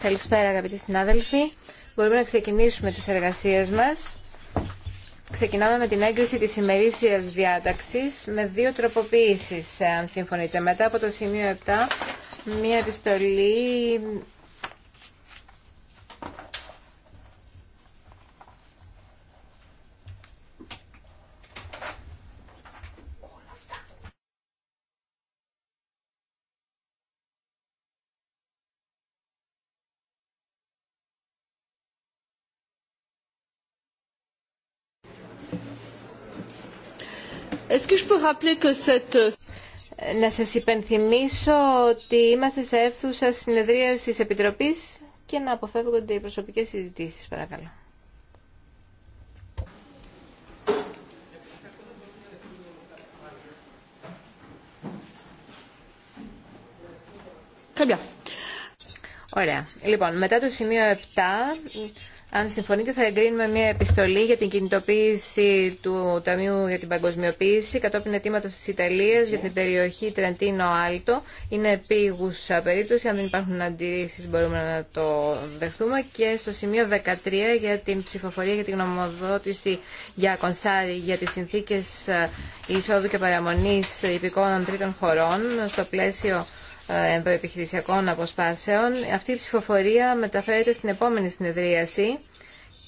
Καλησπέρα αγαπητοί συνάδελφοι. Μπορούμε να ξεκινήσουμε τις εργασίες μας. Ξεκινάμε με την έγκριση της ημερήσιας διάταξης με δύο τροποποιήσεις, αν συμφωνείτε. Μετά από το σημείο 7, μία επιστολή Euh, να σας υπενθυμίσω ότι είμαστε σε αίθουσα συνεδρία της Επιτροπής και να αποφεύγονται οι προσωπικές συζητήσεις, παρακαλώ. Ωραία. Λοιπόν, μετά το σημείο 7 αν συμφωνείτε θα εγκρίνουμε μια επιστολή για την κινητοποίηση του Ταμείου για την Παγκοσμιοποίηση κατόπιν αιτήματο τη Ιταλία για την περιοχή Τρεντίνο Άλτο. Είναι επίγουσα περίπτωση. Αν δεν υπάρχουν αντιρρήσει μπορούμε να το δεχθούμε. Και στο σημείο 13 για την ψηφοφορία για την γνωμοδότηση για κονσάρι για τι συνθήκε ε, εισόδου και παραμονή υπηκόνων τρίτων χωρών στο πλαίσιο ε, ενδοεπιχειρησιακών αποσπάσεων. Αυτή η ψηφοφορία μεταφέρεται στην επόμενη συνεδρίαση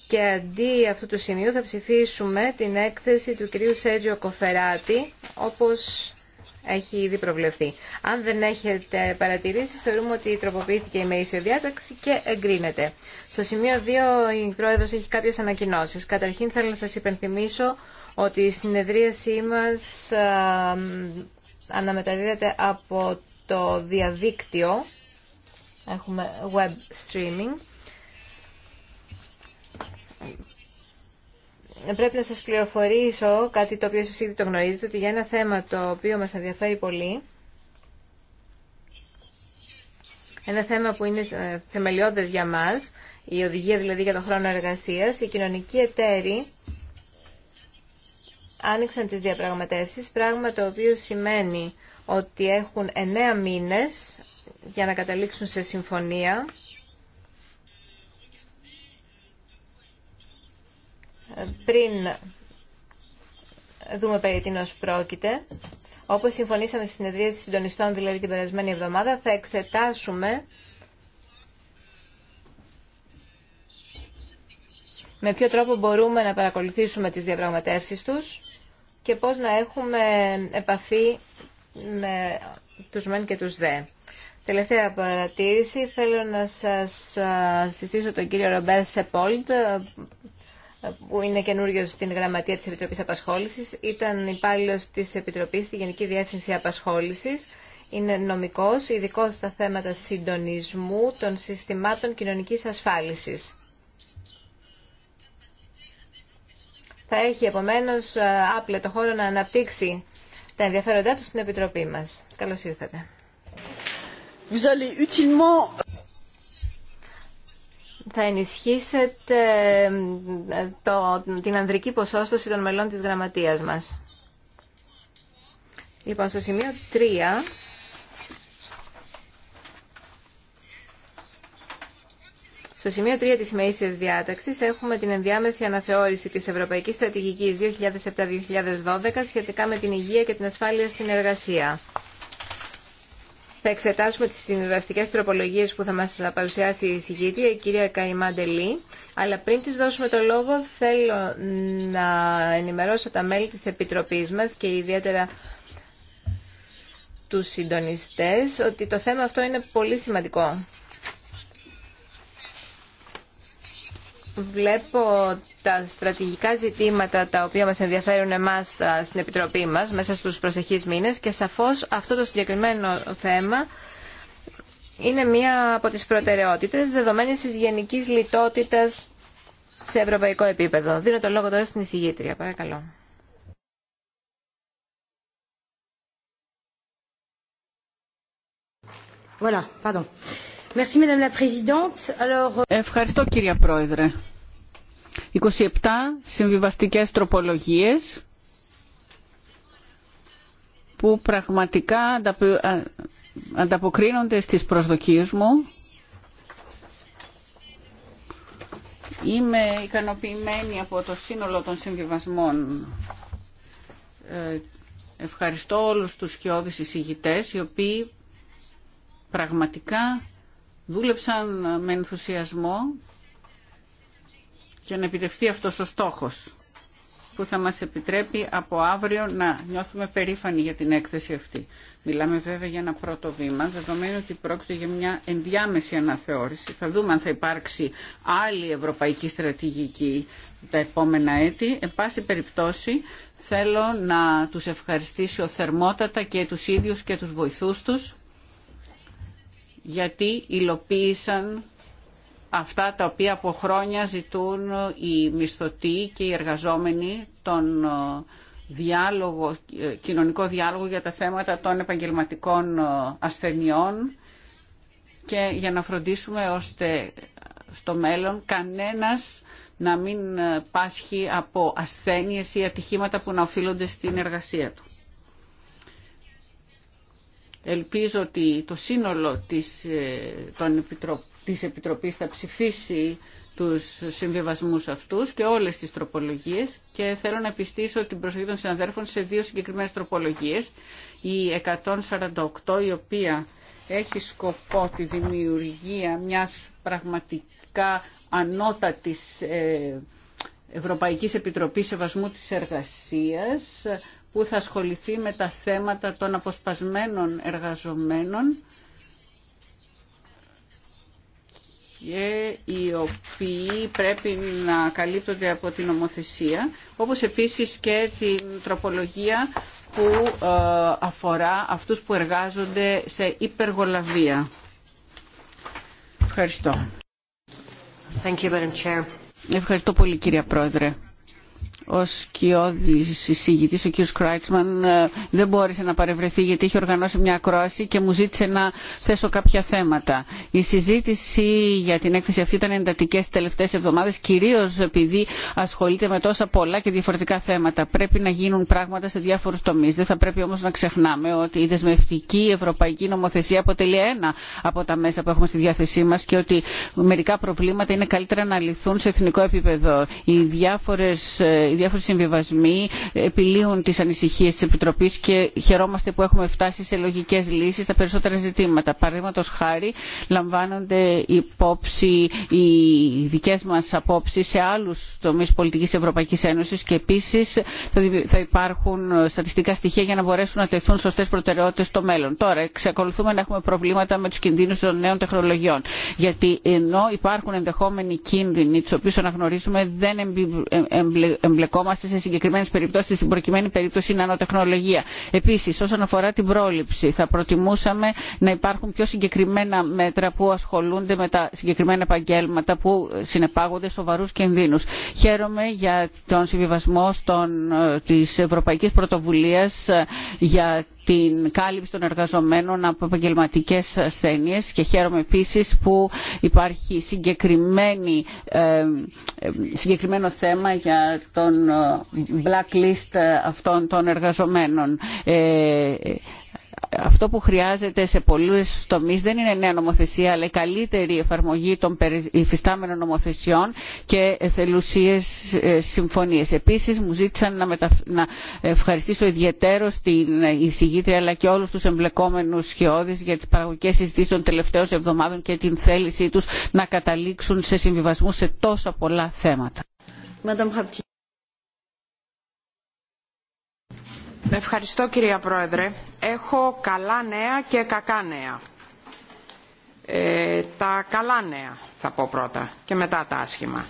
και αντί αυτού του σημείου θα ψηφίσουμε την έκθεση του κυρίου Σέργιο Κοφεράτη όπως έχει ήδη προβλεφθεί. Αν δεν έχετε παρατηρήσει, θεωρούμε ότι τροποποιήθηκε η μέση διάταξη και εγκρίνεται. Στο σημείο 2 η Πρόεδρος έχει κάποιες ανακοινώσεις. Καταρχήν θέλω να σας υπενθυμίσω ότι η συνεδρίασή μας ε, αναμεταδίδεται από το διαδίκτυο. Έχουμε web streaming. Πρέπει να σας πληροφορήσω κάτι το οποίο εσείς ήδη το γνωρίζετε, ότι για ένα θέμα το οποίο μας ενδιαφέρει πολύ, ένα θέμα που είναι ε, θεμελιώδες για μας, η οδηγία δηλαδή για τον χρόνο εργασίας, η κοινωνική εταίρη άνοιξαν τις διαπραγματεύσεις, πράγμα το οποίο σημαίνει ότι έχουν εννέα μήνες για να καταλήξουν σε συμφωνία. Πριν δούμε περί τίνος πρόκειται, όπως συμφωνήσαμε στη συνεδρία της συντονιστών, δηλαδή την περασμένη εβδομάδα, θα εξετάσουμε με ποιο τρόπο μπορούμε να παρακολουθήσουμε τις διαπραγματεύσεις τους και πώς να έχουμε επαφή με τους μεν και τους δε. Τελευταία παρατήρηση, θέλω να σας συστήσω τον κύριο Ρομπέρ Σεπόλτ, που είναι καινούριο στην γραμματεία της Επιτροπής Απασχόλησης. Ήταν υπάλληλο της Επιτροπής στη Γενική Διεύθυνση Απασχόλησης. Είναι νομικός, ειδικό στα θέματα συντονισμού των συστημάτων κοινωνικής ασφάλισης. θα έχει επομένως ε, άπλετο χώρο να αναπτύξει τα ενδιαφέροντά του στην Επιτροπή μας. Καλώς ήρθατε. Vous allez utilement... Θα ενισχύσετε ε, το, την ανδρική ποσόστοση των μελών της γραμματείας μας. Λοιπόν, στο σημείο 3 Στο σημείο 3 της μείσια διάταξης έχουμε την ενδιάμεση αναθεώρηση της Ευρωπαϊκής Στρατηγικής 2007-2012 σχετικά με την υγεία και την ασφάλεια στην εργασία. Θα εξετάσουμε τις συμβιβαστικέ τροπολογίες που θα μας παρουσιάσει η συγκήτρια, η κυρία Καϊμά Ντελή. Αλλά πριν της δώσουμε το λόγο, θέλω να ενημερώσω τα μέλη της Επιτροπής μας και ιδιαίτερα τους συντονιστές ότι το θέμα αυτό είναι πολύ σημαντικό. βλέπω τα στρατηγικά ζητήματα τα οποία μας ενδιαφέρουν εμάς στην Επιτροπή μας μέσα στους προσεχείς μήνες και σαφώς αυτό το συγκεκριμένο θέμα είναι μία από τις προτεραιότητες δεδομένης της γενικής λιτότητας σε ευρωπαϊκό επίπεδο. Δίνω το λόγο τώρα στην εισηγήτρια. Παρακαλώ. Voilà, pardon. Euh, ευχαριστώ κυρία Πρόεδρε. 27 συμβιβαστικές τροπολογίες που πραγματικά ανταποκρίνονται στις προσδοκίες μου. Είμαι ικανοποιημένη από το σύνολο των συμβιβασμών. Ε, ευχαριστώ όλους τους σκιώδεις εισηγητές, οι οποίοι πραγματικά δούλεψαν με ενθουσιασμό για να επιτευχθεί αυτός ο στόχος που θα μας επιτρέπει από αύριο να νιώθουμε περήφανοι για την έκθεση αυτή. Μιλάμε βέβαια για ένα πρώτο βήμα, δεδομένου ότι πρόκειται για μια ενδιάμεση αναθεώρηση. Θα δούμε αν θα υπάρξει άλλη ευρωπαϊκή στρατηγική τα επόμενα έτη. Εν πάση περιπτώσει, θέλω να τους ευχαριστήσω θερμότατα και τους ίδιους και τους βοηθούς τους γιατί υλοποίησαν αυτά τα οποία από χρόνια ζητούν οι μισθωτοί και οι εργαζόμενοι τον ε, διάλογο, ε, κοινωνικό διάλογο για τα θέματα των επαγγελματικών ε, ασθενειών και για να φροντίσουμε ώστε στο μέλλον κανένας να μην πάσχει από ασθένειες ή ατυχήματα που να οφείλονται στην εργασία του. Ελπίζω ότι το σύνολο της, ε, των της Επιτροπής θα ψηφίσει τους συμβιβασμούς αυτούς και όλες τις τροπολογίες και θέλω να επιστήσω την προσοχή των συναδέρφων σε δύο συγκεκριμένες τροπολογίες. Η 148 η οποία έχει σκοπό τη δημιουργία μιας πραγματικά ανώτατης ε, Ευρωπαϊκής Επιτροπής Σεβασμού της Εργασίας που θα ασχοληθεί με τα θέματα των αποσπασμένων εργαζομένων και οι οποίοι πρέπει να καλύπτονται από την νομοθεσία, όπως επίσης και την τροπολογία που ε, αφορά αυτούς που εργάζονται σε υπεργολαβία. Ευχαριστώ. Thank you, Chair. Ευχαριστώ πολύ κυρία Πρόεδρε ο σκιώδης εισηγητής, ο κ. Κράιτσμαν, ε, δεν μπόρεσε να παρευρεθεί γιατί είχε οργανώσει μια ακρόαση και μου ζήτησε να θέσω κάποια θέματα. Η συζήτηση για την έκθεση αυτή ήταν εντατική τις τελευταίες εβδομάδες, κυρίως επειδή ασχολείται με τόσα πολλά και διαφορετικά θέματα. Πρέπει να γίνουν πράγματα σε διάφορους τομείς. Δεν θα πρέπει όμως να ξεχνάμε ότι η δεσμευτική ευρωπαϊκή νομοθεσία αποτελεί ένα από τα μέσα που έχουμε στη διάθεσή μας και ότι μερικά προβλήματα είναι καλύτερα να λυθούν σε εθνικό επίπεδο. Οι διάφορες ε, οι διάφοροι συμβιβασμοί επιλύουν τις ανησυχίες της Επιτροπής και χαιρόμαστε που έχουμε φτάσει σε λογικές λύσεις στα περισσότερα ζητήματα. Παραδείγματο χάρη λαμβάνονται υπόψη οι δικές μας απόψεις σε άλλους τομείς πολιτικής Ευρωπαϊκής Ένωσης και επίσης θα υπάρχουν στατιστικά στοιχεία για να μπορέσουν να τεθούν σωστές προτεραιότητες στο μέλλον. Τώρα, εξακολουθούμε να έχουμε προβλήματα με τους κινδύνους των νέων τεχνολογιών. Γιατί ενώ υπάρχουν ενδεχόμενοι κίνδυνοι, του οποίου αναγνωρίζουμε, δεν ε, εμπλεκόμαστε σε συγκεκριμένε περιπτώσεις, στην προκειμένη περίπτωση είναι ανατεχνολογία. Επίσης, όσον αφορά την πρόληψη, θα προτιμούσαμε να υπάρχουν πιο συγκεκριμένα μέτρα που ασχολούνται με τα συγκεκριμένα επαγγέλματα που συνεπάγονται σοβαρούς κινδύνους. Χαίρομαι για τον συμβιβασμό ε, τη Ευρωπαϊκή Πρωτοβουλία ε, για την κάλυψη των εργαζομένων από επαγγελματικέ ασθένειε και χαίρομαι επίση που υπάρχει ε, συγκεκριμένο θέμα για τον ε, blacklist αυτών των εργαζομένων. Ε, αυτό που χρειάζεται σε πολλούς τομείς δεν είναι νέα νομοθεσία αλλά η καλύτερη εφαρμογή των υφιστάμενων νομοθεσιών και θελουσίες ε, συμφωνίες. Επίσης μου ζήτησαν να, ευχαριστήσω ιδιαίτερως την εισηγήτρια αλλά και όλους τους εμπλεκόμενους σχεώδεις για τις παραγωγικές συζητήσεις των τελευταίων εβδομάδων και την θέλησή τους να καταλήξουν σε συμβιβασμού σε τόσα πολλά θέματα. Ευχαριστώ κυρία Πρόεδρε. Έχω καλά νέα και κακά νέα. Ε, τα καλά νέα θα πω πρώτα και μετά τα άσχημα.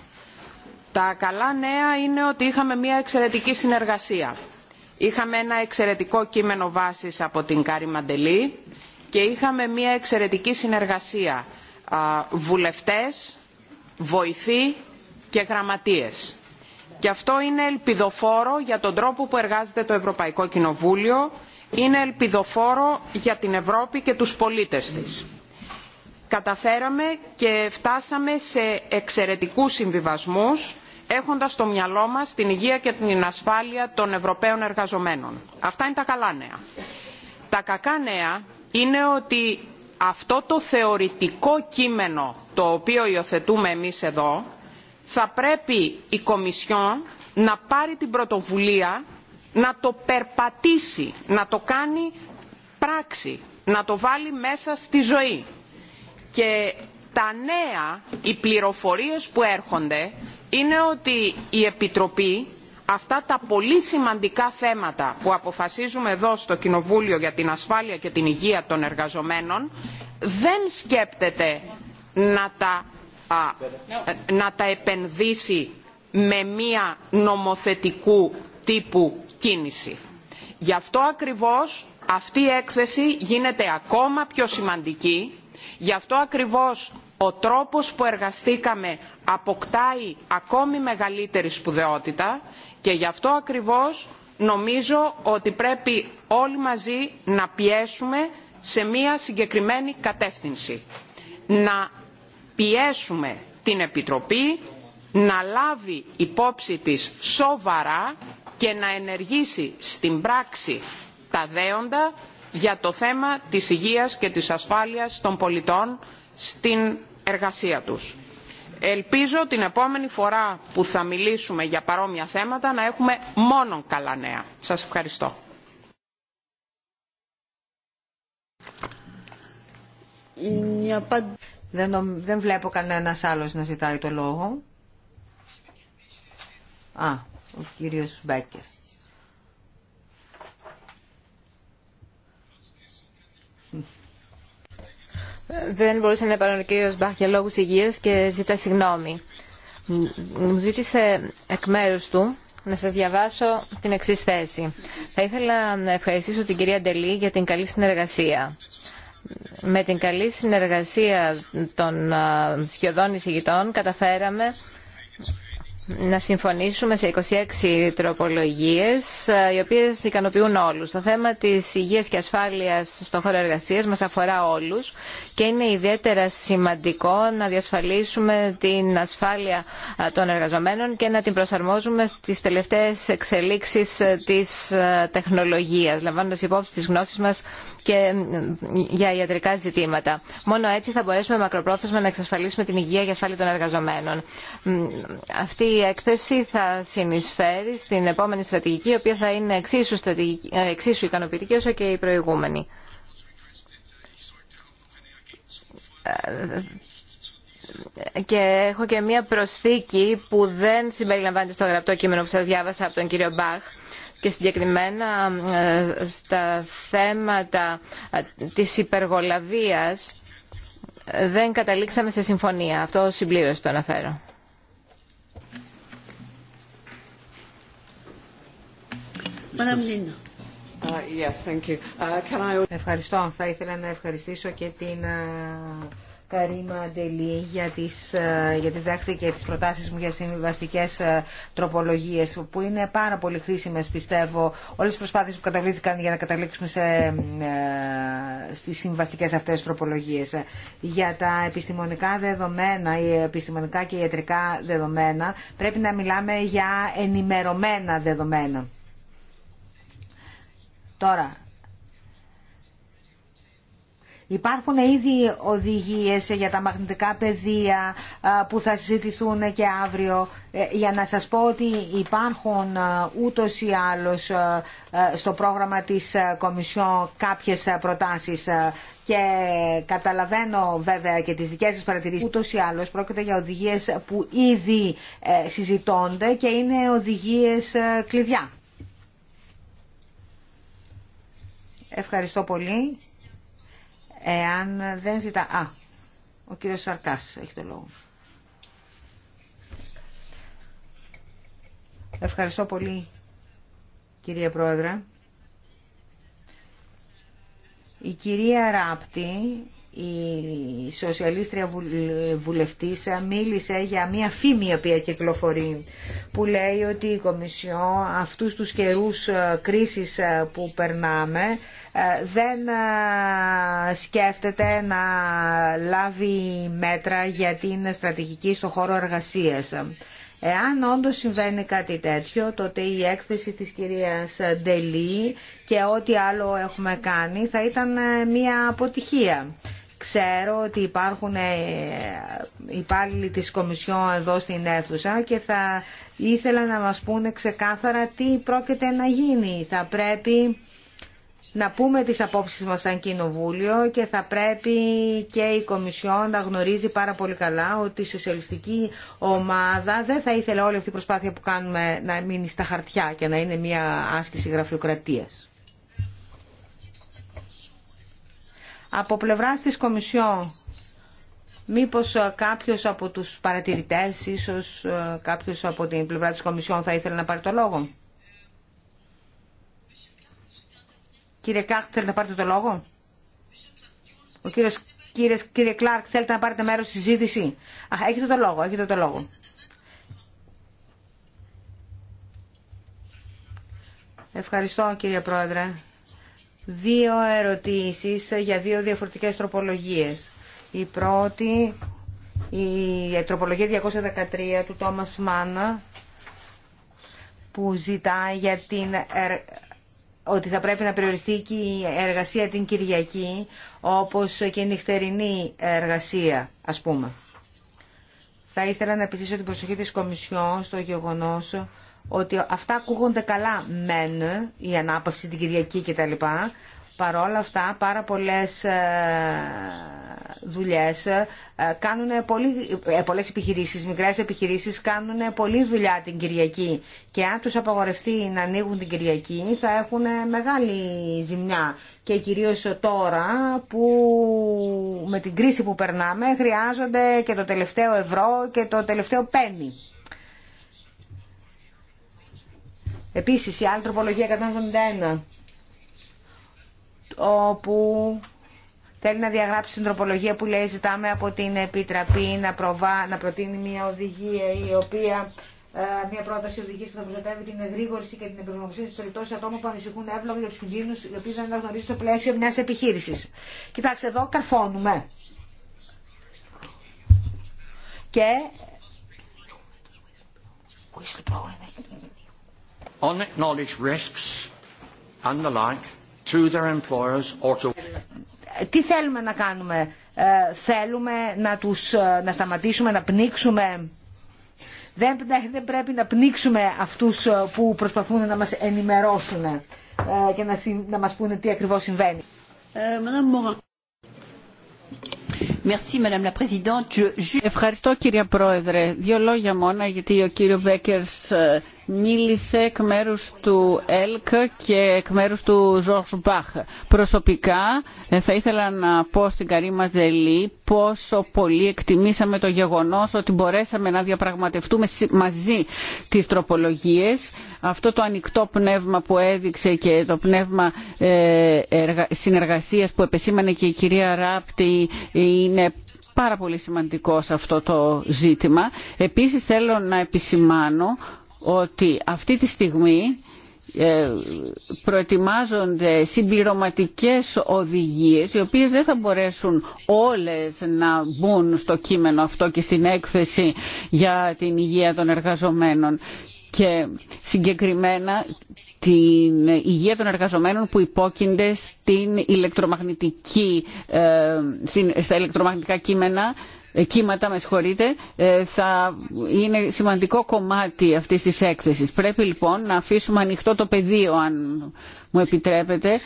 Τα καλά νέα είναι ότι είχαμε μια εξαιρετική συνεργασία. Είχαμε ένα εξαιρετικό κείμενο βάσης από την Κάρη Μαντελή και είχαμε μια εξαιρετική συνεργασία βουλευτές, βοηθοί και γραμματείες και αυτό είναι ελπιδοφόρο για τον τρόπο που εργάζεται το ευρωπαϊκό κοινοβούλιο είναι ελπιδοφόρο για την ευρώπη και τους πολίτες της. καταφέραμε και φτάσαμε σε εξαιρετικούς συμβιβασμούς έχοντας στο μυαλό μας την υγεία και την ασφάλεια των ευρωπαίων εργαζομένων. αυτά είναι τα καλά νέα. τα κακά νέα είναι ότι αυτό το θεωρητικό κείμενο το οποίο υιοθετούμε εμείς εδώ θα πρέπει η Κομισιόν να πάρει την πρωτοβουλία να το περπατήσει, να το κάνει πράξη, να το βάλει μέσα στη ζωή. Και τα νέα, οι πληροφορίες που έρχονται είναι ότι η Επιτροπή αυτά τα πολύ σημαντικά θέματα που αποφασίζουμε εδώ στο Κοινοβούλιο για την ασφάλεια και την υγεία των εργαζομένων δεν σκέπτεται να τα ε, να τα επενδύσει με μία νομοθετικού τύπου κίνηση. Γι' αυτό ακριβώς αυτή η έκθεση γίνεται ακόμα πιο σημαντική, γι' αυτό ακριβώς ο τρόπος που εργαστήκαμε αποκτάει ακόμη μεγαλύτερη σπουδαιότητα και γι' αυτό ακριβώς νομίζω ότι πρέπει όλοι μαζί να πιέσουμε σε μία συγκεκριμένη κατεύθυνση. Να πιέσουμε την Επιτροπή να λάβει υπόψη της σοβαρά και να ενεργήσει στην πράξη τα δέοντα για το θέμα της υγείας και της ασφάλειας των πολιτών στην εργασία τους. Ελπίζω την επόμενη φορά που θα μιλήσουμε για παρόμοια θέματα να έχουμε μόνο καλά νέα. Σας ευχαριστώ. Δεν, δεν βλέπω κανένας άλλος να ζητάει το λόγο. Α, ο κύριος Μπέκερ. Δεν μπορούσε να παρόν ο κύριος Μπαχ για λόγους υγείας και ζητά συγγνώμη. Μου ζήτησε εκ μέρους του να σας διαβάσω την εξή θέση. Θα ήθελα να ευχαριστήσω την κυρία Ντελή για την καλή συνεργασία με την καλή συνεργασία των σχεδόν εισηγητών καταφέραμε να συμφωνήσουμε σε 26 τροπολογίες οι οποίες ικανοποιούν όλους. Το θέμα της υγείας και ασφάλειας στον χώρο εργασίας μας αφορά όλους και είναι ιδιαίτερα σημαντικό να διασφαλίσουμε την ασφάλεια των εργαζομένων και να την προσαρμόζουμε στις τελευταίες εξελίξεις της τεχνολογίας, λαμβάνοντας υπόψη τις γνώσεις μας και για ιατρικά ζητήματα. Μόνο έτσι θα μπορέσουμε μακροπρόθεσμα να εξασφαλίσουμε την υγεία και ασφάλεια των εργαζομένων. Αυτή η έκθεση θα συνεισφέρει στην επόμενη στρατηγική, η οποία θα είναι εξίσου, ε, εξίσου ικανοποιητική όσο και η προηγούμενη και έχω και μία προσθήκη που δεν συμπεριλαμβάνεται στο γραπτό κείμενο που σας διάβασα από τον κύριο Μπαχ και συγκεκριμένα ε, στα θέματα ε, της υπεργολαβίας ε, δεν καταλήξαμε σε συμφωνία. Αυτό συμπλήρωση το αναφέρω. Uh, uh, Ευχαριστώ. Θα ήθελα να ευχαριστήσω και την Καρίμα Αντελή για τις, ε, γιατί και τις προτάσεις μου για συμβιβαστικέ ε, τροπολογίες που είναι πάρα πολύ χρήσιμες πιστεύω όλες τις προσπάθειες που καταβλήθηκαν για να καταλήξουμε σε, ε, στις συμβαστικές αυτές τροπολογίες για τα επιστημονικά δεδομένα οι επιστημονικά και ιατρικά δεδομένα πρέπει να μιλάμε για ενημερωμένα δεδομένα Τώρα, Υπάρχουν ήδη οδηγίες για τα μαγνητικά πεδία που θα συζητηθούν και αύριο. Ε, για να σας πω ότι υπάρχουν ούτως ή άλλως στο πρόγραμμα της Κομισιόν κάποιες προτάσεις και καταλαβαίνω βέβαια και τις δικές σας παρατηρήσεις. Ούτως ή άλλως πρόκειται για οδηγίες που ήδη ε, συζητώνται και είναι οδηγίες ε, κλειδιά. Ευχαριστώ πολύ. Εάν δεν ζητά... Α, ο κύριος Σαρκάς έχει το λόγο. Ευχαριστώ πολύ, κυρία Πρόεδρε. Η κυρία Ράπτη η σοσιαλίστρια βουλευτής μίλησε για μία φήμη η οποία κυκλοφορεί που λέει ότι η Κομισιό αυτούς τους καιρούς ε, κρίσης ε, που περνάμε ε, δεν σκέφτεται να λάβει μέτρα για την στρατηγική στο χώρο εργασίας. Εάν όντως συμβαίνει κάτι τέτοιο, τότε η έκθεση της κυρίας Ντελή και ό,τι άλλο έχουμε κάνει θα ήταν μια αποτυχία. Ξέρω ότι υπάρχουν ε, υπάλληλοι της Κομισιόν εδώ στην αίθουσα και θα ήθελα να μας πούνε ξεκάθαρα τι πρόκειται να γίνει. Θα πρέπει να πούμε τις απόψεις μας σαν κοινοβούλιο και θα πρέπει και η Κομισιόν να γνωρίζει πάρα πολύ καλά ότι η σοσιαλιστική ομάδα δεν θα ήθελε όλη αυτή η προσπάθεια που κάνουμε να μείνει στα χαρτιά και να είναι μια άσκηση γραφειοκρατίας. Από πλευρά της Κομισιόν, μήπω κάποιο από του παρατηρητέ ίσω ε, κάποιο από την πλευρά τη Κομισιόν θα ήθελε να πάρει το λόγο. Κύριε Κλάρκ, θέλετε να πάρετε το λόγο. Ο κύριος, κύριε, Κλάρκ, θέλετε να πάρετε μέρος στη συζήτηση. Α, έχετε το λόγο, έχετε το λόγο. Ευχαριστώ κύριε Πρόεδρε δύο ερωτήσεις για δύο διαφορετικές τροπολογίες. Η πρώτη, η τροπολογία 213 του Τόμας Μάνα, που ζητάει για την ότι θα πρέπει να περιοριστεί και η εργασία την Κυριακή, όπως και η νυχτερινή εργασία, ας πούμε. Θα ήθελα να επιστήσω την προσοχή της Κομισιόν στο γεγονός ότι αυτά ακούγονται καλά μεν, η ανάπαυση την Κυριακή κτλ. Παρόλα αυτά πάρα πολλές ε, δουλειές ε, κάνουν πολύ, ε, πολλές επιχειρήσεις, μικρές επιχειρήσεις κάνουν πολλή δουλειά την Κυριακή και αν τους απαγορευτεί να ανοίγουν την Κυριακή θα έχουν μεγάλη ζημιά και κυρίως τώρα που με την κρίση που περνάμε χρειάζονται και το τελευταίο ευρώ και το τελευταίο πένι. Επίση ή άλλο τροπολογία 171. Όπου θέλει να διαγράψει την τροπολογία που λέει, ζητάμε από την επιτροπή να προτείνει μια οδηγία, η άλλη τροπολογία 171 όπου θέλει να διαγράψει την τροπολογία που λέει ζητάμε από την Επιτραπή να, προβά, να προτείνει μια οδηγία η οποία ε, μια πρόταση οδηγία που θα προστατεύει την εγρήγορηση και την επιγνωμοσύνη τη περιπτώσει ατόμων που ανησυχούν εύλογα για του κινδύνου οι οποίοι δεν αναγνωρίζουν στο πλαίσιο μια επιχείρηση. Κοιτάξτε, εδώ καρφώνουμε. Και risks and the like to their employers or to... Τι θέλουμε να κάνουμε. Ε, θέλουμε να, τους, ε, να σταματήσουμε να πνίξουμε. Δεν, δεν πρέπει να πνίξουμε αυτούς ε, που προσπαθούν να μας ενημερώσουν και να, να μας πούνε τι ακριβώς συμβαίνει. Ε, Ευχαριστώ κύριε Πρόεδρε. Δύο λόγια μόνο γιατί ο κύριο Μπέκερς ε, μίλησε εκ μέρους του ΕΛΚ και εκ μέρους του Ζορς Μπαχ. Προσωπικά ε, θα ήθελα να πω στην Καρίμα Δελή πόσο πολύ εκτιμήσαμε το γεγονός ότι μπορέσαμε να διαπραγματευτούμε μαζί τις τροπολογίες αυτό το ανοιχτό πνεύμα που έδειξε και το πνεύμα ε, συνεργασίας που επεσήμανε και η κυρία Ράπτη είναι πάρα πολύ σημαντικό σε αυτό το ζήτημα. Επίσης θέλω να επισημάνω ότι αυτή τη στιγμή ε, προετοιμάζονται συμπληρωματικές οδηγίες οι οποίες δεν θα μπορέσουν όλες να μπουν στο κείμενο αυτό και στην έκθεση για την υγεία των εργαζομένων και συγκεκριμένα την υγεία των εργαζομένων που υπόκεινται στην ηλεκτρομαγνητική, ε, στα ηλεκτρομαγνητικά κείμενα ε, κύματα, με συγχωρείτε, ε, θα είναι σημαντικό κομμάτι αυτής της έκθεσης. Πρέπει λοιπόν να αφήσουμε ανοιχτό το πεδίο, αν μου επιτρέπετε,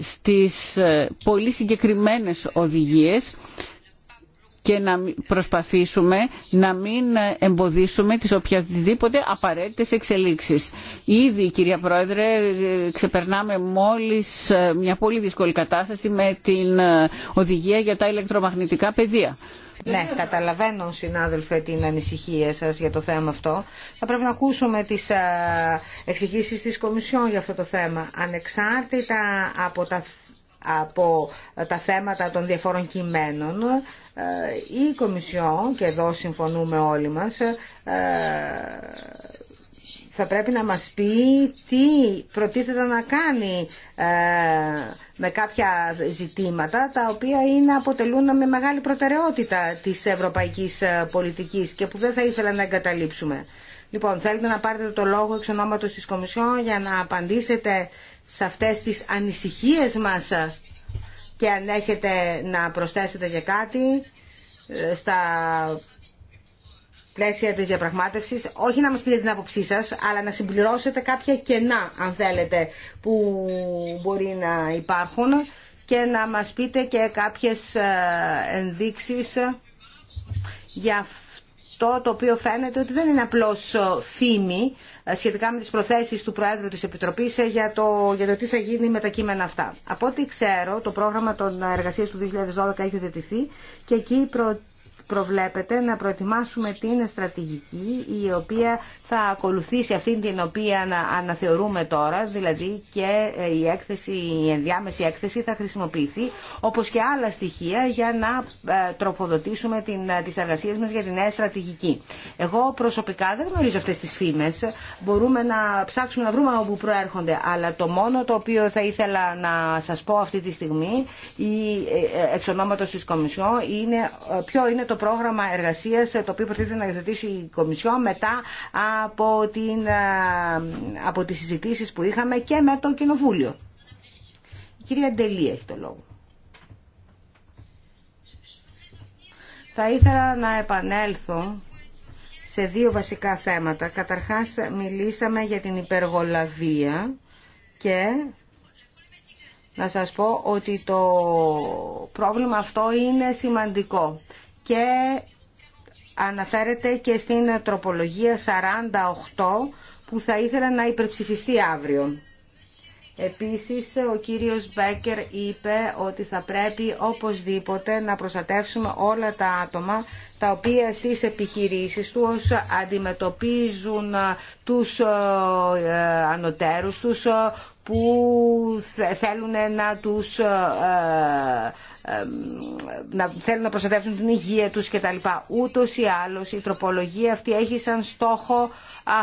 στις πολύ συγκεκριμένες οδηγίες και να προσπαθήσουμε να μην εμποδίσουμε τις οποιαδήποτε απαραίτητες εξελίξεις. Ήδη, κυρία Πρόεδρε, ξεπερνάμε μόλις ε, μια πολύ δύσκολη κατάσταση με την ε, οδηγία για τα ηλεκτρομαγνητικά πεδία. Ναι, καταλαβαίνω συνάδελφε την ανησυχία σας για το θέμα αυτό. Θα πρέπει να ακούσουμε τις ε, εξηγήσει της Κομισιόν για αυτό το θέμα. Ανεξάρτητα από τα από τα θέματα των διαφόρων κειμένων, ε, η Κομισιόν, και εδώ συμφωνούμε όλοι μας, ε, θα πρέπει να μας πει τι προτίθεται να κάνει ε, με κάποια ζητήματα τα οποία είναι, αποτελούν με μεγάλη προτεραιότητα της ευρωπαϊκής πολιτικής και που δεν θα ήθελα να εγκαταλείψουμε. Λοιπόν, θέλετε να πάρετε το λόγο εξ ονόματος της Κομισιόν για να απαντήσετε σε αυτές τις ανησυχίες μας και αν έχετε να προσθέσετε για κάτι ε, στα πλαίσια της διαπραγμάτευσης, όχι να μας πείτε την άποψή σας, αλλά να συμπληρώσετε κάποια κενά, αν θέλετε, που μπορεί να υπάρχουν και να μας πείτε και κάποιες ε, ενδείξεις για αυτό το οποίο φαίνεται ότι δεν είναι απλώς ε, φήμη ε, σχετικά με τις προθέσεις του Προέδρου της Επιτροπής ε, για το, για το τι θα γίνει με τα κείμενα αυτά. Από ό,τι ξέρω, το πρόγραμμα των εργασίας του 2012 έχει οδετηθεί και εκεί προ προβλέπετε να προετοιμάσουμε την στρατηγική η οποία θα ακολουθήσει αυτή την οποία αναθεωρούμε τώρα, δηλαδή και ε, η, έκθεση, η ενδιάμεση έκθεση θα χρησιμοποιηθεί όπως και άλλα στοιχεία για να ε, τροφοδοτήσουμε την, ε, τις εργασίες μας για τη νέα στρατηγική. Εγώ προσωπικά δεν γνωρίζω αυτές τις φήμες, μπορούμε να ψάξουμε να βρούμε όπου προέρχονται, αλλά το μόνο το οποίο θα ήθελα να σας πω αυτή τη στιγμή η εξ ονόματος της Κομισιό είναι ποιο είναι το πρόγραμμα εργασία το οποίο προτίθεται να υιοθετήσει η Κομισιό μετά από, την, ε, από τις συζητήσεις που είχαμε και με το Κοινοβούλιο. Η κυρία Ντελή έχει το λόγο. Θα ήθελα να επανέλθω σε δύο βασικά θέματα. Καταρχάς μιλήσαμε για την υπεργολαβία και να σας πω ότι το πρόβλημα αυτό είναι σημαντικό και αναφέρεται και στην τροπολογία 48 που θα ήθελα να υπερψηφιστεί αύριο. Επίσης, ο κύριος Μπέκερ είπε ότι θα πρέπει οπωσδήποτε να προστατεύσουμε όλα τα άτομα τα οποία στις επιχειρήσεις τους αντιμετωπίζουν τους ε, ανωτέρους τους που θέλουν να τους ε, ε, ε, να θέλουν να προστατεύσουν την υγεία τους κτλ. Ούτως ή άλλως η τροπολογία αυτή έχει σαν στόχο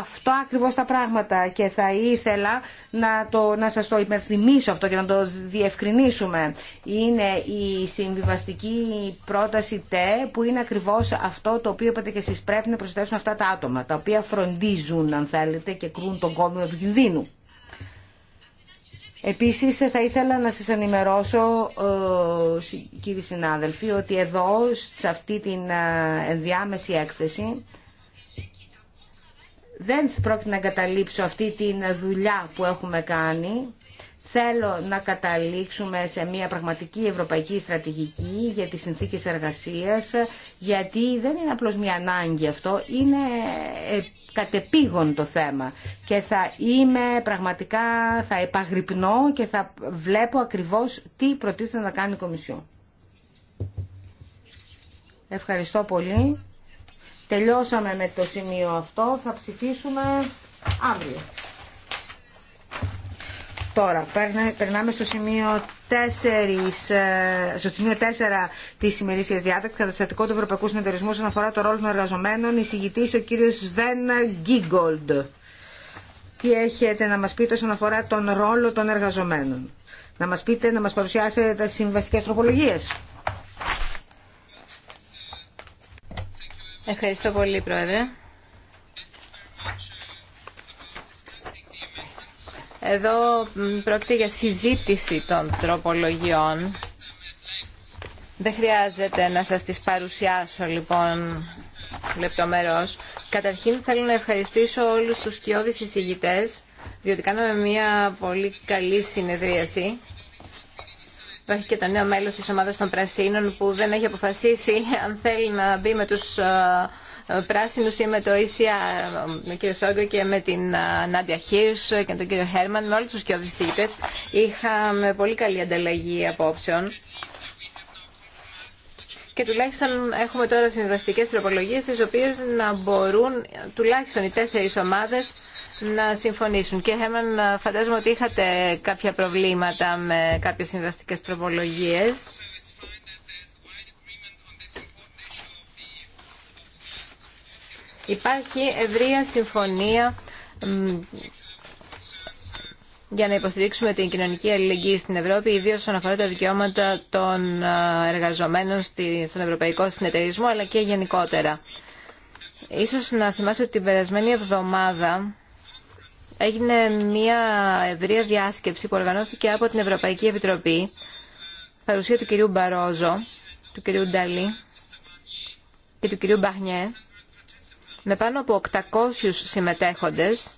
αυτό ακριβώς τα πράγματα και θα ήθελα να, το, να σας το υπενθυμίσω αυτό και να το διευκρινίσουμε. Είναι η συμβιβαστική πρόταση ΤΕ που είναι ακριβώς αυτό το οποίο είπατε και εσείς πρέπει να προστατεύσουν αυτά τα άτομα τα οποία φροντίζουν αν θέλετε και κρούν τον κόμιο του κινδύνου. Επίσης θα ήθελα να σας ενημερώσω ε, κύριοι συνάδελφοι ότι εδώ σε αυτή την ε, ενδιάμεση έκθεση δεν πρόκειται να εγκαταλείψω αυτή τη δουλειά που έχουμε κάνει Θέλω να καταλήξουμε σε μια πραγματική ευρωπαϊκή στρατηγική για τις συνθήκες εργασίας, γιατί δεν είναι απλώς μια ανάγκη αυτό, είναι ε, κατεπήγον το θέμα. Και θα είμαι πραγματικά, θα επαγρυπνώ και θα βλέπω ακριβώς τι προτίθεται να κάνει η Κομισιόν. Ευχαριστώ πολύ. Τελειώσαμε με το σημείο αυτό. Θα ψηφίσουμε αύριο. Τώρα, περνάμε στο σημείο 4, ε, στο σημείο 4 της ημερήσιας διάταξης, καταστατικό του Ευρωπαϊκού Συνεταιρισμού όσον αφορά το ρόλο των εργαζομένων, εισηγητής ο κύριος Σβέν Γκίγκολντ. Τι έχετε να μας πείτε όσον αφορά τον ρόλο των εργαζομένων. Να μας πείτε, να μας παρουσιάσετε τα συμβαστικές τροπολογίες. Ευχαριστώ πολύ, Πρόεδρε. Εδώ πρόκειται για συζήτηση των τροπολογιών. Δεν χρειάζεται να σας τις παρουσιάσω λοιπόν λεπτομερώς. Καταρχήν θέλω να ευχαριστήσω όλους τους σκιώδεις εισηγητές, διότι κάναμε μια πολύ καλή συνεδρίαση. Υπάρχει και το νέο μέλος της ομάδας των Πρασίνων που δεν έχει αποφασίσει αν θέλει να μπει με τους ε, πράσινους ή με το ίσια με τον κύριο Σόγκο και με την Νάντια Χίρς και τον κύριο Χέρμαν, με όλους τους κοιοδησίτες. Είχαμε πολύ καλή ανταλλαγή απόψεων. Και τουλάχιστον έχουμε τώρα συμβαστικέ τροπολογίε, τι οποίε να μπορούν τουλάχιστον οι τέσσερι ομάδε να συμφωνήσουν. Και Χέρμαν, φαντάζομαι ότι είχατε κάποια προβλήματα με κάποιε συμβαστικέ τροπολογίε. Υπάρχει ευρεία συμφωνία για να υποστηρίξουμε την κοινωνική αλληλεγγύη στην Ευρώπη, ιδίως όσον αφορά τα δικαιώματα των εργαζομένων στον Ευρωπαϊκό Συνεταιρισμό, αλλά και γενικότερα. Ίσως να θυμάσαι ότι την περασμένη εβδομάδα έγινε μια ευρεία διάσκεψη που οργανώθηκε από την Ευρωπαϊκή Επιτροπή, παρουσία του κυρίου Μπαρόζο, του κυρίου Νταλή και του κυρίου Μπαχνιέ, με πάνω από 800 συμμετέχοντες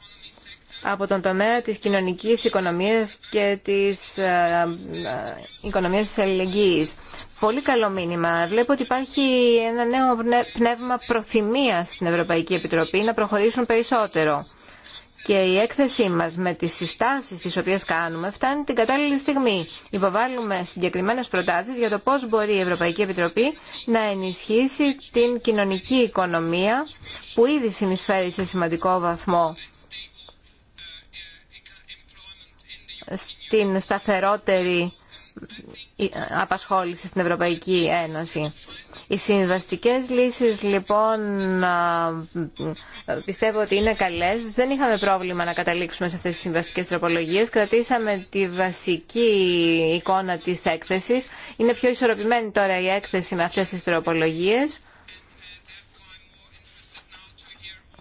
από τον τομέα της κοινωνικής οικονομίας και της ε, ε, οικονομίας της αλληλεγγύης. Πολύ καλό μήνυμα. Βλέπω ότι υπάρχει ένα νέο πνεύμα προθυμίας στην Ευρωπαϊκή Επιτροπή να προχωρήσουν περισσότερο και η έκθεσή μας με τις συστάσεις τις οποίες κάνουμε φτάνει την κατάλληλη στιγμή. Υποβάλλουμε συγκεκριμένες προτάσεις για το πώς μπορεί η Ευρωπαϊκή Επιτροπή να ενισχύσει την κοινωνική οικονομία που ήδη συνεισφέρει σε σημαντικό βαθμό στην σταθερότερη απασχόληση στην Ευρωπαϊκή Ένωση. Οι συμβαστικές λύσεις λοιπόν πιστεύω ότι είναι καλές. Δεν είχαμε πρόβλημα να καταλήξουμε σε αυτές τις συμβαστικές τροπολογίες. Κρατήσαμε τη βασική εικόνα της έκθεσης. Είναι πιο ισορροπημένη τώρα η έκθεση με αυτές τις τροπολογίες.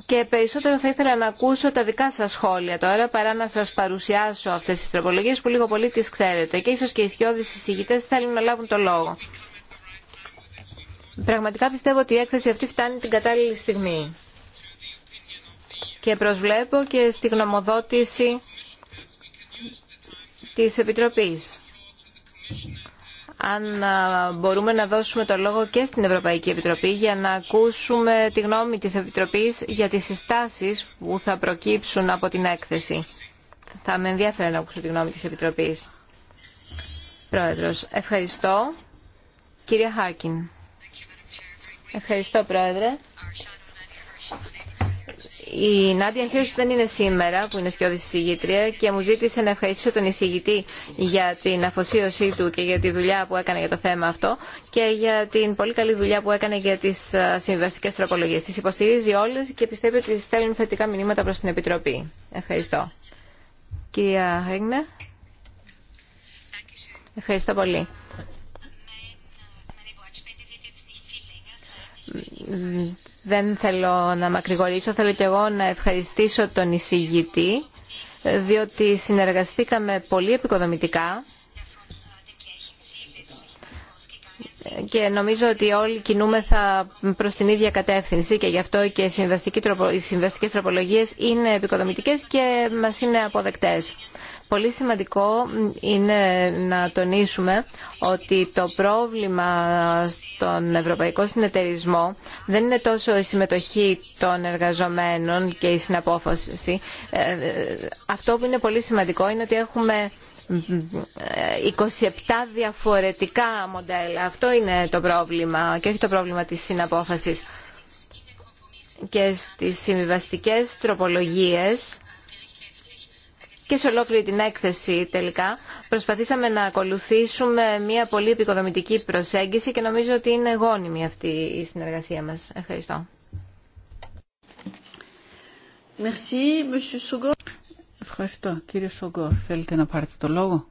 και περισσότερο θα ήθελα να ακούσω τα δικά σας σχόλια τώρα παρά να σας παρουσιάσω αυτές τις τροπολογίες που λίγο πολύ τις ξέρετε και ίσως και οι σκιώδεις συζητητές θέλουν να λάβουν το λόγο. Πραγματικά πιστεύω ότι η έκθεση αυτή φτάνει την κατάλληλη στιγμή και προσβλέπω και στη γνωμοδότηση της Επιτροπής αν μπορούμε να δώσουμε το λόγο και στην Ευρωπαϊκή Επιτροπή για να ακούσουμε τη γνώμη της Επιτροπής για τις συστάσεις που θα προκύψουν από την έκθεση. Θα με ενδιαφέρει να ακούσω τη γνώμη της Επιτροπής. Πρόεδρος, ευχαριστώ. Κυρία Χάρκιν. Ευχαριστώ, Πρόεδρε. Η Νάντια Χιούς δεν είναι σήμερα που είναι σκιώδης εισηγήτρια και μου ζήτησε να ευχαριστήσω τον εισηγητή για την αφοσίωσή του και για τη δουλειά που έκανε για το θέμα αυτό και για την πολύ καλή δουλειά που έκανε για τις ε, συμβιβαστικές τροπολογίες. Τις υποστηρίζει όλες και πιστεύει ότι στέλνουν θετικά μηνύματα προς την Επιτροπή. Ευχαριστώ. Κυρία Χέγνε. Ευχαριστώ πολύ. Δεν θέλω να μακρηγορήσω, θέλω και εγώ να ευχαριστήσω τον εισηγητή, διότι συνεργαστήκαμε πολύ επικοδομητικά και νομίζω ότι όλοι κινούμεθα προς την ίδια κατεύθυνση και γι' αυτό και οι συμβαστικές τροπολογίες είναι επικοδομητικές και μας είναι αποδεκτές. Πολύ σημαντικό είναι να τονίσουμε ότι το πρόβλημα στον Ευρωπαϊκό Συνεταιρισμό δεν είναι τόσο η συμμετοχή των εργαζομένων και η συναπόφαση. Ε, αυτό που είναι πολύ σημαντικό είναι ότι έχουμε 27 ε, διαφορετικά μοντέλα. Αυτό είναι το πρόβλημα και όχι το πρόβλημα της συναπόφασης. Και στις συμβιβαστικές τροπολογίες και σε ολόκληρη την έκθεση τελικά προσπαθήσαμε να ακολουθήσουμε μια πολύ επικοδομητική προσέγγιση και νομίζω ότι είναι γόνιμη αυτή η συνεργασία μας. Ευχαριστώ. Ευχαριστώ. Κύριε Σογκόρ, θέλετε να πάρετε το λόγο.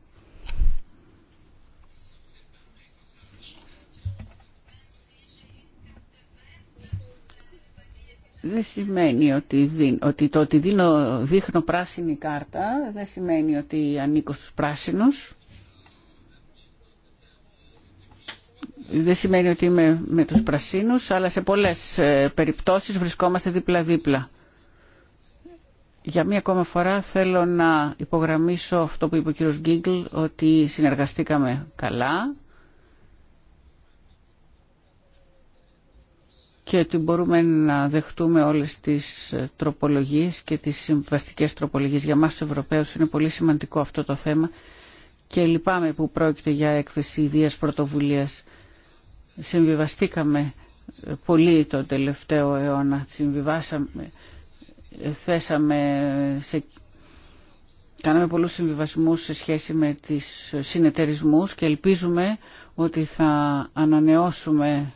δεν σημαίνει ότι, το ότι δίνω, δείχνω πράσινη κάρτα δεν σημαίνει ότι ανήκω στους πράσινους. Δεν σημαίνει ότι είμαι με τους πρασίνους, αλλά σε πολλές ε, περιπτώσεις βρισκόμαστε δίπλα-δίπλα. Για μία ακόμα φορά θέλω να υπογραμμίσω αυτό που είπε ο κύριος Γκίγκλ, ότι συνεργαστήκαμε καλά και ότι μπορούμε να δεχτούμε όλες τις ε, τροπολογίες και τις συμβαστικές τροπολογίες. Για μας τους Ευρωπαίους είναι πολύ σημαντικό αυτό το θέμα και λυπάμαι που πρόκειται για έκθεση ιδίας πρωτοβουλίας. Συμβιβαστήκαμε ε, πολύ τον τελευταίο αιώνα. Συμβιβάσαμε, ε, θέσαμε σε... Κάναμε πολλούς συμβιβασμούς σε σχέση με τις συνεταιρισμούς και ελπίζουμε ότι θα ανανεώσουμε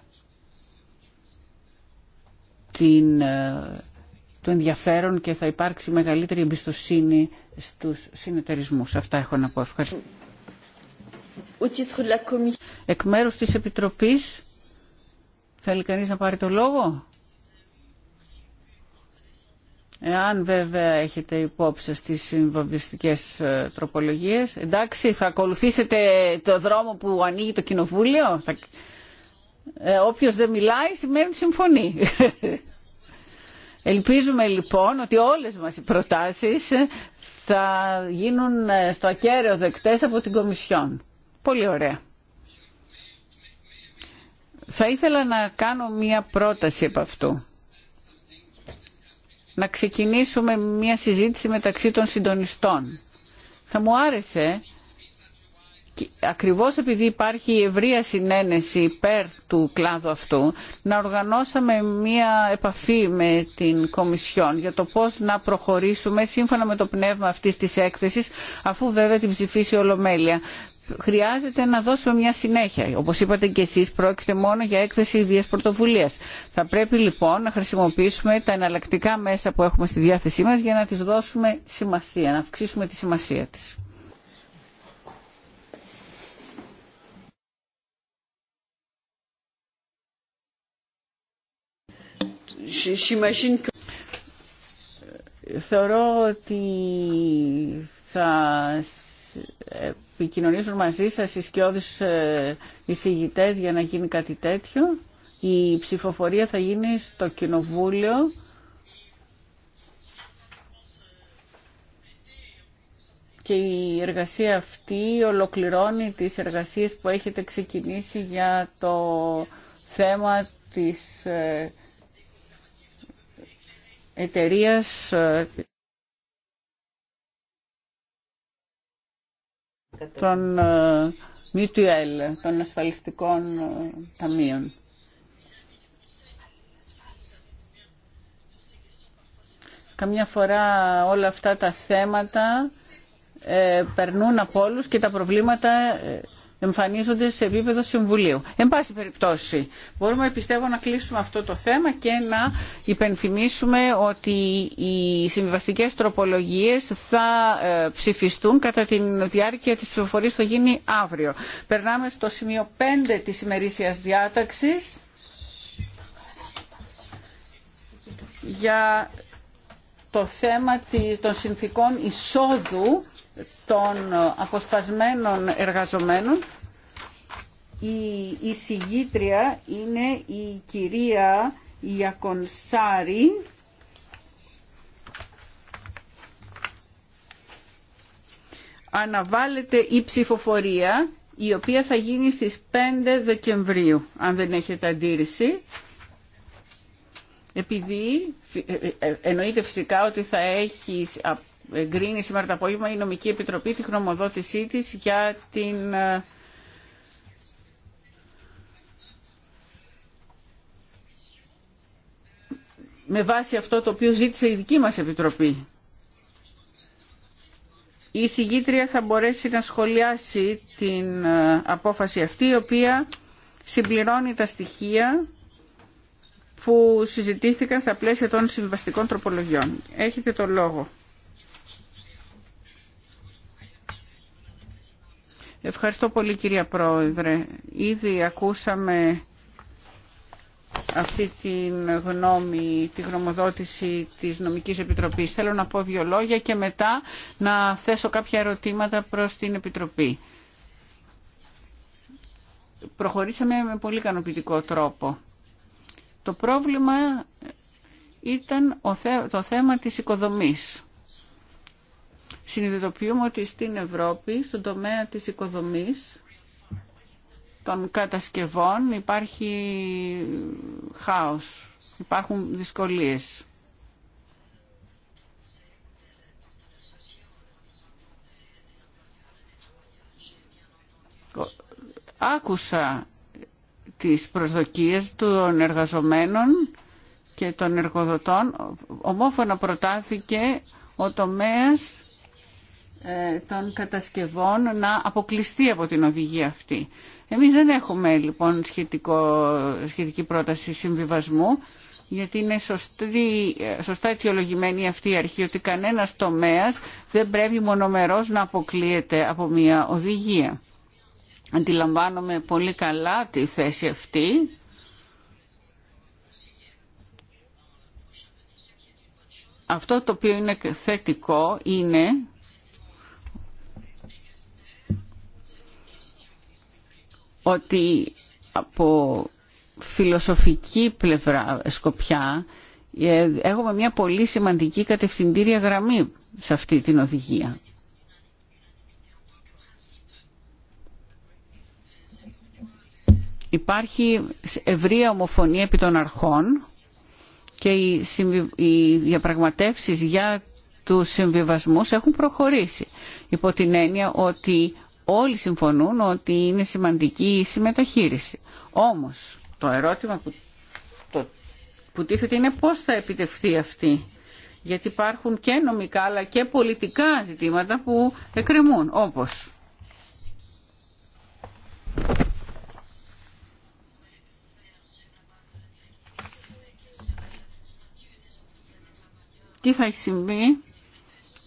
την, ε, το ενδιαφέρον και θα υπάρξει μεγαλύτερη εμπιστοσύνη στους συνεταιρισμούς. Αυτά έχω να πω. Ευχαριστώ. Εκ μέρους της Επιτροπής, θέλει κανείς να πάρει το λόγο. Εάν βέβαια έχετε υπόψη στις συμβαβιστικές ε, τροπολογίες, εντάξει, θα ακολουθήσετε το δρόμο που ανοίγει το Κοινοβούλιο. Θα... Ε, όποιος δεν μιλάει σημαίνει συμφωνεί. Ελπίζουμε λοιπόν ότι όλες μας οι προτάσεις θα γίνουν στο ακέραιο δεκτές από την Κομισιόν. Πολύ ωραία. Θα ήθελα να κάνω μία πρόταση από αυτού. Να ξεκινήσουμε μία συζήτηση μεταξύ των συντονιστών. Θα μου άρεσε ακριβώς επειδή υπάρχει ευρεία συνένεση υπέρ του κλάδου αυτού, να οργανώσαμε μία επαφή με την Κομισιόν για το πώς να προχωρήσουμε σύμφωνα με το πνεύμα αυτής της έκθεσης, αφού βέβαια την ψηφίσει Ολομέλεια. Χρειάζεται να δώσουμε μια συνέχεια. Όπως είπατε και εσείς, πρόκειται μόνο για έκθεση ιδίας πρωτοβουλίας. Θα πρέπει λοιπόν να χρησιμοποιήσουμε τα εναλλακτικά μέσα που έχουμε στη διάθεσή μας για να της δώσουμε σημασία, να αυξήσουμε τη σημασία της. Θεωρώ ότι θα επικοινωνήσουν μαζί σας οι σκιώδεις ε, εισηγητές για να γίνει κάτι τέτοιο. Η ψηφοφορία θα γίνει στο Κοινοβούλιο. και η εργασία αυτή ολοκληρώνει τις εργασίες που έχετε ξεκινήσει για το θέμα της ε, εταιρείας ε, των ε, mutual, των ασφαλιστικών ε, ταμείων. Καμιά φορά όλα αυτά τα θέματα περνούν από όλους και τα προβλήματα εμφανίζονται σε επίπεδο Συμβουλίου. Εν πάση περιπτώσει, μπορούμε πιστεύω να κλείσουμε αυτό το θέμα και να υπενθυμίσουμε ότι οι συμβιβαστικέ τροπολογίες θα ε, ψηφιστούν κατά τη διάρκεια της ψηφοφορίας που θα γίνει αύριο. Περνάμε στο σημείο 5 της ημερήσιας διάταξης για το θέμα των συνθήκων εισόδου των αποσπασμένων εργαζομένων. Η εισηγήτρια είναι η κυρία Ιακονσάρη. Αναβάλλεται η ψηφοφορία η οποία θα γίνει στις 5 Δεκεμβρίου, αν δεν έχετε αντίρρηση. Επειδή ε, ε, ε, εννοείται φυσικά ότι θα έχει εγκρίνει σήμερα το απόγευμα η Νομική Επιτροπή τη χρονομοδότησή της για την ε, με βάση αυτό το οποίο ζήτησε η δική μας Επιτροπή. Η συγγήτρια θα μπορέσει να σχολιάσει την ε, απόφαση αυτή, η οποία συμπληρώνει τα στοιχεία που συζητήθηκαν στα πλαίσια των συμβαστικών τροπολογιών. Έχετε το λόγο. Ευχαριστώ πολύ κυρία Πρόεδρε. Ήδη ακούσαμε αυτή την γνώμη, τη γνωμοδότηση της Νομικής Επιτροπής. Θέλω να πω δύο λόγια και μετά να θέσω κάποια ερωτήματα προς την Επιτροπή. Προχωρήσαμε με πολύ ικανοποιητικό τρόπο. Το πρόβλημα ήταν το θέμα της οικοδομής συνειδητοποιούμε ότι στην Ευρώπη, στον τομέα της οικοδομής, των κατασκευών υπάρχει χάος, υπάρχουν δυσκολίες. Άκουσα τις προσδοκίες των εργαζομένων και των εργοδοτών. Ομόφωνα προτάθηκε ο τομέας ε, των κατασκευών να αποκλειστεί από την οδηγία αυτή. Εμείς δεν έχουμε λοιπόν σχετικό, σχετική πρόταση συμβιβασμού γιατί είναι ε, σωστά αιτιολογημένη αυτή η αρχή ότι κανένας τομέας δεν πρέπει μονομερός να αποκλείεται από μια οδηγία. Αντιλαμβάνομαι πολύ καλά τη θέση αυτή αυτό το οποίο είναι θετικό είναι ότι από φιλοσοφική πλευρά σκοπιά ε, έχουμε μια πολύ σημαντική κατευθυντήρια γραμμή σε αυτή την οδηγία. Υπάρχει ευρία ομοφωνία επί των αρχών και οι διαπραγματεύσεις για τους συμβιβασμούς έχουν προχωρήσει υπό την έννοια ότι όλοι συμφωνούν ότι είναι σημαντική η συμμεταχείριση. Όμως το ερώτημα που, το, που τίθεται είναι πώς θα επιτευχθεί αυτή. Γιατί υπάρχουν και νομικά αλλά και πολιτικά ζητήματα που εκκρεμούν όπως... Τι θα έχει συμβεί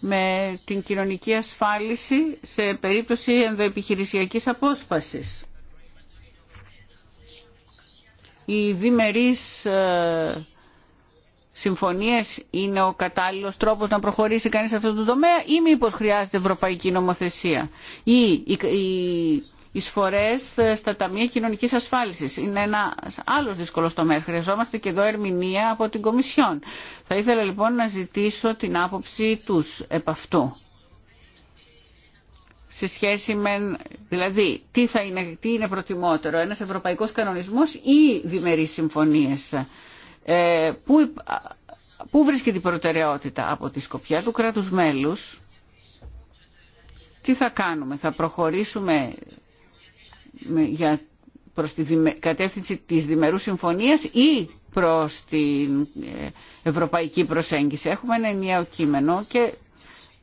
με την κοινωνική ασφάλιση σε περίπτωση ενδοεπιχειρησιακής απόσπασης. Οι διμερείς ε, συμφωνίες είναι ο κατάλληλος τρόπος να προχωρήσει κανείς σε αυτό το τομέα ή μήπως χρειάζεται ευρωπαϊκή νομοθεσία. Ή η εισφορές ε, στα ταμεία κοινωνικής ασφάλισης. Είναι ένα άλλος δύσκολο τομέα. Χρειαζόμαστε και εδώ ερμηνεία από την Κομισιόν. Θα ήθελα λοιπόν να ζητήσω την άποψη τους επ' αυτού. Σε σχέση με, δηλαδή, τι, θα είναι, τι είναι προτιμότερο, ένας ευρωπαϊκός κανονισμός ή διμερείς συμφωνίες. Ε, που, Πού βρίσκεται η προτεραιότητα από τη σκοπιά του κράτους μέλους, τι θα κάνουμε, θα προχωρήσουμε για προς τη κατεύθυνση της Δημερού συμφωνίας ή προς την ε, ευρωπαϊκή προσέγγιση. Έχουμε ένα ενιαίο κείμενο και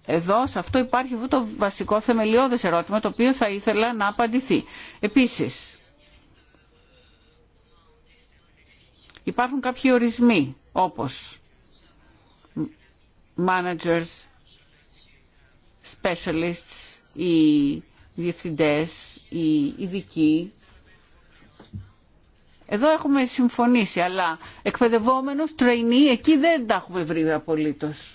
εδώ σε αυτό υπάρχει αυτό το βασικό θεμελιώδες ερώτημα το οποίο θα ήθελα να απαντηθεί. Επίσης, υπάρχουν κάποιοι ορισμοί όπως managers, specialists ή διευθυντές οι ειδικοί. Εδώ έχουμε συμφωνήσει, αλλά εκπαιδευόμενος, τρεινή, εκεί δεν τα έχουμε βρει απολύτως.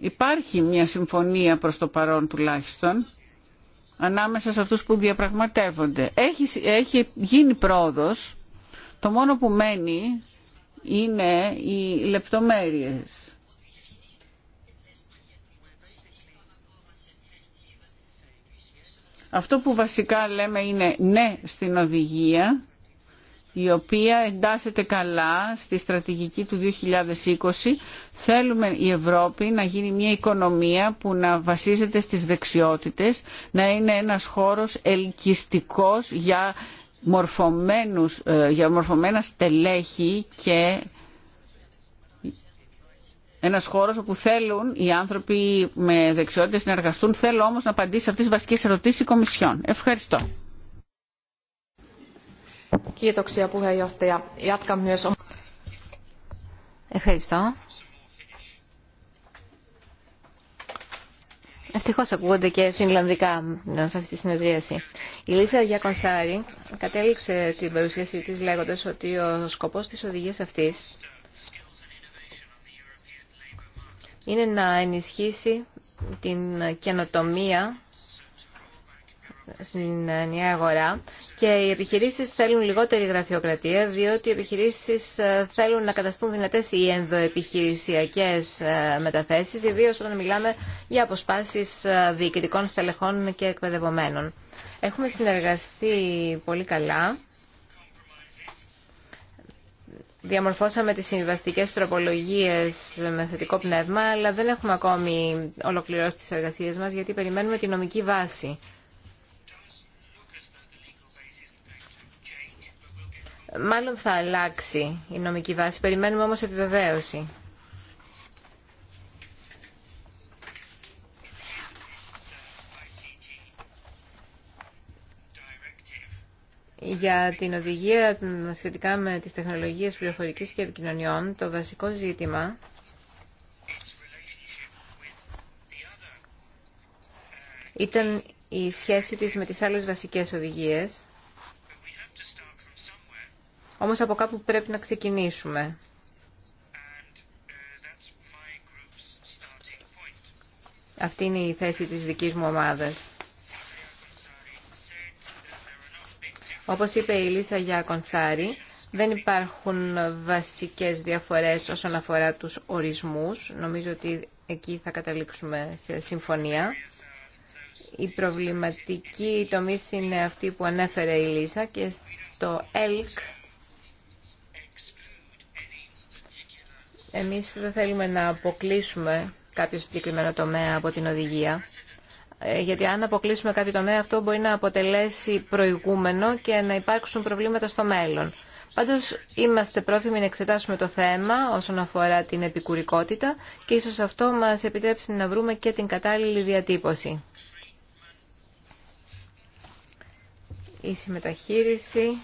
Υπάρχει μια συμφωνία προς το παρόν τουλάχιστον ανάμεσα σε αυτούς που διαπραγματεύονται. Έχει, έχει γίνει πρόοδος. Το μόνο που μένει είναι οι λεπτομέρειες. Αυτό που βασικά λέμε είναι ναι στην οδηγία, η οποία εντάσσεται καλά στη στρατηγική του 2020. Θέλουμε η Ευρώπη να γίνει μια οικονομία που να βασίζεται στις δεξιότητες, να είναι ένας χώρος ελκυστικός για μορφωμένους, ε, για μορφωμένα στελέχη και ένας χώρος όπου θέλουν οι άνθρωποι με δεξιότητες να εργαστούν. Θέλω όμως να απαντήσω σε αυτές τις βασικές ερωτήσεις Κομισιόν. Ευχαριστώ. Ευχαριστώ. Ευτυχώ ακούγονται και φινλανδικά σε αυτή τη συνεδρίαση. Η Λίθα Γιακονσάρη κατέληξε την παρουσίασή τη λέγοντα ότι ο σκοπό τη οδηγία αυτή είναι να ενισχύσει την καινοτομία στην νέα αγορά και οι επιχειρήσεις θέλουν λιγότερη γραφειοκρατία, διότι οι επιχειρήσεις ε, θέλουν να καταστούν δυνατές οι ενδοεπιχειρησιακές ε, μεταθέσεις, ιδίω όταν μιλάμε για αποσπάσει ε, διοικητικών στελεχών και εκπαιδευομένων. Έχουμε συνεργαστεί πολύ καλά. Διαμορφώσαμε τις συμβιβαστικέ τροπολογίες με θετικό πνεύμα, αλλά δεν έχουμε ακόμη ολοκληρώσει τις εργασίες μας, γιατί περιμένουμε τη νομική βάση. Μάλλον θα αλλάξει η νομική βάση. Περιμένουμε όμως επιβεβαίωση. Για την οδηγία σχετικά με τις τεχνολογίες πληροφορικής και επικοινωνιών, το βασικό ζήτημα ήταν η σχέση της με τις άλλες βασικές οδηγίες όμως από κάπου πρέπει να ξεκινήσουμε. Αυτή είναι η θέση της δικής μου ομάδας. Όπως είπε η Λίσα Γιακονσάρη, δεν υπάρχουν βασικές διαφορές όσον αφορά τους ορισμούς. Νομίζω ότι εκεί θα καταλήξουμε σε συμφωνία. Η προβληματική τομή είναι αυτή που ανέφερε η Λίσα και στο ΕΛΚ Εμείς δεν θέλουμε να αποκλείσουμε κάποιο συγκεκριμένο τομέα από την οδηγία. Ε, γιατί αν αποκλείσουμε κάποιο τομέα, αυτό μπορεί να αποτελέσει προηγούμενο και να υπάρξουν προβλήματα στο μέλλον. Πάντως, είμαστε πρόθυμοι να εξετάσουμε το θέμα όσον αφορά την επικουρικότητα και ίσως αυτό μας επιτρέψει να βρούμε και την κατάλληλη διατύπωση. Η συμμεταχείριση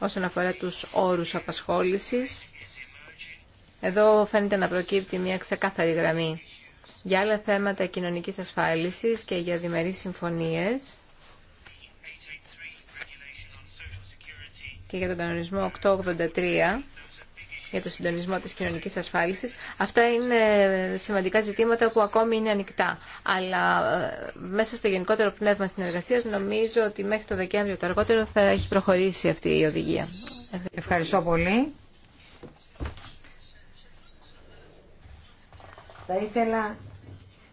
όσον αφορά τους όρους απασχόλησης. Εδώ φαίνεται να προκύπτει μια ξεκάθαρη γραμμή. Για άλλα θέματα κοινωνικής ασφάλισης και για διμερείς συμφωνίες και για τον κανονισμό 883 για το συντονισμό της κοινωνικής ασφάλισης. Αυτά είναι σημαντικά ζητήματα που ακόμη είναι ανοιχτά. Αλλά ε, μέσα στο γενικότερο πνεύμα συνεργασίας νομίζω ότι μέχρι το Δεκέμβριο το αργότερο θα έχει προχωρήσει αυτή η οδηγία. Ευχαριστώ πολύ. Θα ήθελα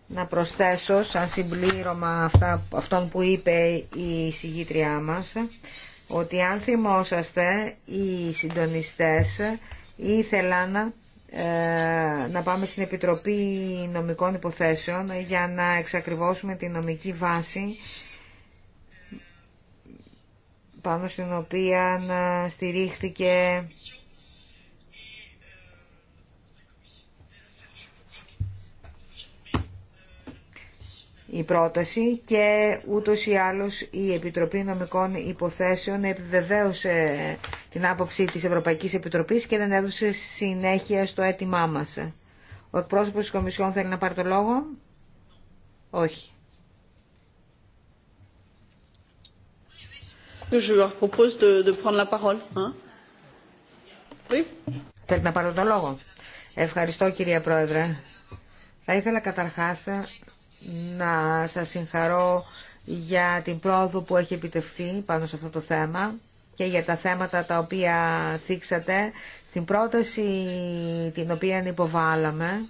να προσθέσω σαν συμπλήρωμα αυτά, αυτών που είπε η συγγήτριά μας ότι αν θυμόσαστε οι συντονιστές Ήθελα να, ε, να πάμε στην Επιτροπή Νομικών Υποθέσεων για να εξακριβώσουμε τη νομική βάση πάνω στην οποία στηρίχθηκε η πρόταση και ούτως ή άλλως η Επιτροπή Νομικών Υποθέσεων επιβεβαίωσε ε, την άποψη της Ευρωπαϊκής Επιτροπής και δεν έδωσε συνέχεια στο αίτημά μας. Ο εκπρόσωπος της Κομισιόν θέλει να πάρει το λόγο. Όχι. Je propose de, de να πάρω το λόγο. Ευχαριστώ κυρία Πρόεδρε. Θα ήθελα καταρχάς να σας συγχαρώ για την πρόοδο που έχει επιτευχθεί πάνω σε αυτό το θέμα και για τα θέματα τα οποία θίξατε. Στην πρόταση την οποία υποβάλαμε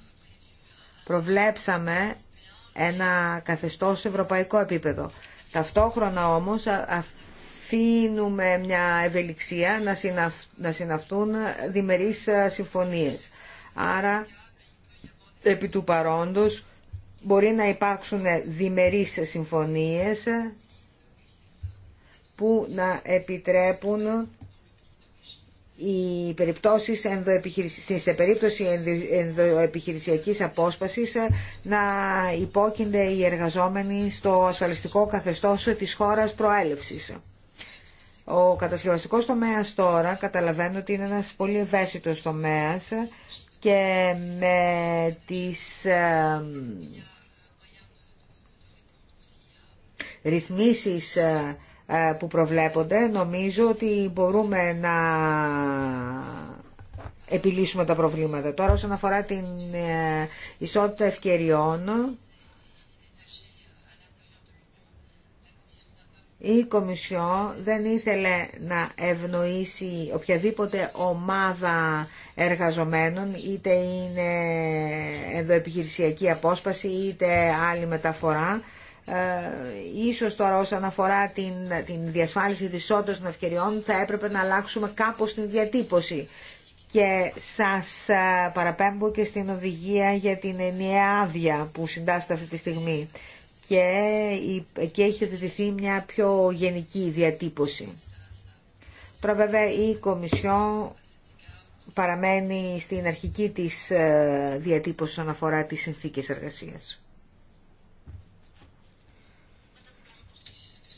προβλέψαμε ένα καθεστώς σε ευρωπαϊκό επίπεδο. Ταυτόχρονα όμως αφήνουμε μια ευελιξία να συναυτούν διμερείς συμφωνίες. Άρα, επί του παρόντος, μπορεί να υπάρξουν διμερείς συμφωνίες που να επιτρέπουν οι περιπτώσεις σε περίπτωση ενδοεπιχειρησιακής απόσπασης να υπόκεινται οι εργαζόμενοι στο ασφαλιστικό καθεστώς της χώρας προέλευσης. Ο κατασκευαστικός τομέας τώρα καταλαβαίνω ότι είναι ένας πολύ ευαίσθητος τομέας και με τις ε, ρυθμίσεις ε, ε, που προβλέπονται, νομίζω ότι μπορούμε να επιλύσουμε τα προβλήματα. Τώρα όσον αφορά την ε, ισότητα ευκαιριών, η Κομισιό δεν ήθελε να ευνοήσει οποιαδήποτε ομάδα εργαζομένων, είτε είναι ενδοεπιχειρησιακή απόσπαση, είτε άλλη μεταφορά. Ε, ίσως τώρα όσον αφορά την, την διασφάλιση της ισότητας των ευκαιριών θα έπρεπε να αλλάξουμε κάπως την διατύπωση. Και σας ε, παραπέμπω και στην οδηγία για την ενιαία άδεια που συντάσσεται αυτή τη στιγμή. Και, και έχει οδηγηθεί μια πιο γενική διατύπωση. Τώρα βέβαια η Κομισιό παραμένει στην αρχική της ε, διατύπωση όσον αφορά τις συνθήκες εργασίας.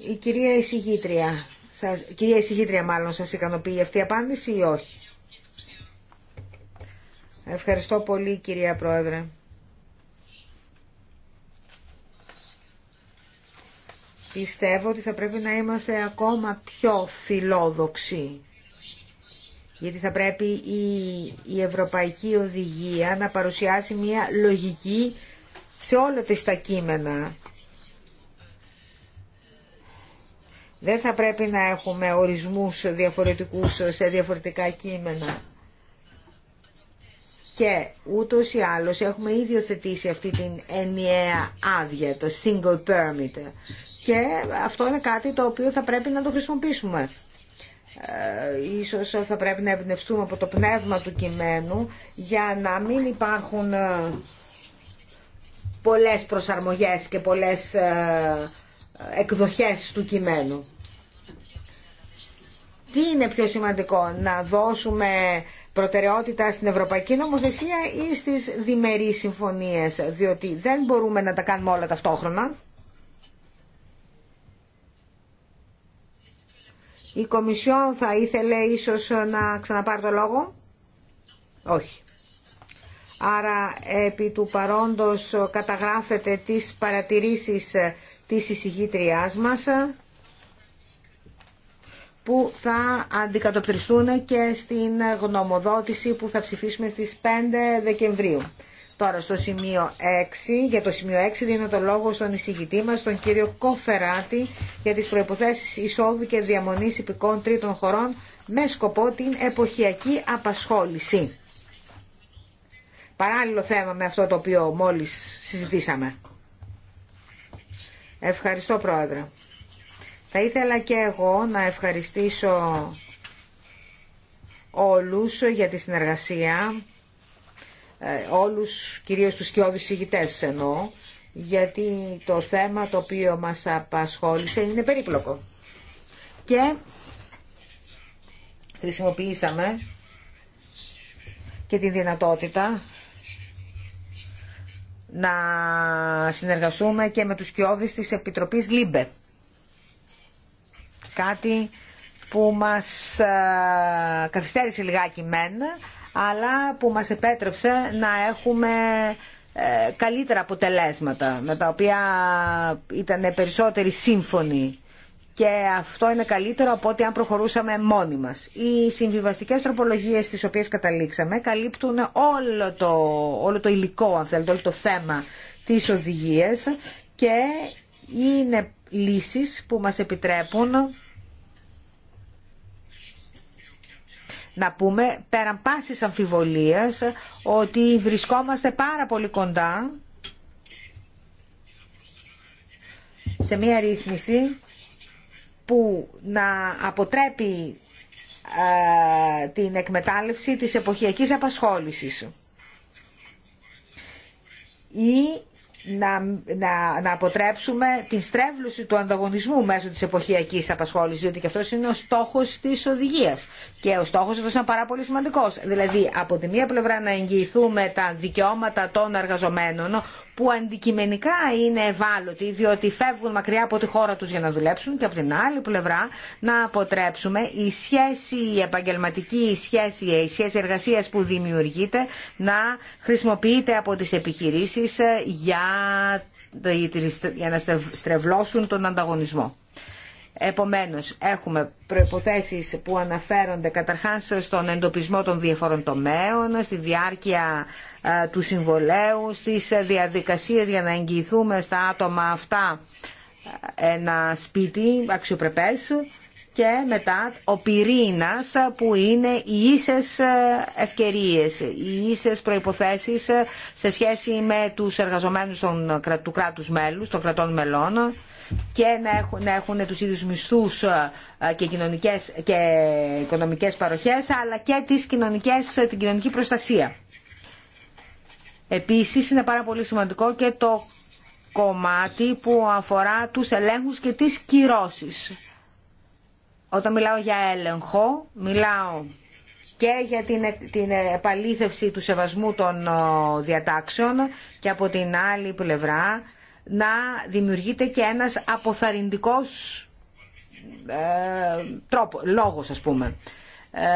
Η κυρία εισηγήτρια, θα, κυρία εισηγήτρια μάλλον σας ικανοποιεί αυτή η απάντηση ή όχι. Ευχαριστώ πολύ κυρία Πρόεδρε. Πιστεύω ότι θα πρέπει να είμαστε ακόμα πιο φιλόδοξοι. Γιατί θα πρέπει η, η Ευρωπαϊκή Οδηγία να παρουσιάσει μια λογική σε όλα τα κείμενα Δεν θα πρέπει να έχουμε ορισμούς διαφορετικούς σε διαφορετικά κείμενα. Και ούτως ή άλλως έχουμε ήδη οθετήσει αυτή την ενιαία άδεια, το single permit. Και αυτό είναι κάτι το οποίο θα πρέπει να το χρησιμοποιήσουμε. Ε, ίσως θα πρέπει να εμπνευστούμε από το πνεύμα του κειμένου για να μην υπάρχουν ε, πολλές προσαρμογές και πολλές ε, ε, εκδοχές του κειμένου. Τι είναι πιο σημαντικό, να δώσουμε προτεραιότητα στην Ευρωπαϊκή Νομοθεσία ή στις διμερείς συμφωνίες, διότι δεν μπορούμε να τα κάνουμε όλα ταυτόχρονα. Η Κομισιόν θα ήθελε ίσως να ξαναπάρει το λόγο. Όχι. Άρα επί του παρόντος καταγράφεται τις παρατηρήσεις της εισηγήτριάς μας που θα αντικατοπτριστούν και στην γνωμοδότηση που θα ψηφίσουμε στις 5 Δεκεμβρίου. Τώρα στο σημείο 6, για το σημείο 6 δίνω το λόγο στον εισηγητή μας, τον κύριο Κοφεράτη, για τις προϋποθέσεις εισόδου και διαμονής υπηκών τρίτων χωρών με σκοπό την εποχιακή απασχόληση. Παράλληλο θέμα με αυτό το οποίο μόλις συζητήσαμε. Ευχαριστώ Πρόεδρε. Θα ήθελα και εγώ να ευχαριστήσω όλους για τη συνεργασία, ε, όλους κυρίως τους σκιώδης ηγητές εννοώ, γιατί το θέμα το οποίο μας απασχόλησε είναι περίπλοκο. Και χρησιμοποιήσαμε και τη δυνατότητα να συνεργαστούμε και με τους κοιόδης της Επιτροπής ΛΥΜΠΕ. Κάτι που μας ε, καθυστέρησε λιγάκι μεν, αλλά που μας επέτρεψε να έχουμε ε, καλύτερα αποτελέσματα, με τα οποία ήταν περισσότεροι σύμφωνοι. Και αυτό είναι καλύτερο από ότι αν προχωρούσαμε μόνοι μας. Οι συμβιβαστικές τροπολογίες στις οποίες καταλήξαμε καλύπτουν όλο το, όλο το υλικό, αν όλο το θέμα της οδηγίας και είναι λύσεις που μας επιτρέπουν να πούμε πέραν πάσης αμφιβολίας ότι βρισκόμαστε πάρα πολύ κοντά σε μια ρύθμιση που να αποτρέπει την εκμετάλλευση της εποχιακής απασχόλησης ή να, να, να αποτρέψουμε την στρέβλωση του ανταγωνισμού μέσω της εποχιακής απασχόλησης, διότι και αυτός είναι ο στόχος της οδηγίας. Και ο στόχος αυτός είναι πάρα πολύ σημαντικός. Δηλαδή, από τη μία πλευρά να εγγυηθούμε τα δικαιώματα των εργαζομένων, που αντικειμενικά είναι ευάλωτοι διότι φεύγουν μακριά από τη χώρα τους για να δουλέψουν και από την άλλη πλευρά να αποτρέψουμε η σχέση η επαγγελματική η σχέση, η σχέση εργασίας που δημιουργείται να χρησιμοποιείται από τις επιχειρήσεις ε, για, για να στρεβλώσουν τον ανταγωνισμό. Επομένως, έχουμε προϋποθέσεις που αναφέρονται καταρχάς στον εντοπισμό των διαφορών τομέων, στη διάρκεια ε, του συμβολέου, στις ε, διαδικασίες για να εγγυηθούμε στα άτομα αυτά ε, ένα σπίτι αξιοπρεπές και μετά ο πυρήνας που είναι οι ίσες ευκαιρίες, οι ίσες προϋποθέσεις σε σχέση με τους εργαζομένους των, του κράτους μέλους, των κρατών μελών και να έχουν, να έχουν τους ίδιους μισθούς και κοινωνικές και οικονομικές παροχές αλλά και τις την κοινωνική προστασία. Επίσης είναι πάρα πολύ σημαντικό και το κομμάτι που αφορά τους ελέγχους και τις κυρώσεις. Όταν μιλάω για έλεγχο, μιλάω και για την, την επαλήθευση του σεβασμού των ε, διατάξεων και από την άλλη πλευρά να δημιουργείται και ένας αποθαρρυντικός ε, τρόπο, λόγος ας πούμε. Ε,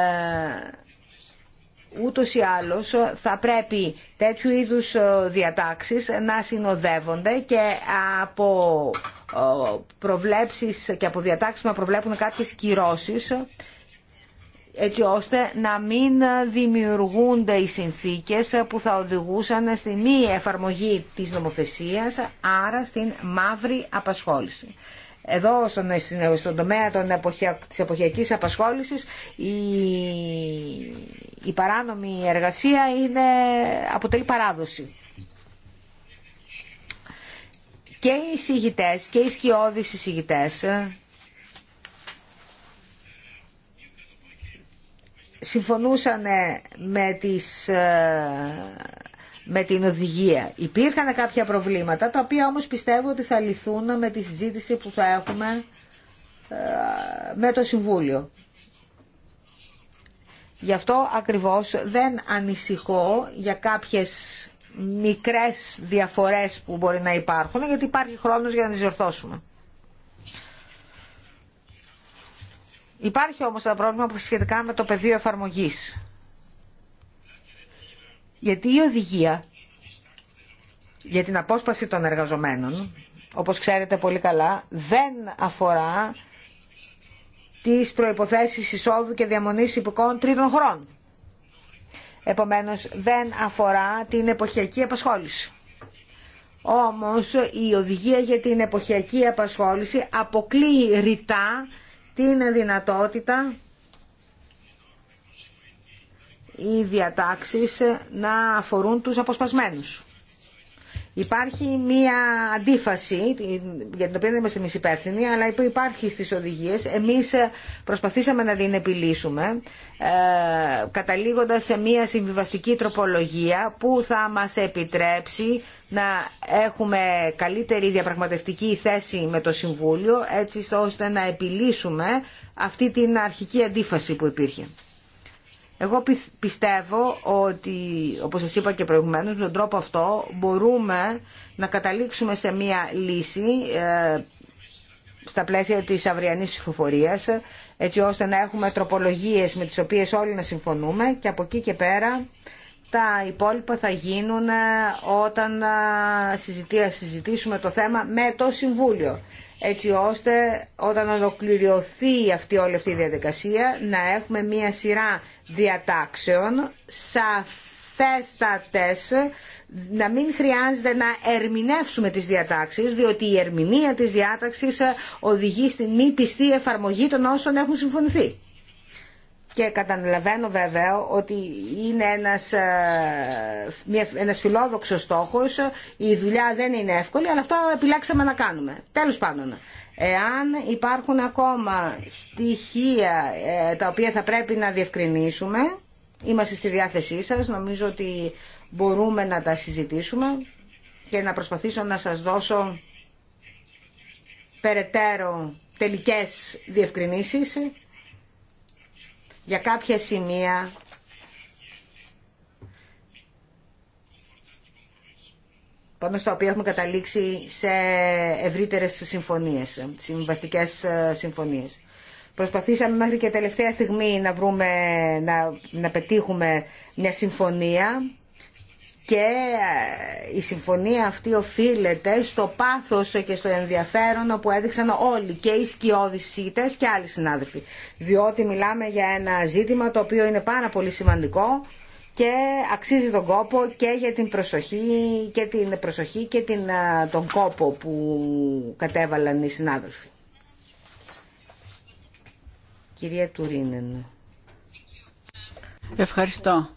ούτως ή άλλως θα πρέπει τέτοιου είδους ε, διατάξεις να συνοδεύονται και από ε, προβλέψεις και από διατάξεις να προβλέπουν κάποιες κυρώσεις έτσι ώστε να μην δημιουργούνται οι συνθήκες που θα οδηγούσαν στη μη εφαρμογή της νομοθεσίας, άρα στην μαύρη απασχόληση. Εδώ στον, στον τομέα των εποχια, της εποχιακής απασχόλησης η, η παράνομη εργασία είναι, αποτελεί παράδοση. Και οι συγητές και οι σκιώδεις συγητές ε, συμφωνούσαν με τις ε, με την οδηγία. Υπήρχαν κάποια προβλήματα, τα οποία όμως πιστεύω ότι θα λυθούν με τη συζήτηση που θα έχουμε ε, με το Συμβούλιο. Γι' αυτό ακριβώς δεν ανησυχώ για κάποιες μικρές διαφορές που μπορεί να υπάρχουν, γιατί υπάρχει χρόνος για να τις διορθώσουμε. Υπάρχει όμως ένα πρόβλημα που σχετικά με το πεδίο εφαρμογής. Γιατί η οδηγία για την απόσπαση των εργαζομένων, όπως ξέρετε πολύ καλά, δεν αφορά τις προϋποθέσεις εισόδου και διαμονής υπηκών τρίτων χρόνων. Επομένως, δεν αφορά την εποχιακή απασχόληση. Όμως, η οδηγία για την εποχιακή απασχόληση αποκλεί ρητά την δυνατότητα οι διατάξεις ε, να αφορούν τους αποσπασμένους. Υπάρχει μία αντίφαση, για την οποία δεν είμαστε εμεί υπεύθυνοι, αλλά υπάρχει στις οδηγίες. Εμείς ε, προσπαθήσαμε να την επιλύσουμε, ε, καταλήγοντας σε μία συμβιβαστική τροπολογία που θα μας επιτρέψει να έχουμε καλύτερη διαπραγματευτική θέση με το Συμβούλιο, έτσι ώστε να επιλύσουμε αυτή την αρχική αντίφαση που υπήρχε. Εγώ πιστεύω ότι, όπως σας είπα και προηγουμένως, με τον τρόπο αυτό μπορούμε να καταλήξουμε σε μία λύση ε, στα πλαίσια της αυριανής ψηφοφορίας, έτσι ώστε να έχουμε τροπολογίες με τις οποίες όλοι να συμφωνούμε και από εκεί και πέρα τα υπόλοιπα θα γίνουν ε, όταν ε, συζητήσουμε το θέμα με το Συμβούλιο έτσι ώστε όταν ολοκληρωθεί αυτή όλη αυτή η διαδικασία να έχουμε μία σειρά διατάξεων σαφέστατες να μην χρειάζεται να ερμηνεύσουμε τις διατάξεις διότι η ερμηνεία της διάταξης οδηγεί στην μη πιστή εφαρμογή των όσων έχουν συμφωνηθεί και καταλαβαίνω βέβαια ότι είναι ένας, ε, ένας φιλόδοξος στόχος, η δουλειά δεν είναι εύκολη, αλλά αυτό επιλέξαμε να κάνουμε. Τέλος πάντων, εάν υπάρχουν ακόμα στοιχεία ε, τα οποία θα πρέπει να διευκρινίσουμε, είμαστε στη διάθεσή σας, νομίζω ότι μπορούμε να τα συζητήσουμε και να προσπαθήσω να σας δώσω περαιτέρω τελικές διευκρινήσεις για κάποια σημεία πάνω στα οποία έχουμε καταλήξει σε ευρύτερες συμφωνίες, συμβαστικές ε, συμφωνίες. Προσπαθήσαμε μέχρι και τελευταία στιγμή να, βρούμε, να, να πετύχουμε μια συμφωνία και ε, η συμφωνία αυτή οφείλεται στο πάθος και στο ενδιαφέρον που έδειξαν όλοι και οι σκιώδη και άλλοι συνάδελφοι διότι μιλάμε για ένα ζήτημα το οποίο είναι πάρα πολύ σημαντικό και αξίζει τον κόπο και για την προσοχή και την προσοχή και την, ε, τον κόπο που κατέβαλαν οι συνάδελφοι. Κυρία Τουρίνεν. Ευχαριστώ.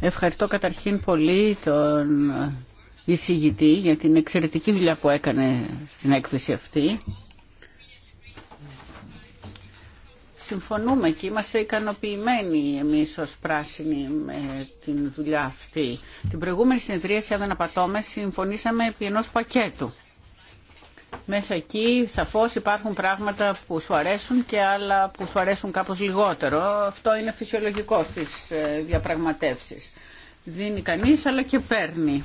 Ευχαριστώ καταρχήν πολύ τον εισηγητή για την εξαιρετική δουλειά που έκανε στην έκθεση αυτή. συμφωνούμε και είμαστε ικανοποιημένοι εμείς ως πράσινοι με την δουλειά αυτή. Την προηγούμενη συνεδρία, αν δεν απατώμε, συμφωνήσαμε επί ενός πακέτου. Μέσα εκεί σαφώς υπάρχουν πράγματα που σου αρέσουν και άλλα που σου αρέσουν κάπως λιγότερο. Αυτό είναι φυσιολογικό στις ε, διαπραγματεύσεις. Δίνει κανείς αλλά και παίρνει.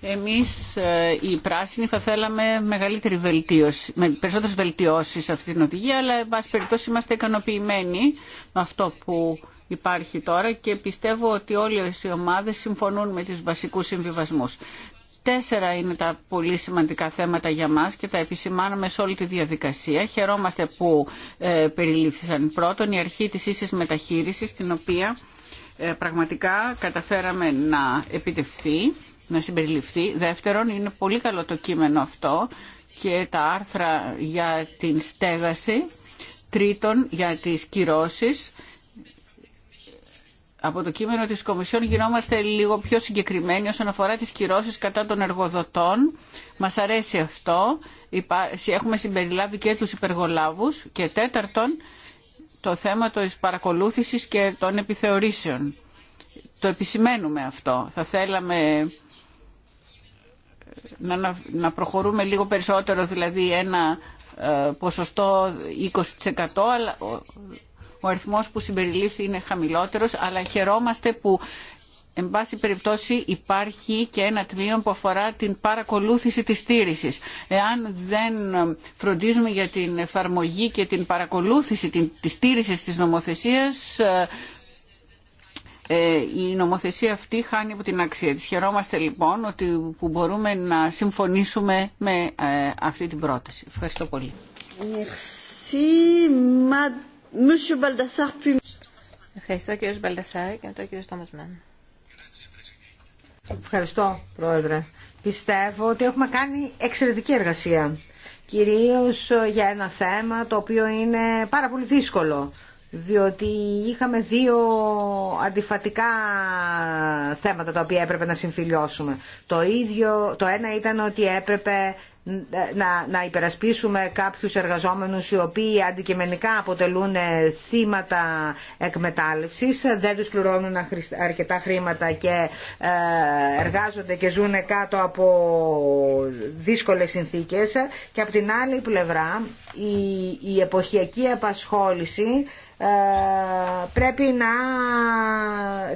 Εμείς ε, οι πράσινοι θα θέλαμε μεγαλύτερη βελτίωση, με περισσότερες βελτιώσεις σε αυτή την οδηγία, αλλά εν πάση περιπτώσει είμαστε ικανοποιημένοι με αυτό που υπάρχει τώρα και πιστεύω ότι όλες οι ομάδες συμφωνούν με τις βασικούς συμβιβασμούς. Τέσσερα είναι τα πολύ σημαντικά θέματα για μας και τα επισημάναμε σε όλη τη διαδικασία. Χαιρόμαστε που ε, περιλήφθησαν πρώτον η αρχή της ίσης μεταχείρισης, την οποία ε, πραγματικά καταφέραμε να επιτευχθεί, να συμπεριληφθεί. Δεύτερον, είναι πολύ καλό το κείμενο αυτό και τα άρθρα για την στέγαση. Τρίτον, για τις κυρώσεις από το κείμενο της Κομισιόν γινόμαστε λίγο πιο συγκεκριμένοι όσον αφορά τις κυρώσεις κατά των εργοδοτών. Μας αρέσει αυτό. Έχουμε συμπεριλάβει και τους υπεργολάβους. Και τέταρτον, το θέμα της παρακολούθησης και των επιθεωρήσεων. Το επισημαίνουμε αυτό. Θα θέλαμε να προχωρούμε λίγο περισσότερο, δηλαδή ένα ε, ποσοστό 20% ο αριθμός που συμπεριλήφθη είναι χαμηλότερος, αλλά χαιρόμαστε που Εν πάση περιπτώσει υπάρχει και ένα τμήμα που αφορά την παρακολούθηση της στήρησης. Εάν δεν φροντίζουμε για την εφαρμογή και την παρακολούθηση τη της στήρησης της νομοθεσίας, ε, ε, η νομοθεσία αυτή χάνει από την αξία της. Χαιρόμαστε λοιπόν ότι που μπορούμε να συμφωνήσουμε με ε, αυτή την πρόταση. Ευχαριστώ πολύ. Ευχαριστώ κύριε Μπαλτασάρη και μετά κύριε Ευχαριστώ πρόεδρε. Πιστεύω ότι έχουμε κάνει εξαιρετική εργασία. Κυρίως ε, για ένα θέμα το οποίο είναι πάρα πολύ δύσκολο διότι είχαμε δύο αντιφατικά θέματα τα οποία έπρεπε να συμφιλιώσουμε. Το, ίδιο, το ένα ήταν ότι έπρεπε να, υπερασπίσουμε κάποιους εργαζόμενους οι οποίοι αντικειμενικά αποτελούν θύματα εκμετάλλευσης, δεν τους πληρώνουν αρκετά χρήματα και ε, εργάζονται και ζουν κάτω από δύσκολες συνθήκες και από την άλλη πλευρά η, η εποχιακή απασχόληση ε, πρέπει να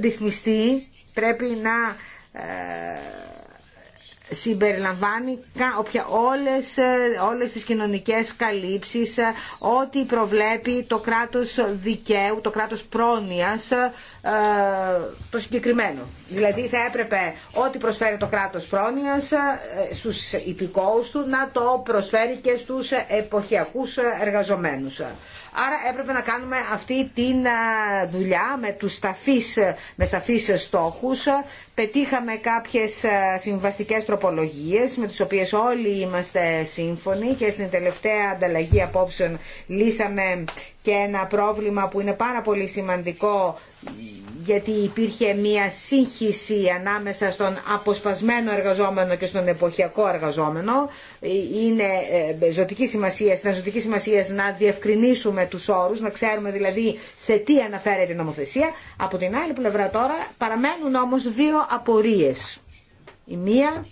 ρυθμιστεί, πρέπει να ε, συμπεριλαμβάνει όποια, όλες, ε, όλες τις κοινωνικές καλύψεις, ε, ό,τι προβλέπει το κράτος δικαίου, το κράτος πρόνοιας, ε, το συγκεκριμένο. Δηλαδή θα έπρεπε ό,τι προσφέρει το κράτος πρόνοιας στους υπηκόους του να το προσφέρει και στους εποχιακούς εργαζομένους. Άρα έπρεπε να κάνουμε αυτή τη δουλειά με τους σταφείς, με σαφείς στόχους. Πετύχαμε κάποιες συμβαστικές τροπολογίες με τις οποίες όλοι είμαστε σύμφωνοι και στην τελευταία ανταλλαγή απόψεων λύσαμε και ένα πρόβλημα που είναι πάρα πολύ σημαντικό γιατί υπήρχε μια σύγχυση ανάμεσα στον αποσπασμένο εργαζόμενο και στον εποχιακό εργαζόμενο. Είναι ε, ζωτική σημασία, ήταν ζωτική σημασία να διευκρινίσουμε τους όρους, να ξέρουμε δηλαδή σε τι αναφέρεται η νομοθεσία. Από την άλλη πλευρά τώρα παραμένουν όμως δύο απορίες. Η μία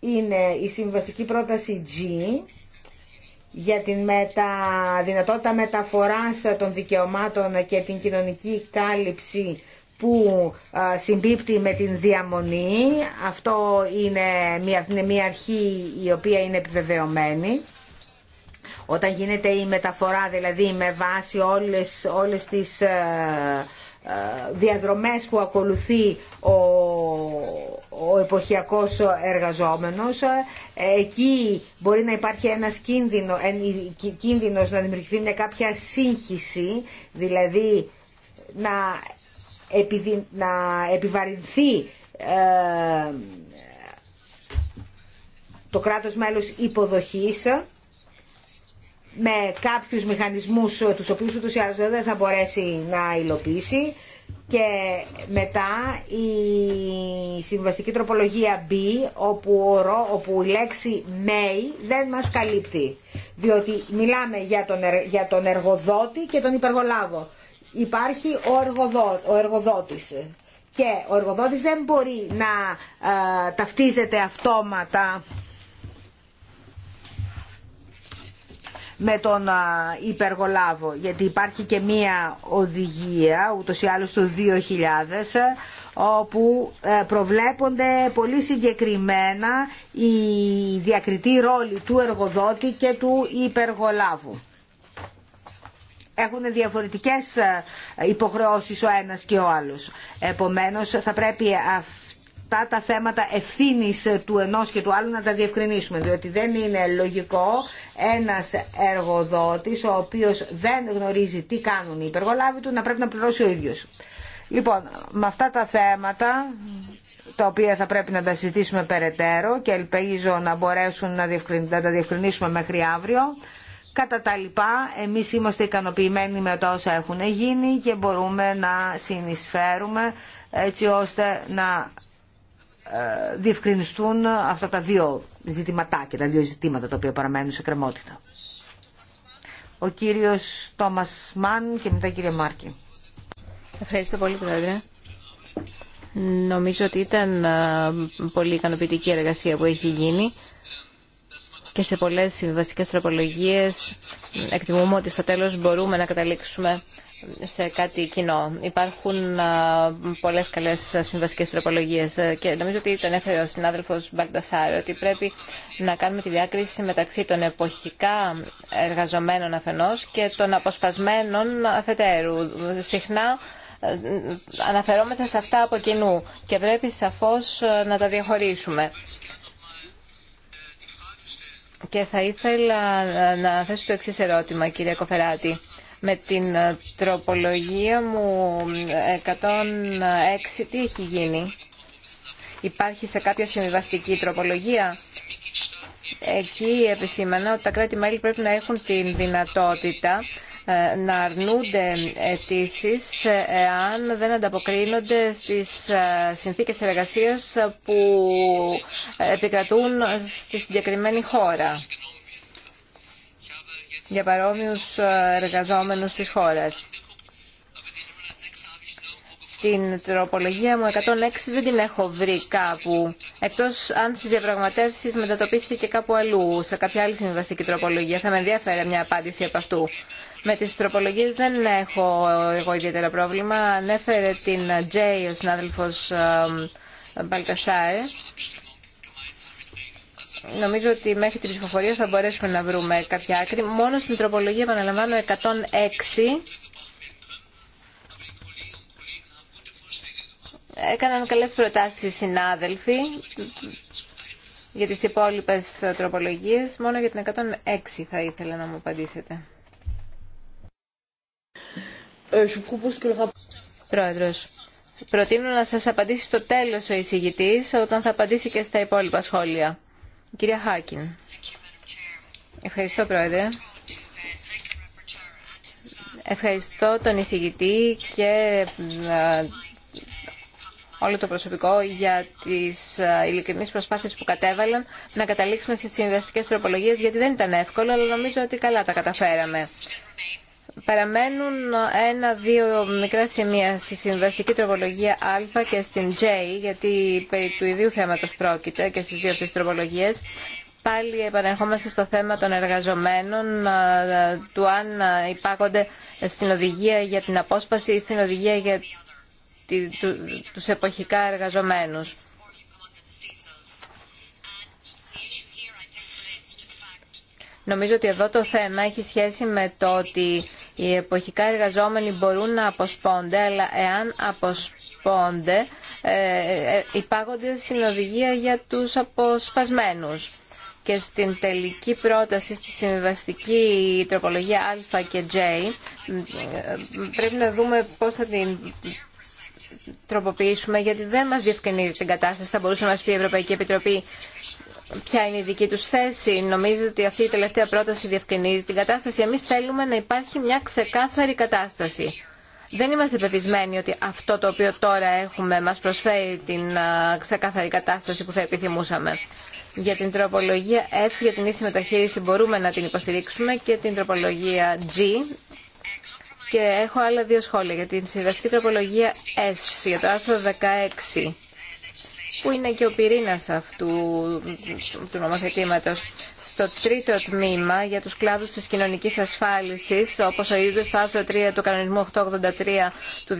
είναι η συμβαστική πρόταση G, για την μετα... δυνατότητα μεταφοράς των δικαιωμάτων και την κοινωνική κάλυψη που συμπίπτει με την διαμονή. Αυτό είναι μια, μια αρχή η οποία είναι επιβεβαιωμένη. Όταν γίνεται η μεταφορά δηλαδή με βάση όλες, όλες τις ε, ε, διαδρομές που ακολουθεί ο, ο εποχιακός εργαζόμενος. Ε, εκεί μπορεί να υπάρχει ένας κίνδυνο, κίνδυνος να δημιουργηθεί μια κάποια σύγχυση, δηλαδή να, επιδι, να επιβαρυνθεί ε, το κράτος μέλος υποδοχής με κάποιους μηχανισμούς ε, τους οποίους ούτως ή δεν θα μπορέσει να υλοποιήσει και μετά η συμβαστική τροπολογία B όπου, όπου η λέξη may δεν μας καλύπτει διότι μιλάμε για τον, για τον εργοδότη και τον υπεργολάβο υπάρχει ο, εργοδό, εργοδότης και ο εργοδότης δεν μπορεί να ε, ταυτίζεται αυτόματα με τον υπεργολάβο γιατί υπάρχει και μία οδηγία ούτως ή άλλως το 2000 όπου ε, προβλέπονται πολύ συγκεκριμένα οι διακριτή ρόλοι του εργοδότη και του υπεργολάβου. Έχουν διαφορετικές ε, υποχρεώσεις ο ένας και ο άλλος. Επομένως θα πρέπει αυτά τα θέματα ευθύνη του ενό και του άλλου να τα διευκρινίσουμε, διότι δεν είναι λογικό ένας εργοδότης ο οποίο δεν γνωρίζει τι κάνουν οι υπεργολάβοι του να πρέπει να πληρώσει ο ίδιο. Λοιπόν, με αυτά τα θέματα τα οποία θα πρέπει να τα συζητήσουμε περαιτέρω και ελπίζω να μπορέσουν να, να τα διευκρινίσουμε μέχρι αύριο. Κατά τα λοιπά, εμείς είμαστε ικανοποιημένοι με τα όσα έχουν γίνει και μπορούμε να συνεισφέρουμε έτσι ώστε να ε, διευκρινιστούν αυτά τα δύο και τα δύο ζητήματα τα οποία παραμένουν σε κρεμότητα. Ο κύριος Τόμας Μαν και μετά η κυρία Μάρκη. Ευχαριστώ πολύ, Πρόεδρε. Νομίζω ότι ήταν ε, πολύ ικανοποιητική εργασία που έχει γίνει και σε πολλές βασικές τροπολογίες εκτιμούμε ότι στο τέλος μπορούμε να καταλήξουμε σε κάτι κοινό. Υπάρχουν πολλές καλέ συμβασικέ τροπολογίε. Ε, και νομίζω ότι τον έφερε ο συνάδελφο Μπαλτασάρη ότι πρέπει να κάνουμε τη διάκριση μεταξύ των εποχικά εργαζομένων αφενό και των αποσπασμένων αφετέρου. Συχνά ε, αναφερόμαστε σε αυτά από κοινού και πρέπει σαφώς ε, να τα διαχωρίσουμε. Και θα ήθελα να θέσω το εξής ερώτημα, κύριε Κοφεράτη με την ε, τροπολογία μου 106 τι έχει γίνει. Υπάρχει σε κάποια συμβιβαστική τροπολογία. Εκεί επισήμανα ότι τα κράτη-μέλη πρέπει να έχουν την δυνατότητα ε, να αρνούνται αιτήσει ε, εάν δεν ανταποκρίνονται στις συνθήκες εργασίας που επικρατούν στη συγκεκριμένη χώρα για παρόμοιους ε, εργαζόμενους τη χώρα. Την τροπολογία μου 106 δεν την έχω βρει κάπου, εκτός αν στις διαπραγματεύσεις μετατοπίστηκε κάπου αλλού, σε κάποια άλλη συμβαστική τροπολογία. Θα με ενδιαφέρε μια απάντηση από αυτού. Με τις τροπολογίε δεν έχω εγώ ιδιαίτερα πρόβλημα. Ανέφερε την Τζέι ο συνάδελφο ε, Μπαλκασάρε νομίζω ότι μέχρι την ψηφοφορία θα μπορέσουμε να βρούμε κάποια άκρη. Μόνο στην τροπολογία, επαναλαμβάνω, 106 έκαναν καλές προτάσεις οι συνάδελφοι για τις υπόλοιπες τροπολογίες. Μόνο για την 106 θα ήθελα να μου απαντήσετε. Ε, Πρόεδρος, προτείνω να σας απαντήσει στο τέλος ο εισηγητής όταν θα απαντήσει και στα υπόλοιπα σχόλια. Κυρία Χάρκιν. Ευχαριστώ, Πρόεδρε. Ευχαριστώ τον εισηγητή και ε, όλο το προσωπικό για τις ε, ειλικρινείς προσπάθειες που κατέβαλαν να καταλήξουμε στις συμβαστικές τροπολογίες γιατί δεν ήταν εύκολο αλλά νομίζω ότι καλά τα καταφέραμε. Παραμένουν ένα-δύο μικρά σημεία στη συμβαστική τροπολογία Α και στην J, γιατί περί του ιδίου θέματος πρόκειται και στις δύο αυτές τροπολογίες. Πάλι επανερχόμαστε στο θέμα των εργαζομένων, του αν υπάρχονται στην οδηγία για την απόσπαση ή στην οδηγία για τους εποχικά εργαζομένους. Νομίζω ότι εδώ το θέμα έχει σχέση με το ότι οι εποχικά εργαζόμενοι μπορούν να αποσπώνται, αλλά εάν αποσπώνται ε, ε, υπάγονται στην οδηγία για τους αποσπασμένους. Και στην τελική πρόταση, στη συμβιβαστική τροπολογία Α και J, πρέπει να δούμε πώς θα την τροποποιήσουμε, γιατί δεν μας διευκρινίζει την κατάσταση. Θα μπορούσε να μας πει η Ευρωπαϊκή Επιτροπή ποια είναι η δική τους θέση. Νομίζετε ότι αυτή η τελευταία πρόταση διευκρινίζει την κατάσταση. Εμείς θέλουμε να υπάρχει μια ξεκάθαρη κατάσταση. Δεν είμαστε πεπισμένοι ότι αυτό το οποίο τώρα έχουμε μας προσφέρει την ξεκάθαρη κατάσταση που θα επιθυμούσαμε. Για την τροπολογία F, για την ίση μεταχείριση, μπορούμε να την υποστηρίξουμε και την τροπολογία G. Και έχω άλλα δύο σχόλια για την συμβαστική τροπολογία S, για το άρθρο 16 που είναι και ο πυρήνα αυτού του νομοθετήματο. Στο τρίτο τμήμα, για τους κλάδους της κοινωνικής ασφάλισης, όπως ορίζονται στο άρθρο 3 του κανονισμού 883 του 2004,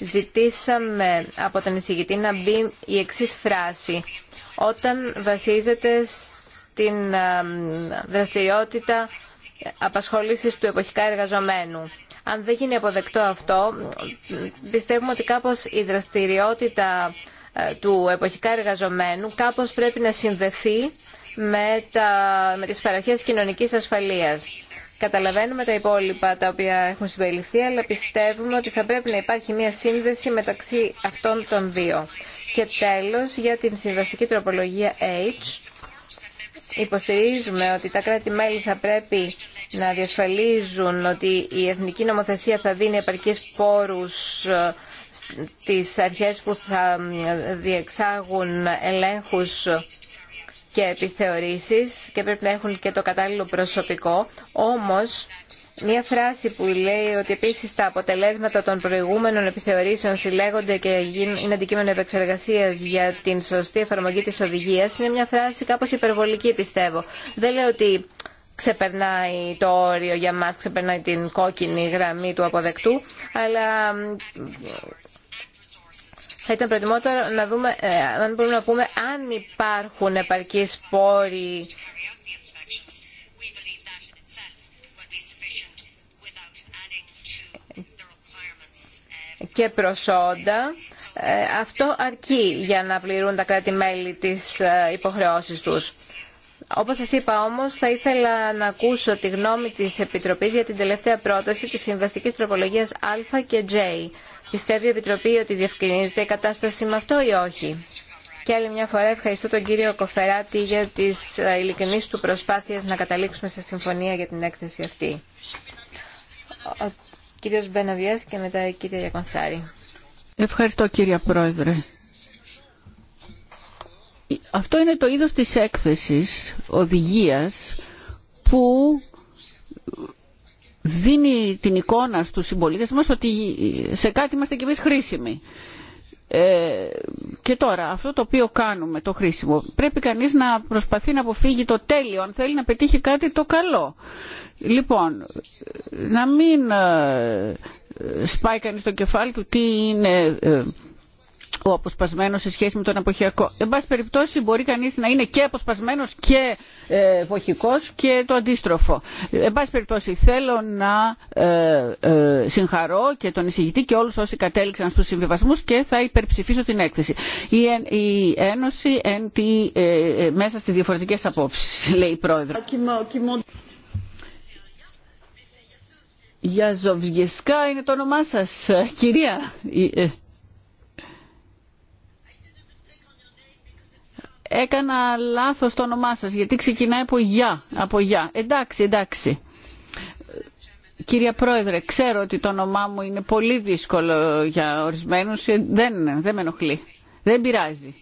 ζητήσαμε από τον εισηγητή να μπει η εξή φράση. Όταν βασίζεται στην δραστηριότητα απασχόλησης του εποχικά εργαζομένου. Αν δεν γίνει αποδεκτό αυτό, πιστεύουμε ότι κάπως η δραστηριότητα ε, του εποχικά εργαζομένου κάπως πρέπει να συνδεθεί με, τα, με τις παροχές κοινωνικής ασφαλείας. Καταλαβαίνουμε τα υπόλοιπα τα οποία έχουν συμπεριληφθεί, αλλά πιστεύουμε ότι θα πρέπει να υπάρχει μια σύνδεση μεταξύ αυτών των δύο. Και τέλος, για την συμβαστική τροπολογία H, υποστηρίζουμε ότι τα κράτη-μέλη θα πρέπει να διασφαλίζουν ότι η εθνική νομοθεσία θα δίνει επαρκείς πόρους ε, τις αρχές που θα διεξάγουν ελέγχους και επιθεωρήσεις και πρέπει να έχουν και το κατάλληλο προσωπικό. Όμως, μια φράση που λέει ότι επίσης τα αποτελέσματα των προηγούμενων επιθεωρήσεων συλλέγονται και είναι αντικείμενο επεξεργασίας για την σωστή εφαρμογή της οδηγίας είναι μια φράση κάπως υπερβολική πιστεύω. Δεν λέω ότι ξεπερνάει το όριο για μας, ξεπερνάει την κόκκινη γραμμή του αποδεκτού, αλλά θα ήταν προτιμότερο να δούμε, ε, αν μπορούμε να πούμε, αν υπάρχουν επαρκείς πόροι και προσόντα. Ε, αυτό αρκεί για να πληρούν τα κράτη-μέλη τις ε, υποχρεώσεις τους. Όπως σας είπα όμως, θα ήθελα να ακούσω τη γνώμη της Επιτροπής για την τελευταία πρόταση της συμβαστικής τροπολογίας Α και J. Πιστεύει η Επιτροπή ότι διευκρινίζεται η κατάσταση με αυτό ή όχι. Και άλλη μια φορά ευχαριστώ τον κύριο Κοφεράτη για τις ε, ειλικρινείς του προσπάθειες να καταλήξουμε σε συμφωνία για την έκθεση αυτή. Ο κύριος Μπεναβιάς και μετά η κυρία Γιακονσάρη. Ευχαριστώ κύριε Πρόεδρε αυτό είναι το είδος της έκθεσης οδηγίας που δίνει την εικόνα στους συμπολίτες μας ότι σε κάτι είμαστε κι εμείς χρήσιμοι. Ε, και τώρα αυτό το οποίο κάνουμε το χρήσιμο πρέπει κανείς να προσπαθεί να αποφύγει το τέλειο αν θέλει να πετύχει κάτι το καλό λοιπόν να μην ε, σπάει κανείς το κεφάλι του τι είναι ε, ο αποσπασμένος σε σχέση με τον εποχιακό. Εν πάση περιπτώσει μπορεί κανείς να είναι και αποσπασμένος και εποχικός και το αντίστροφο. Εν πάση περιπτώσει θέλω να συγχαρώ και τον εισηγητή και όλους όσοι κατέληξαν στους συμβιβασμούς και θα υπερψηφίσω την έκθεση. Η, η Ένωση εν μέσα στις διαφορετικές απόψεις, λέει η Πρόεδρο. Γιαζοβγισκά είναι το όνομά σας, κυρία. έκανα λάθος το όνομά σας, γιατί ξεκινάει από «για». Από «για». Εντάξει, εντάξει. Κυρία Πρόεδρε, ξέρω ότι το όνομά μου είναι πολύ δύσκολο γεια απο γεια. ενταξει ενταξει κυρια προεδρε ξερω οτι το ονομα μου ειναι πολυ δυσκολο για ορισμενους ε, Δεν, δεν με ενοχλεί. Δεν πειράζει.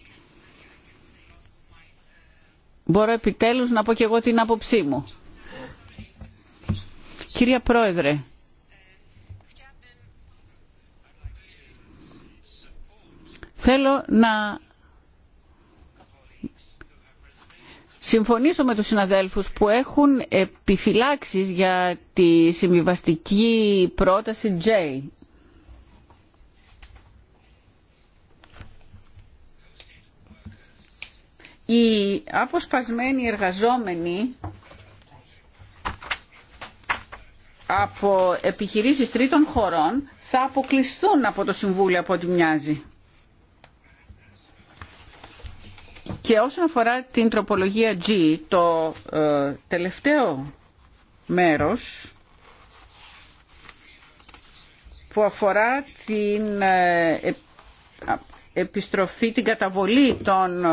Μπορώ επιτέλους να πω και εγώ την άποψή μου. Κυρία Πρόεδρε, θέλω να συμφωνήσω με τους συναδέλφους που έχουν επιφυλάξεις για τη συμβιβαστική πρόταση J. Οι αποσπασμένοι εργαζόμενοι από επιχειρήσεις τρίτων χωρών θα αποκλειστούν από το Συμβούλιο από ό,τι μοιάζει. Και όσον αφορά την τροπολογία G, το ε, τελευταίο μέρος που αφορά την ε, ε, επιστροφή, την καταβολή των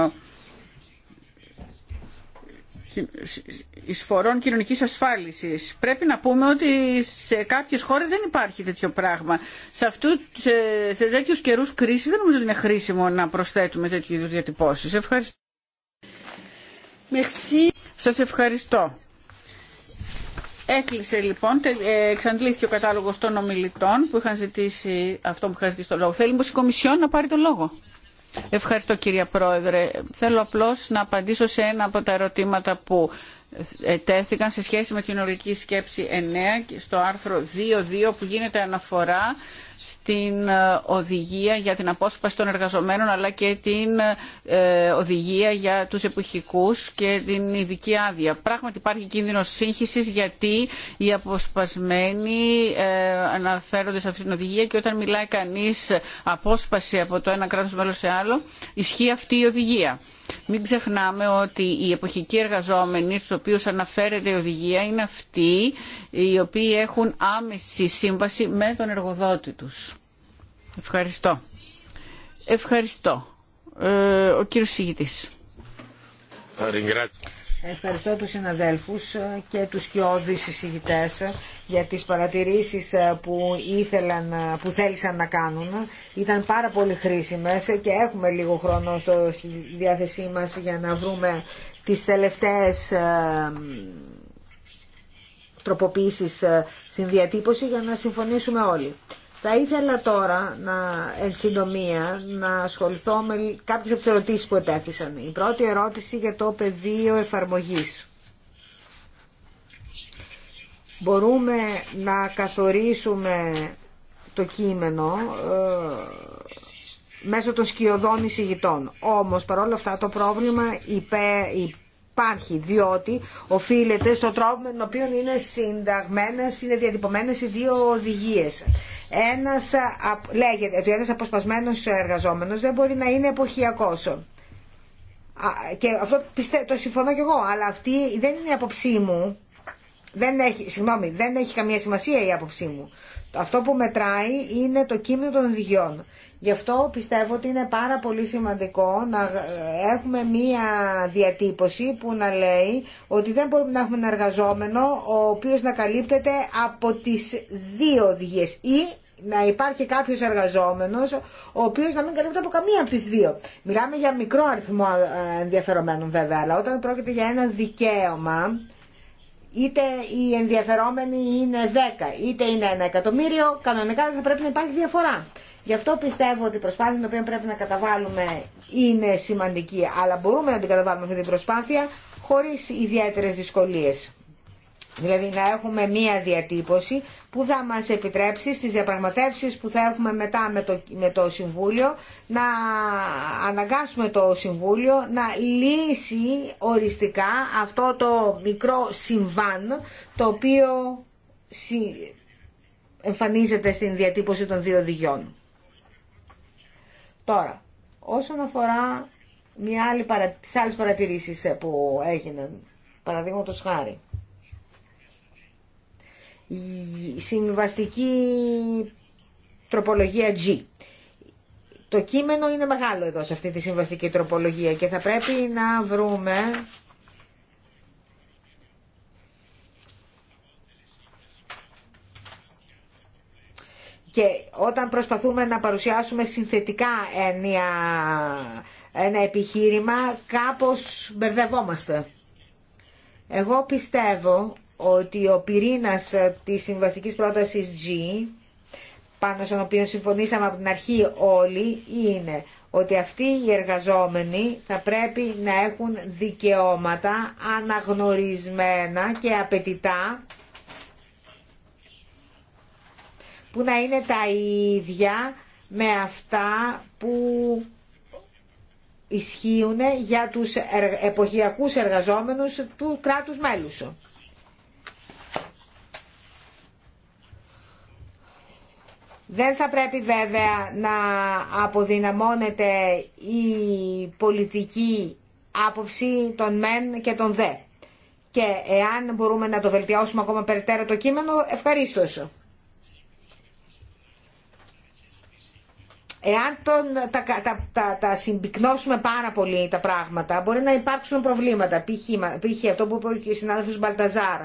εισφορών κοινωνικής ασφάλισης. Πρέπει να πούμε ότι σε κάποιες χώρες δεν υπάρχει τέτοιο πράγμα. Σε, αυτού, σε, σε τέτοιους καιρούς κρίσης δεν νομίζω ότι είναι χρήσιμο να προσθέτουμε τέτοιου είδους διατυπώσεις. Ευχαριστώ. Merci. Σας ευχαριστώ. Έκλεισε λοιπόν, ε, εξαντλήθηκε ο κατάλογος των ομιλητών που είχαν ζητήσει αυτό που είχαν ζητήσει το λόγο. Θέλει η Κομισιόν να πάρει το λόγο. Ευχαριστώ κύριε Πρόεδρε. Θέλω απλώς να απαντήσω σε ένα από τα ερωτήματα που τέθηκαν σε σχέση με την ορική σκέψη 9 στο άρθρο 2.2 που γίνεται αναφορά την ε, οδηγία για την απόσπαση των εργαζομένων αλλά και την ε, οδηγία για τους εποχικούς και την ειδική άδεια. Πράγματι υπάρχει κίνδυνος σύγχυσης γιατί οι αποσπασμένοι ε, αναφέρονται σε αυτήν την οδηγία και όταν μιλάει κανείς απόσπαση από το ένα κράτος μέλος σε άλλο ισχύει αυτή η οδηγία. Μην ξεχνάμε ότι οι εποχικοί εργαζόμενοι στους οποίους αναφέρεται η οδηγία είναι αυτοί οι οποίοι έχουν άμεση σύμβαση με τον εργοδότη τους. Ευχαριστώ. Ευχαριστώ. Ε, ο κύριος Σιγητής. Ευχαριστώ τους συναδέλφους και τους κοιόδης συζητητές για τις παρατηρήσεις που, ήθελαν, που θέλησαν να κάνουν. Ήταν πάρα πολύ χρήσιμες και έχουμε λίγο χρόνο στο, διάθεσή μας για να βρούμε τις τελευταίες ε, τροποποίησεις ε, στην διατύπωση για να συμφωνήσουμε όλοι. Θα ήθελα τώρα, να, εν συντομία, να ασχοληθώ με κάποιες από τις ερωτήσεις που ετέθησαν. Η πρώτη ερώτηση για το πεδίο εφαρμογής. Μπορούμε να καθορίσουμε το κείμενο ε, μέσω των σκιωδών εισηγητών. Όμως, παρόλα αυτά, το πρόβλημα υπέ, υπάρχει, διότι οφείλεται στο τρόπο με τον οποίο είναι συνταγμένε, είναι διατυπωμένε οι δύο οδηγίε. Ένα λέγεται ότι ένας αποσπασμένος εργαζόμενος δεν μπορεί να είναι εποχιακό. Και αυτό το συμφωνώ κι εγώ, αλλά αυτή δεν είναι η άποψή μου. Δεν έχει, συγγνώμη, δεν έχει καμία σημασία η άποψή μου. Αυτό που μετράει είναι το κείμενο των οδηγιών. Γι' αυτό πιστεύω ότι είναι πάρα πολύ σημαντικό να ε, έχουμε μία διατύπωση που να λέει ότι δεν μπορούμε να έχουμε ένα εργαζόμενο ο οποίος να καλύπτεται από τις δύο οδηγίες ή να υπάρχει κάποιος εργαζόμενος ο οποίος να μην καλύπτεται από καμία από τις δύο. Μιλάμε για μικρό αριθμό ε, ενδιαφερομένων βέβαια, αλλά όταν πρόκειται για ένα δικαίωμα είτε οι ενδιαφερόμενοι είναι 10, είτε είναι ένα εκατομμύριο, κανονικά δεν θα πρέπει να υπάρχει διαφορά. Γι' αυτό πιστεύω ότι η προσπάθεια την οποία πρέπει να καταβάλουμε είναι σημαντική, αλλά μπορούμε να την καταβάλουμε αυτή την προσπάθεια χωρίς ιδιαίτερες δυσκολίες. Δηλαδή να έχουμε μία διατύπωση που θα μας επιτρέψει στις διαπραγματεύσεις που θα έχουμε μετά με το, με το Συμβούλιο να αναγκάσουμε το Συμβούλιο να λύσει οριστικά αυτό το μικρό συμβάν το οποίο εμφανίζεται στην διατύπωση των δύο οδηγιών. Τώρα, όσον αφορά μια άλλη παρα... τις άλλες παρατηρήσεις που έγιναν, παραδείγματος χάρη, Συμβαστική τροπολογία G. Το κείμενο είναι μεγάλο εδώ σε αυτή τη συμβαστική τροπολογία και θα πρέπει να βρούμε και όταν προσπαθούμε να παρουσιάσουμε συνθετικά ένα, ένα επιχείρημα κάπως μπερδευόμαστε. Εγώ πιστεύω ότι ο πυρήνας της συμβαστικής πρότασης G, πάνω στον οποίο συμφωνήσαμε από την αρχή όλοι, είναι ότι αυτοί οι εργαζόμενοι θα πρέπει να έχουν δικαιώματα αναγνωρισμένα και απαιτητά που να είναι τα ίδια με αυτά που ισχύουν για τους εποχιακούς εργαζόμενους του κράτους μέλους. Δεν θα πρέπει βέβαια να αποδυναμώνεται η πολιτική άποψη των μεν και των δε. Και εάν μπορούμε να το βελτιώσουμε ακόμα περαιτέρω το κείμενο, ευχαρίστως. Εάν τον, τα, τα, τα, τα συμπυκνώσουμε πάρα πολύ τα πράγματα, μπορεί να υπάρξουν προβλήματα. Π.χ. αυτό που είπε ο συνάδελφος Μπαλταζάρ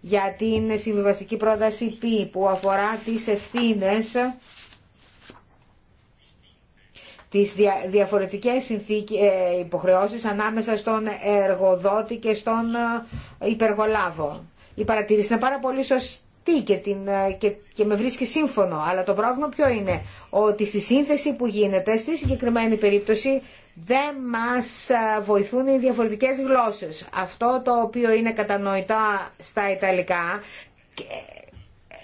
για την συμβιβαστική πρόταση P που αφορά τις ευθύνες τις διαφορετικές συνθήκες, υποχρεώσεις ανάμεσα στον εργοδότη και στον ε, υπεργολάβο. Η παρατήρηση είναι πάρα πολύ σωστή και, την, ε, και, και με βρίσκει σύμφωνο, αλλά το πρόβλημα ποιο είναι, ότι στη σύνθεση που γίνεται στη συγκεκριμένη περίπτωση δεν μας ε, βοηθούν οι διαφορετικές γλώσσες. Αυτό το οποίο είναι κατανοητό στα Ιταλικά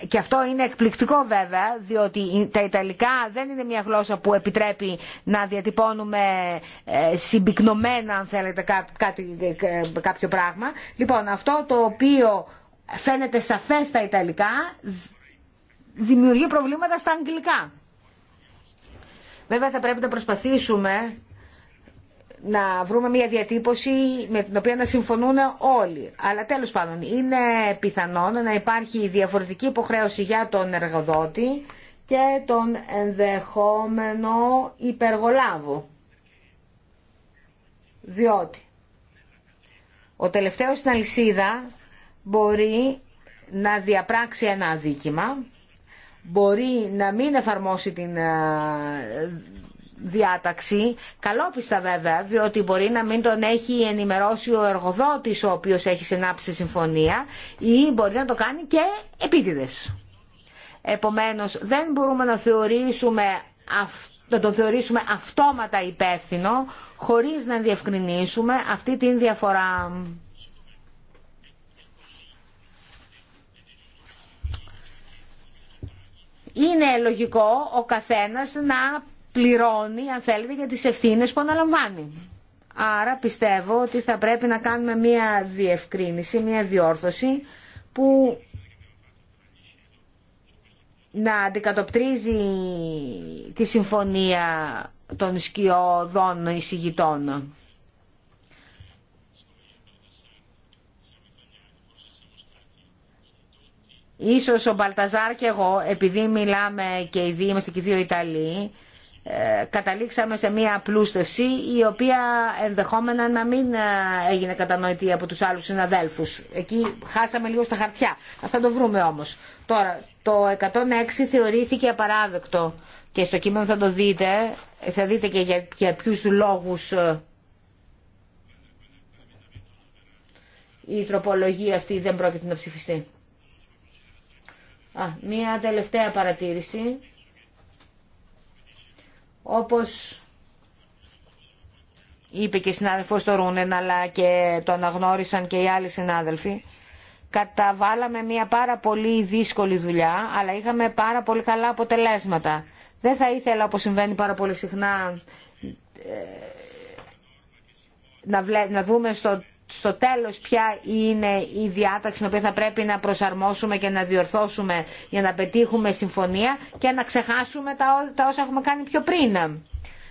και αυτό είναι εκπληκτικό βέβαια, διότι τα Ιταλικά δεν είναι μια γλώσσα που επιτρέπει να διατυπώνουμε ε, συμπυκνωμένα, αν θέλετε, ε, κάποιο πράγμα. Λοιπόν, αυτό το οποίο φαίνεται σαφές στα Ιταλικά δημιουργεί προβλήματα στα Αγγλικά. Βέβαια θα πρέπει να προσπαθήσουμε να βρούμε μια διατύπωση με την οποία να συμφωνούν όλοι. Αλλά τέλος πάντων είναι πιθανόν να υπάρχει διαφορετική υποχρέωση για τον εργοδότη και τον ενδεχόμενο υπεργολάβο. Διότι ο τελευταίος στην αλυσίδα μπορεί να διαπράξει ένα αδίκημα, μπορεί να μην εφαρμόσει την ε, διάταξη, καλόπιστα βέβαια, διότι μπορεί να μην τον έχει ενημερώσει ο εργοδότης ο οποίος έχει συνάψει συμφωνία ή μπορεί να το κάνει και επίτηδες. Επομένως δεν μπορούμε να, θεωρήσουμε, θεωρήσουμε αυτόματα υπεύθυνο χωρίς να διευκρινίσουμε αυτή την διαφορά. είναι λογικό ο καθένας να πληρώνει, αν θέλετε, για τις ευθύνες που αναλαμβάνει. Άρα πιστεύω ότι θα πρέπει να κάνουμε μία διευκρίνηση, μία διόρθωση που να αντικατοπτρίζει τη συμφωνία των σκιωδών εισηγητών. Ίσως ο Μπαλταζάρ και εγώ, επειδή μιλάμε και οι δύο, είμαστε και οι δύο Ιταλοί, ε, καταλήξαμε σε μια απλούστευση η οποία ενδεχόμενα να μην ε, έγινε κατανοητή από τους άλλους συναδέλφους. Εκεί χάσαμε λίγο στα χαρτιά. Θα το βρούμε όμως. Τώρα, το 106 θεωρήθηκε απαράδεκτο και στο κείμενο θα το δείτε. Θα δείτε και για, για ποιους λόγους ε, η τροπολογία αυτή δεν πρόκειται να ψηφιστεί. Α, μία τελευταία παρατήρηση όπως είπε και η συνάδελφος το Ρούνεν, αλλά και το αναγνώρισαν και οι άλλοι συνάδελφοι, καταβάλαμε μια πάρα πολύ δύσκολη δουλειά, αλλά είχαμε πάρα πολύ καλά αποτελέσματα. Δεν θα ήθελα, όπως συμβαίνει πάρα πολύ συχνά, ε, να, δούμε στο στο τέλος ποια είναι η διάταξη την οποία θα πρέπει να προσαρμόσουμε και να διορθώσουμε για να πετύχουμε συμφωνία και να ξεχάσουμε τα όσα έχουμε κάνει πιο πριν.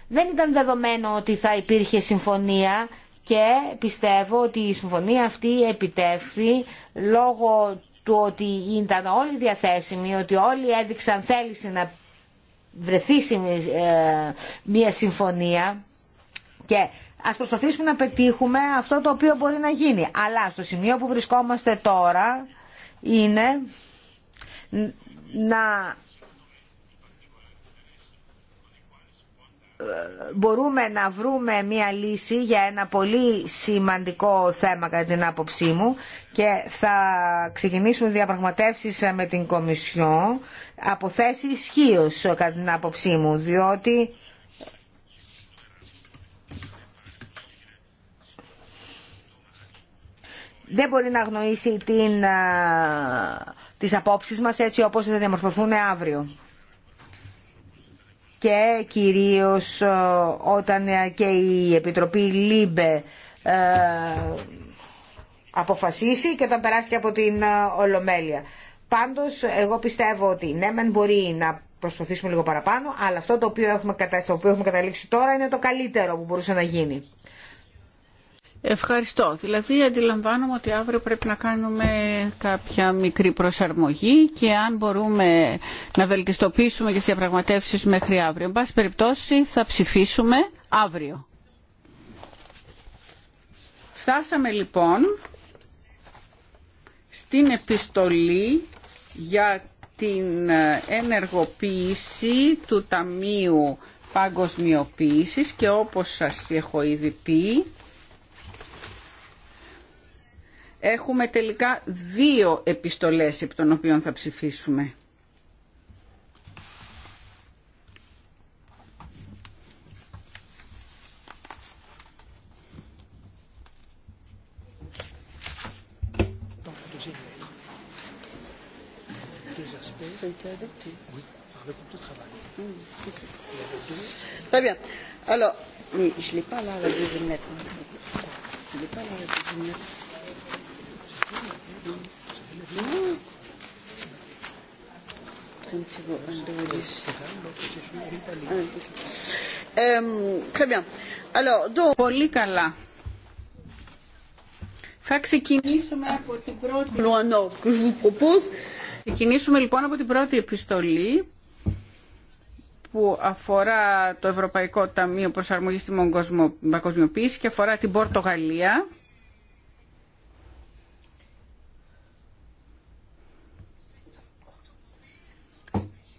Δεν ήταν δεδομένο ότι θα υπήρχε συμφωνία και πιστεύω ότι η συμφωνία αυτή επιτεύχθη λόγω του ότι ήταν όλοι διαθέσιμοι, ότι όλοι έδειξαν θέληση να βρεθεί μια ε, συμφωνία και ας προσπαθήσουμε να πετύχουμε αυτό το οποίο μπορεί να γίνει. Αλλά στο σημείο που βρισκόμαστε τώρα είναι να ε, μπορούμε να βρούμε μια λύση για ένα πολύ σημαντικό θέμα κατά την άποψή μου και θα ξεκινήσουμε διαπραγματεύσεις με την Κομισιό από θέση ισχύω κατά την άποψή μου διότι δεν μπορεί να αγνοήσει την, τις απόψεις μας έτσι όπως θα διαμορφωθούν αύριο και κυρίως όταν και η Επιτροπή ΛΥΜΠΕ αποφασίσει και όταν περάσει από την Ολομέλεια. Πάντως εγώ πιστεύω ότι ναι μεν μπορεί να προσπαθήσουμε λίγο παραπάνω αλλά αυτό το οποίο έχουμε, στο οποίο έχουμε καταλήξει τώρα είναι το καλύτερο που μπορούσε να γίνει. Ευχαριστώ. Δηλαδή αντιλαμβάνομαι ότι αύριο πρέπει να κάνουμε κάποια μικρή προσαρμογή και αν μπορούμε να βελτιστοποιήσουμε και τις διαπραγματεύσεις μέχρι αύριο. Εν πάση περιπτώσει θα ψηφίσουμε αύριο. Φτάσαμε λοιπόν στην επιστολή για την ενεργοποίηση του Ταμείου Παγκοσμιοποίησης και όπως σας έχω ήδη πει Έχουμε τελικά δύο επιστολές επί των οποίων θα ψηφίσουμε. Très bien. Alors, oui, je ne l'ai pas là, la deuxième lettre. Je ne l'ai pas là, la deuxième lettre. Πολύ καλά. Θα ξεκινήσουμε από την πρώτη... Ξεκινήσουμε λοιπόν από την πρώτη επιστολή που αφορά το Ευρωπαϊκό Ταμείο Προσαρμογής στην Παγκοσμιοποίηση και αφορά την Πορτογαλία.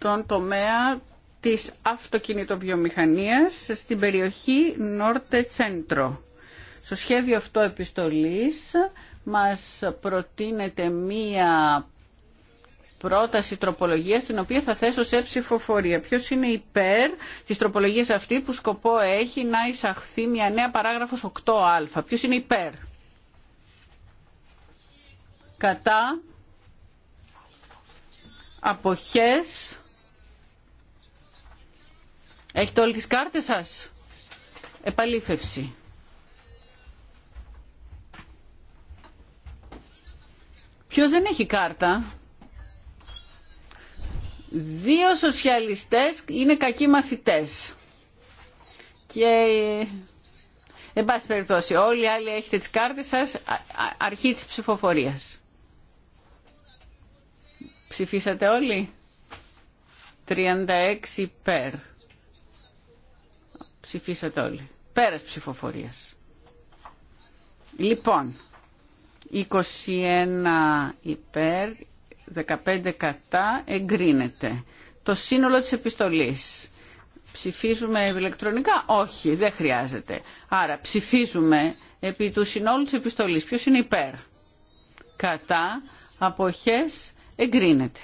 στον τομέα της αυτοκινητοβιομηχανίας στην περιοχή Νόρτε Τσέντρο. Στο σχέδιο αυτό επιστολής μας προτείνεται μία πρόταση τροπολογίας την οποία θα θέσω σε ψηφοφορία. Ποιος είναι υπέρ της τροπολογίας αυτή που σκοπό έχει να εισαχθεί μια νέα παράγραφος 8α. Ποιος είναι υπέρ. Κατά αποχές Έχετε όλες τις κάρτες σας. Επαλήθευση. Ποιος δεν έχει κάρτα. Δύο σοσιαλιστές είναι κακοί μαθητές. Και Εν πάση περιπτώσει, όλοι οι άλλοι έχετε τις κάρτες σας, αρχή της ψηφοφορίας. Ψηφίσατε όλοι. 36 υπέρ. Ψηφίσατε όλοι. Πέρας ψηφοφορίας. Λοιπόν, 21 υπέρ, 15 κατά, εγκρίνεται. Το σύνολο της επιστολής. Ψηφίζουμε ηλεκτρονικά. Όχι, δεν χρειάζεται. Άρα ψηφίζουμε επί του συνόλου της επιστολής. Ποιος είναι υπέρ. Κατά, αποχές, εγκρίνεται.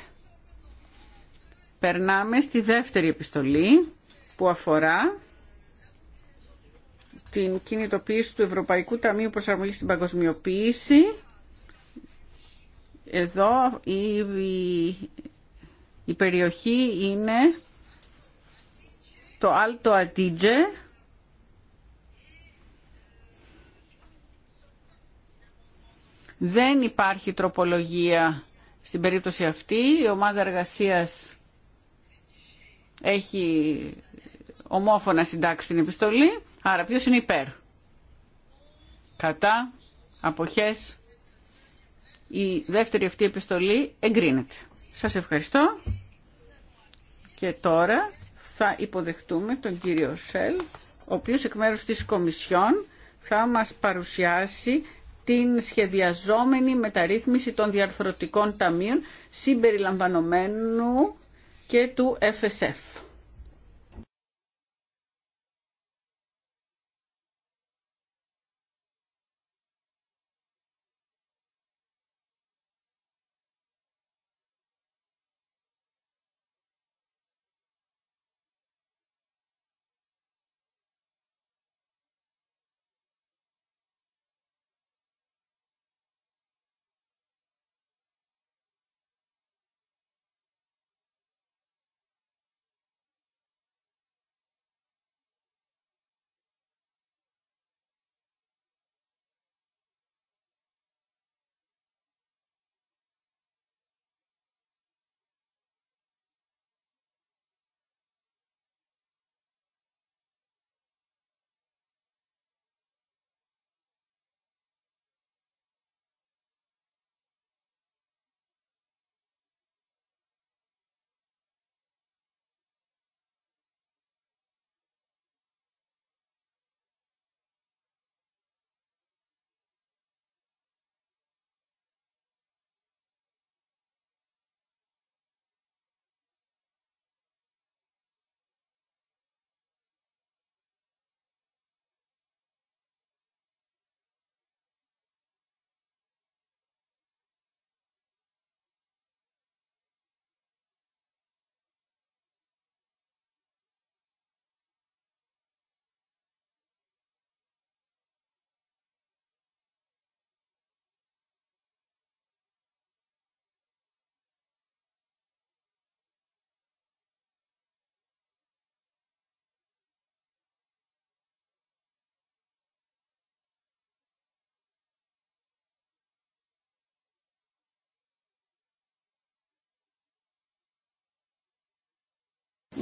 Περνάμε στη δεύτερη επιστολή που αφορά την κινητοποίηση του Ευρωπαϊκού Ταμείου Προσαρμογής στην Παγκοσμιοποίηση. Εδώ η, η, περιοχή είναι το Άλτο Ατίτζε. Δεν υπάρχει τροπολογία στην περίπτωση αυτή. Η ομάδα εργασίας έχει ομόφωνα συντάξει την επιστολή Άρα ποιος είναι υπέρ. Κατά, αποχές, η δεύτερη αυτή επιστολή εγκρίνεται. Σας ευχαριστώ. Και τώρα θα υποδεχτούμε τον κύριο Σελ, ο οποίος εκ μέρους της Κομισιόν θα μας παρουσιάσει την σχεδιαζόμενη μεταρρύθμιση των διαρθρωτικών ταμείων συμπεριλαμβανομένου και του FSF.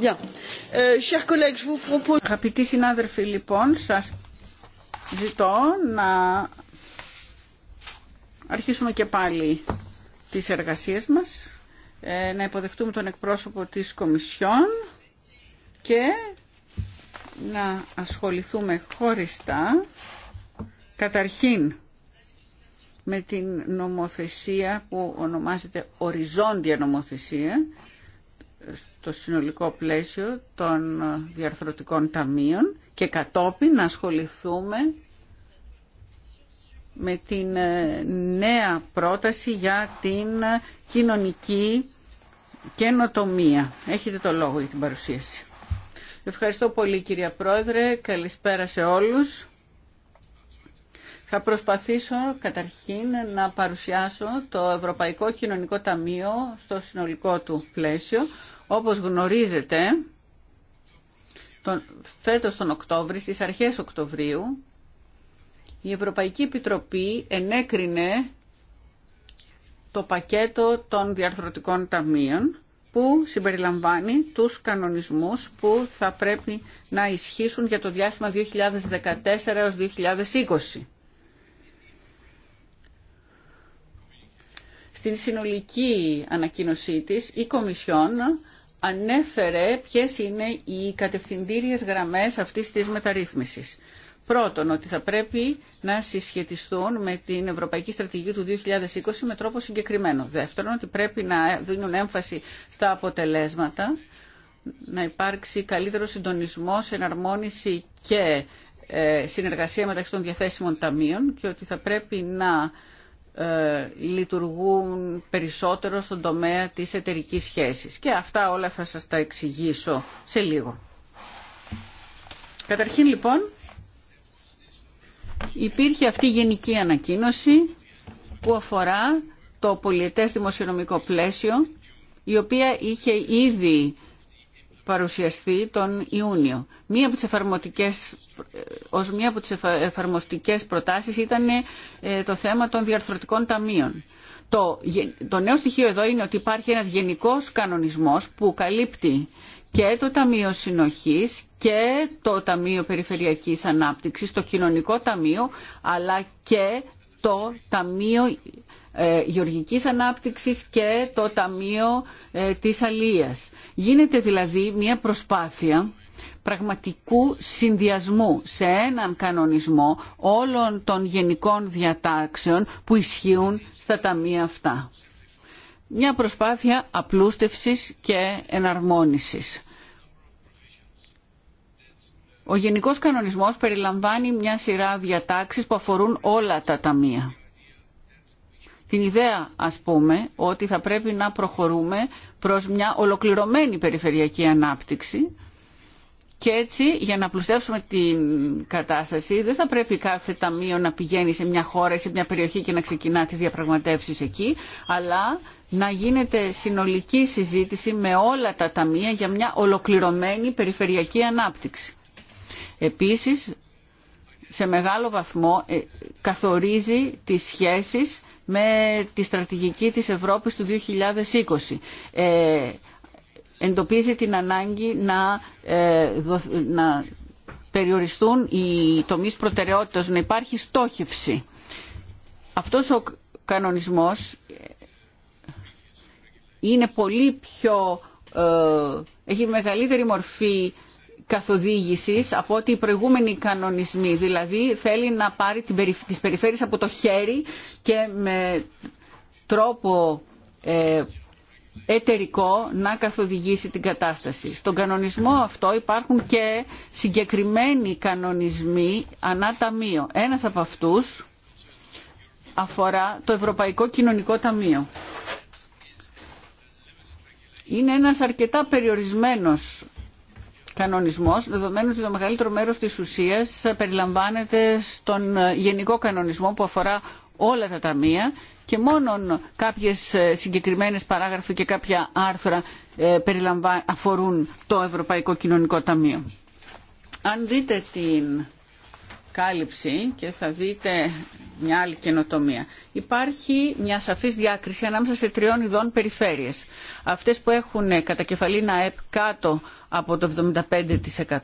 Euh, Αγαπητοί συνάδελφοι, λοιπόν, σας ζητώ να αρχίσουμε και πάλι τις εργασίες μας, ε, να υποδεχτούμε τον εκπρόσωπο της Κομισιόν και να ασχοληθούμε χωριστά, καταρχήν με την νομοθεσία που ονομάζεται οριζόντια νομοθεσία, στο συνολικό πλαίσιο των διαρθρωτικών ταμείων και κατόπιν να ασχοληθούμε με την ε, νέα πρόταση για την ε, κοινωνική καινοτομία. Έχετε το λόγο για την παρουσίαση. Ευχαριστώ πολύ κυρία Πρόεδρε. Καλησπέρα σε όλους. Θα προσπαθήσω καταρχήν να παρουσιάσω το Ευρωπαϊκό Κοινωνικό Ταμείο στο συνολικό του πλαίσιο. Όπως γνωρίζετε, τον, φέτος τον Οκτώβριο, στις αρχές Οκτωβρίου, η Ευρωπαϊκή Επιτροπή ενέκρινε το πακέτο των διαρθρωτικών ταμείων που συμπεριλαμβάνει τους κανονισμούς που θα πρέπει να ισχύσουν για το διάστημα 2014 έως 2020. Στην συνολική ανακοίνωσή της, η Κομισιόν ανέφερε ποιες είναι οι κατευθυντήριες γραμμές αυτής της μεταρρύθμισης. Πρώτον, ότι θα πρέπει να συσχετιστούν με την Ευρωπαϊκή Στρατηγική του 2020 με τρόπο συγκεκριμένο. Δεύτερον, ότι πρέπει να δίνουν έμφαση στα αποτελέσματα, να υπάρξει καλύτερο συντονισμό, εναρμόνιση και ε, συνεργασία μεταξύ των διαθέσιμων ταμείων και ότι θα πρέπει να ε, λειτουργούν περισσότερο στον τομέα της εταιρικής σχέσης. Και αυτά όλα θα σας τα εξηγήσω σε λίγο. Καταρχήν λοιπόν υπήρχε αυτή η γενική ανακοίνωση που αφορά το πολιετές δημοσιονομικό πλαίσιο η οποία είχε ήδη παρουσιαστεί τον Ιούνιο. Μία από τις ε, ως μία από τις εφαρμοστικές προτάσεις ήταν ε, το θέμα των διαρθρωτικών ταμείων. Το, το νέο στοιχείο εδώ είναι ότι υπάρχει ένας γενικός κανονισμός που καλύπτει και το Ταμείο Συνοχής και το Ταμείο Περιφερειακής Ανάπτυξης, το Κοινωνικό Ταμείο, αλλά και το Ταμείο ε, γεωργικής ανάπτυξης και το Ταμείο ε, της Αλίας. Γίνεται δηλαδή μια προσπάθεια πραγματικού συνδυασμού σε έναν κανονισμό όλων των γενικών διατάξεων που ισχύουν στα ταμεία αυτά. Μια προσπάθεια απλούστευσης και εναρμόνισης. Ο Γενικός Κανονισμός περιλαμβάνει μια σειρά διατάξεις που αφορούν όλα τα ταμεία την ιδέα, ας πούμε, ότι θα πρέπει να προχωρούμε προς μια ολοκληρωμένη περιφερειακή ανάπτυξη και έτσι για να πλουστεύσουμε την κατάσταση δεν θα πρέπει κάθε ταμείο να πηγαίνει σε μια χώρα ή σε μια περιοχή και να ξεκινά τις διαπραγματεύσεις εκεί, αλλά να γίνεται συνολική συζήτηση με όλα τα ταμεία για μια ολοκληρωμένη περιφερειακή ανάπτυξη. Επίσης, σε μεγάλο βαθμό ε, καθορίζει τις σχέσεις με τη στρατηγική της Ευρώπης του 2020. Ε, εντοπίζει την ανάγκη να, ε, να περιοριστούν οι τομείς προτεραιότητας, να υπάρχει στόχευση. Αυτός ο κανονισμός είναι πολύ πιο... Ε, έχει μεγαλύτερη μορφή καθοδήγησης από ότι οι προηγούμενοι κανονισμοί. Δηλαδή θέλει να πάρει τις περιφέρειες από το χέρι και με τρόπο ε, εταιρικό να καθοδηγήσει την κατάσταση. Στον κανονισμό αυτό υπάρχουν και συγκεκριμένοι κανονισμοί ανά ταμείο. Ένας από αυτούς αφορά το Ευρωπαϊκό Κοινωνικό Ταμείο. Είναι ένας αρκετά περιορισμένος κανονισμός, δεδομένου ότι το μεγαλύτερο μέρος της ουσίας περιλαμβάνεται στον γενικό κανονισμό που αφορά όλα τα ταμεία και μόνο κάποιες συγκεκριμένες παράγραφοι και κάποια άρθρα ε, αφορούν το Ευρωπαϊκό Κοινωνικό Ταμείο. Αν δείτε την κάλυψη και θα δείτε μια άλλη καινοτομία. Υπάρχει μια σαφής διάκριση ανάμεσα σε τριών ειδών περιφέρειες. Αυτές που έχουν κατακεφαλήν ΑΕΠ κάτω από το 75%,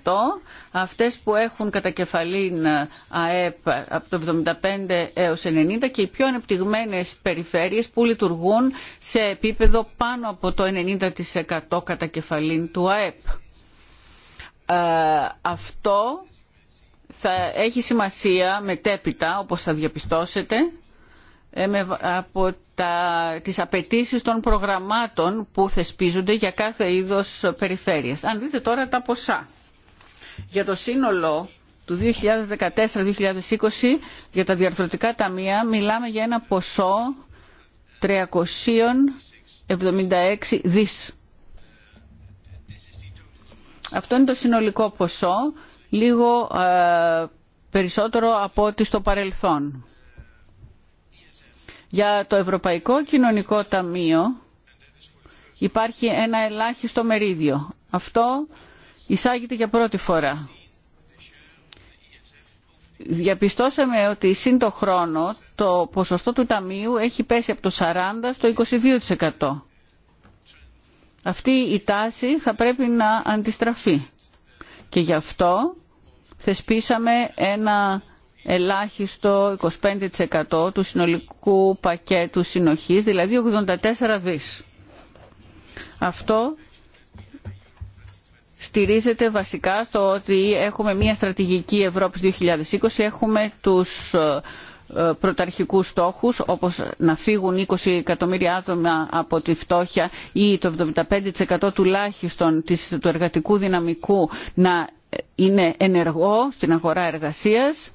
αυτές που έχουν κατακεφαλήν ΑΕΠ από το 75% έως 90% και οι πιο ανεπτυγμένες περιφέρειες που λειτουργούν σε επίπεδο πάνω από το 90% κατακεφαλήν του ΑΕΠ. Ε, αυτό θα έχει σημασία μετέπειτα, όπως θα διαπιστώσετε, ε, από τα, τις απαιτήσει των προγραμμάτων που θεσπίζονται για κάθε είδος περιφέρειας. Αν δείτε τώρα τα ποσά. Για το σύνολο του 2014-2020 για τα διαρθρωτικά ταμεία μιλάμε για ένα ποσό 376 δις. Αυτό είναι το συνολικό ποσό λίγο ε, περισσότερο από ό,τι στο παρελθόν. Για το Ευρωπαϊκό Κοινωνικό Ταμείο υπάρχει ένα ελάχιστο μερίδιο. Αυτό εισάγεται για πρώτη φορά. Διαπιστώσαμε ότι σύν το χρόνο το ποσοστό του ταμείου έχει πέσει από το 40% στο 22%. Αυτή η τάση θα πρέπει να αντιστραφεί. Και γι' αυτό θεσπίσαμε ένα ελάχιστο 25% του συνολικού πακέτου συνοχής, δηλαδή 84 δις. Αυτό στηρίζεται βασικά στο ότι έχουμε μια στρατηγική Ευρώπης 2020, έχουμε τους ε, πρωταρχικούς στόχους όπως να φύγουν 20 εκατομμύρια άτομα από τη φτώχεια ή το 75% τουλάχιστον του εργατικού δυναμικού να είναι ενεργό στην αγορά εργασίας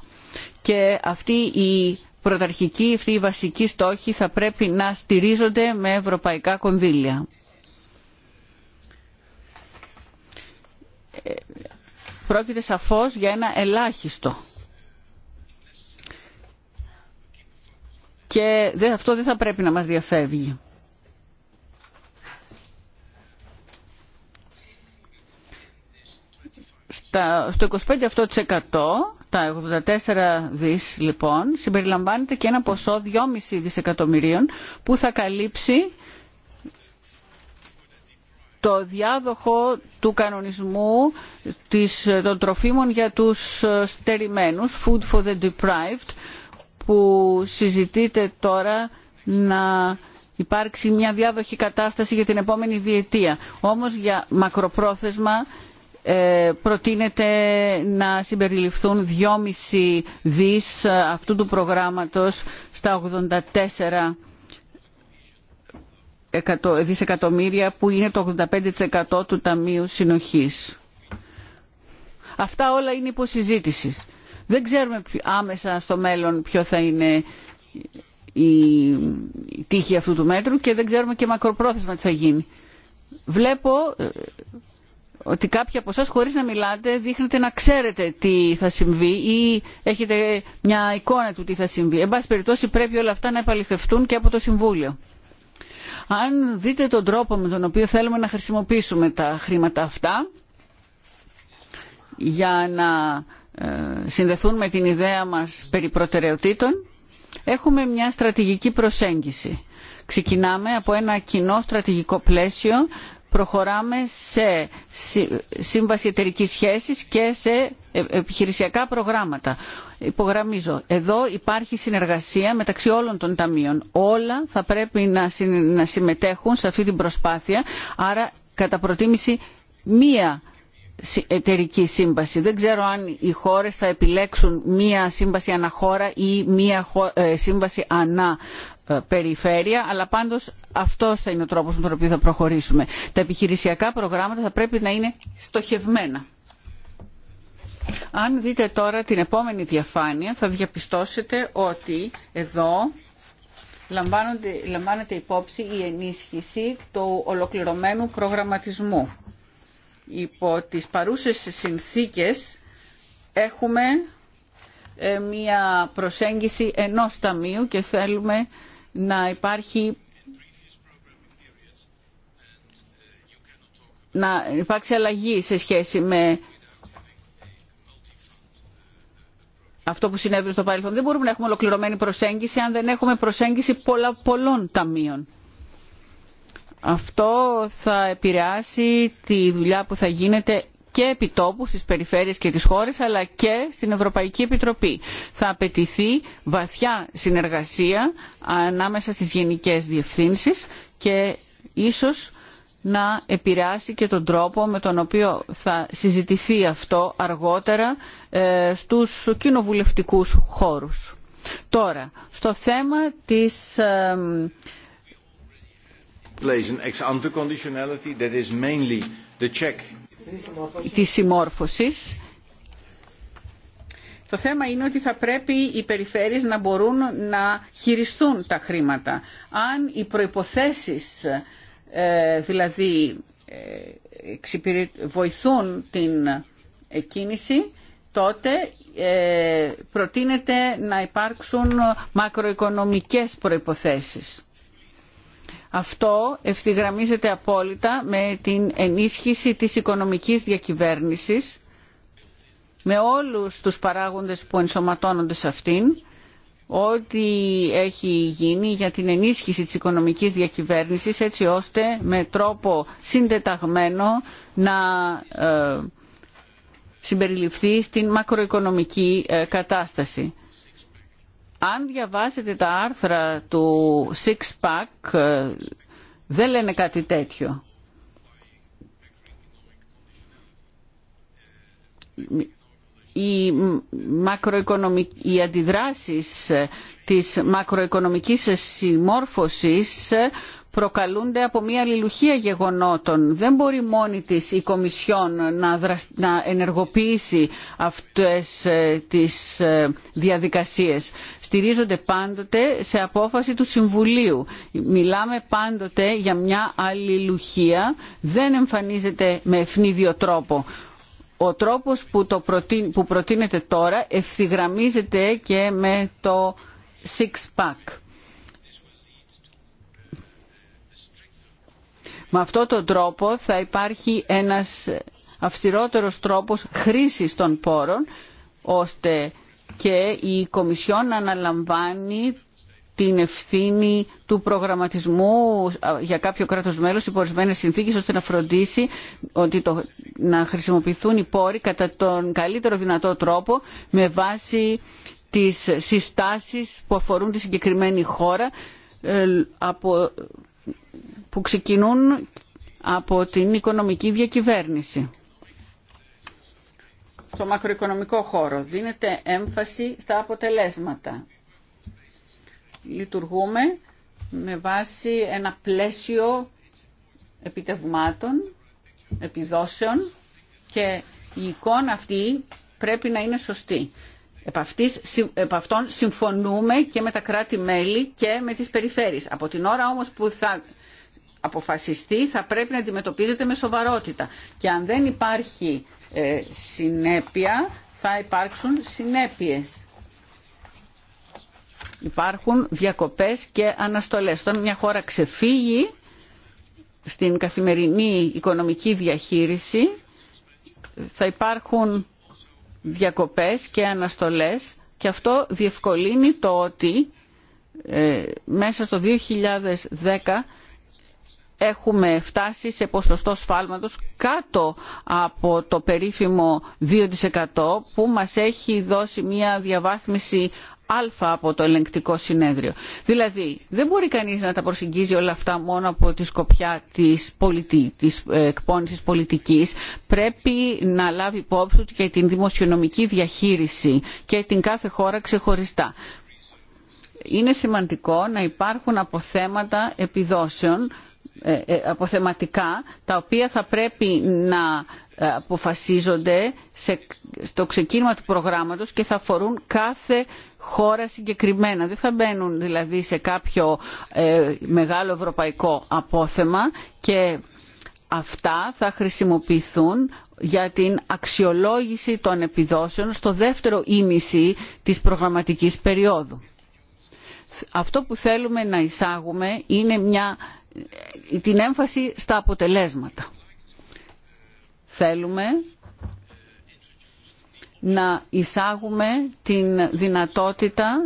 και αυτή η πρωταρχική, αυτή η βασική στόχη θα πρέπει να στηρίζονται με ευρωπαϊκά κονδύλια. Ε, πρόκειται σαφώς για ένα ελάχιστο. Και αυτό δεν θα πρέπει να μας διαφεύγει. στο 25% τα 84 δις λοιπόν συμπεριλαμβάνεται και ένα ποσό 2,5 δισεκατομμυρίων που θα καλύψει το διάδοχο του κανονισμού της, των τροφίμων για τους ε, στερημένους, Food for the Deprived, που συζητείται τώρα να υπάρξει μια διάδοχη κατάσταση για την επόμενη διετία. Όμως για μακροπρόθεσμα ε, προτείνεται να συμπεριληφθούν 2,5 δις ε, αυτού του προγράμματος στα 84 δισεκατομμύρια που είναι το 85% του Ταμείου Συνοχής. Αυτά όλα είναι υποσυζήτηση. Δεν ξέρουμε άμεσα στο μέλλον ποιο θα είναι η τύχη αυτού του μέτρου και δεν ξέρουμε και μακροπρόθεσμα τι θα γίνει. Βλέπω ε, ότι κάποιοι από εσά χωρίς να μιλάτε δείχνετε να ξέρετε τι θα συμβεί ή έχετε μια εικόνα του τι θα συμβεί. Εν πάση περιπτώσει πρέπει όλα αυτά να επαληθευτούν και από το Συμβούλιο. Αν δείτε τον τρόπο με τον οποίο θέλουμε να χρησιμοποιήσουμε τα χρήματα αυτά για να ε, συνδεθούν με την ιδέα μας περί προτεραιοτήτων, έχουμε μια στρατηγική προσέγγιση. Ξεκινάμε από ένα κοινό στρατηγικό πλαίσιο προχωράμε σε σύμβαση εταιρική σχέσης και σε ε, επιχειρησιακά προγράμματα. Υπογραμμίζω, εδώ υπάρχει συνεργασία μεταξύ όλων των ταμείων. Όλα θα πρέπει να συμμετέχουν σε αυτή την προσπάθεια, άρα κατά προτίμηση μία εταιρική σύμβαση. Δεν ξέρω αν οι χώρες θα επιλέξουν μία σύμβαση αναχώρα ή μία ε, σύμβαση ανά ε, περιφέρεια αλλά πάντως αυτός θα είναι ο τρόπος με τον οποίο θα προχωρήσουμε. Τα επιχειρησιακά προγράμματα θα πρέπει να είναι στοχευμένα. Αν δείτε τώρα την επόμενη διαφάνεια θα διαπιστώσετε ότι εδώ λαμβάνεται υπόψη η ενίσχυση του ολοκληρωμένου προγραμματισμού. Υπό τις παρούσες συνθήκες έχουμε ε, μια προσέγγιση ενός ταμείου και θέλουμε να υπάρχει να υπάρξει αλλαγή σε σχέση με αυτό που συνέβη στο παρελθόν. Δεν μπορούμε να έχουμε ολοκληρωμένη προσέγγιση αν δεν έχουμε προσέγγιση πολλα, πολλών ταμείων. Αυτό θα επηρεάσει τη δουλειά που θα γίνεται και επιτόπου στις περιφέρειες και τις χώρες αλλά και στην Ευρωπαϊκή Επιτροπή. Θα απαιτηθεί βαθιά συνεργασία ανάμεσα στις γενικές διευθύνσεις και ίσως να επηρεάσει και τον τρόπο με τον οποίο θα συζητηθεί αυτό αργότερα ε, στους κοινοβουλευτικούς χώρους. Τώρα, στο θέμα της ex ante conditionality that is mainly the check της συμμόρφωσης. Το θέμα είναι ότι θα πρέπει οι περιφέρειες να μπορούν να χειριστούν τα χρήματα. Αν οι προϋποθέσεις ε, δηλαδή ε, βοηθούν την κίνηση, τότε ε, προτείνεται να υπάρξουν μακροοικονομικές προϋποθέσεις. Αυτό ευθυγραμμίζεται απόλυτα με την ενίσχυση της οικονομικής διακυβέρνησης, με όλους τους παράγοντες που ενσωματώνονται σε αυτήν, ό,τι έχει γίνει για την ενίσχυση της οικονομικής διακυβέρνησης έτσι ώστε με τρόπο συντεταγμένο να ε, συμπεριληφθεί στην μακροοικονομική ε, κατάσταση. Αν διαβάσετε τα άρθρα του Six ε, δεν λένε κάτι τέτοιο. Οι, μακροοικονομικ... οι αντιδράσεις ε, της μακροοικονομικής συμμόρφωσης ε, προκαλούνται από μια αλληλουχία γεγονότων. Δεν μπορεί μόνη της η Κομισιόν να, να ενεργοποιήσει αυτές ε, τις ε, διαδικασίες. Στηρίζονται πάντοτε σε απόφαση του Συμβουλίου. Μιλάμε πάντοτε για μια αλληλουχία. Δεν εμφανίζεται με ευνίδιο τρόπο ο τρόπος που, το προτείνεται τώρα ευθυγραμμίζεται και με το six pack. Με αυτόν τον τρόπο θα υπάρχει ένας αυστηρότερος τρόπος χρήσης των πόρων, ώστε και η Κομισιόν να αναλαμβάνει την ευθύνη του προγραμματισμού για κάποιο κράτος μέλος υπό ορισμένες συνθήκες ώστε να φροντίσει ότι το, να χρησιμοποιηθούν οι πόροι κατά τον καλύτερο δυνατό τρόπο με βάση τις συστάσεις που αφορούν τη συγκεκριμένη χώρα ε, από που ξεκινούν από την οικονομική διακυβέρνηση. Στο μακροοικονομικό χώρο δίνεται έμφαση στα αποτελέσματα. Λειτουργούμε με βάση ένα πλαίσιο επιτευγμάτων, επιδόσεων και η εικόνα αυτή πρέπει να είναι σωστή. Επ, αυτών συμφωνούμε και με τα κράτη-μέλη και με τις περιφέρειες. Από την ώρα όμως που θα αποφασιστεί θα πρέπει να αντιμετωπίζεται με σοβαρότητα. Και αν δεν υπάρχει ε, συνέπεια θα υπάρξουν συνέπειες. Υπάρχουν διακοπές και αναστολές. Όταν μια χώρα ξεφύγει στην καθημερινή οικονομική διαχείριση θα υπάρχουν διακοπές και αναστολές και αυτό διευκολύνει το ότι ε, μέσα στο 2010 έχουμε φτάσει σε ποσοστό σφάλματος κάτω από το περίφημο 2% που μας έχει δώσει μια διαβάθμιση α από το ελεγκτικό συνέδριο. Δηλαδή δεν μπορεί κανείς να τα προσεγγίζει όλα αυτά μόνο από τη σκοπιά της, της ε, πολιτικής. Πρέπει να λάβει υπόψη και την δημοσιονομική διαχείριση και την κάθε χώρα ξεχωριστά. Είναι σημαντικό να υπάρχουν αποθέματα επιδόσεων ε, ε, αποθεματικά τα οποία θα πρέπει να ε, αποφασίζονται στο ξεκίνημα του προγράμματος και θα αφορούν κάθε χώρα συγκεκριμένα. Δεν θα μπαίνουν δηλαδή σε κάποιο ε, μεγάλο ευρωπαϊκό απόθεμα και αυτά θα χρησιμοποιηθούν για την αξιολόγηση των επιδόσεων στο δεύτερο ήμιση της προγραμματικής περίοδου. Αυτό που θέλουμε να εισάγουμε είναι μια, την έμφαση στα αποτελέσματα. Θέλουμε να εισάγουμε την δυνατότητα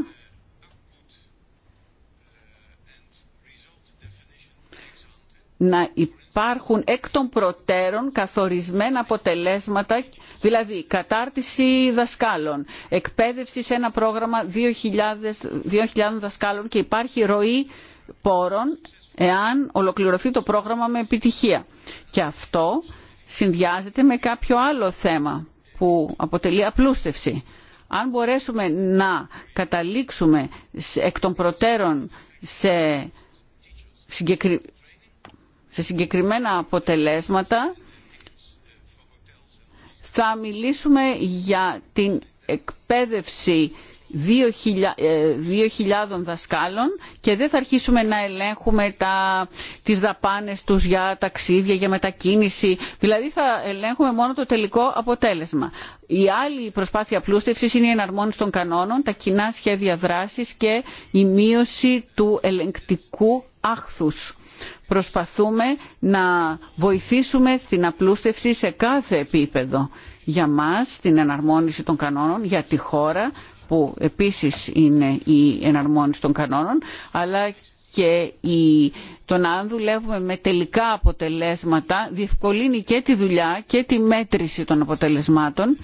να υπάρχουν εκ των προτέρων καθορισμένα αποτελέσματα, δηλαδή κατάρτιση δασκάλων, εκπαίδευση σε ένα πρόγραμμα 2.000, 2.000 δασκάλων και υπάρχει ροή πόρων εάν ολοκληρωθεί το πρόγραμμα με επιτυχία. Και αυτό συνδυάζεται με κάποιο άλλο θέμα που αποτελεί απλούστευση. Αν μπορέσουμε να καταλήξουμε εκ των προτέρων σε, σε συγκεκριμένα αποτελέσματα, θα μιλήσουμε για την εκπαίδευση 2.000 ε, δασκάλων και δεν θα αρχίσουμε να ελέγχουμε τα, τις δαπάνες τους για ταξίδια, για μετακίνηση. Δηλαδή θα ελέγχουμε μόνο το τελικό αποτέλεσμα. Η άλλη προσπάθεια πλούστευσης είναι η εναρμόνιση των κανόνων, τα κοινά σχέδια δράσης και η μείωση του ελεγκτικού άχθους. Προσπαθούμε να βοηθήσουμε την απλούστευση σε κάθε επίπεδο για μας την εναρμόνιση των κανόνων για τη χώρα που επίσης είναι η εναρμόνιση των κανόνων, αλλά και η, το να δουλεύουμε με τελικά αποτελέσματα διευκολύνει και τη δουλειά και τη μέτρηση των αποτελεσμάτων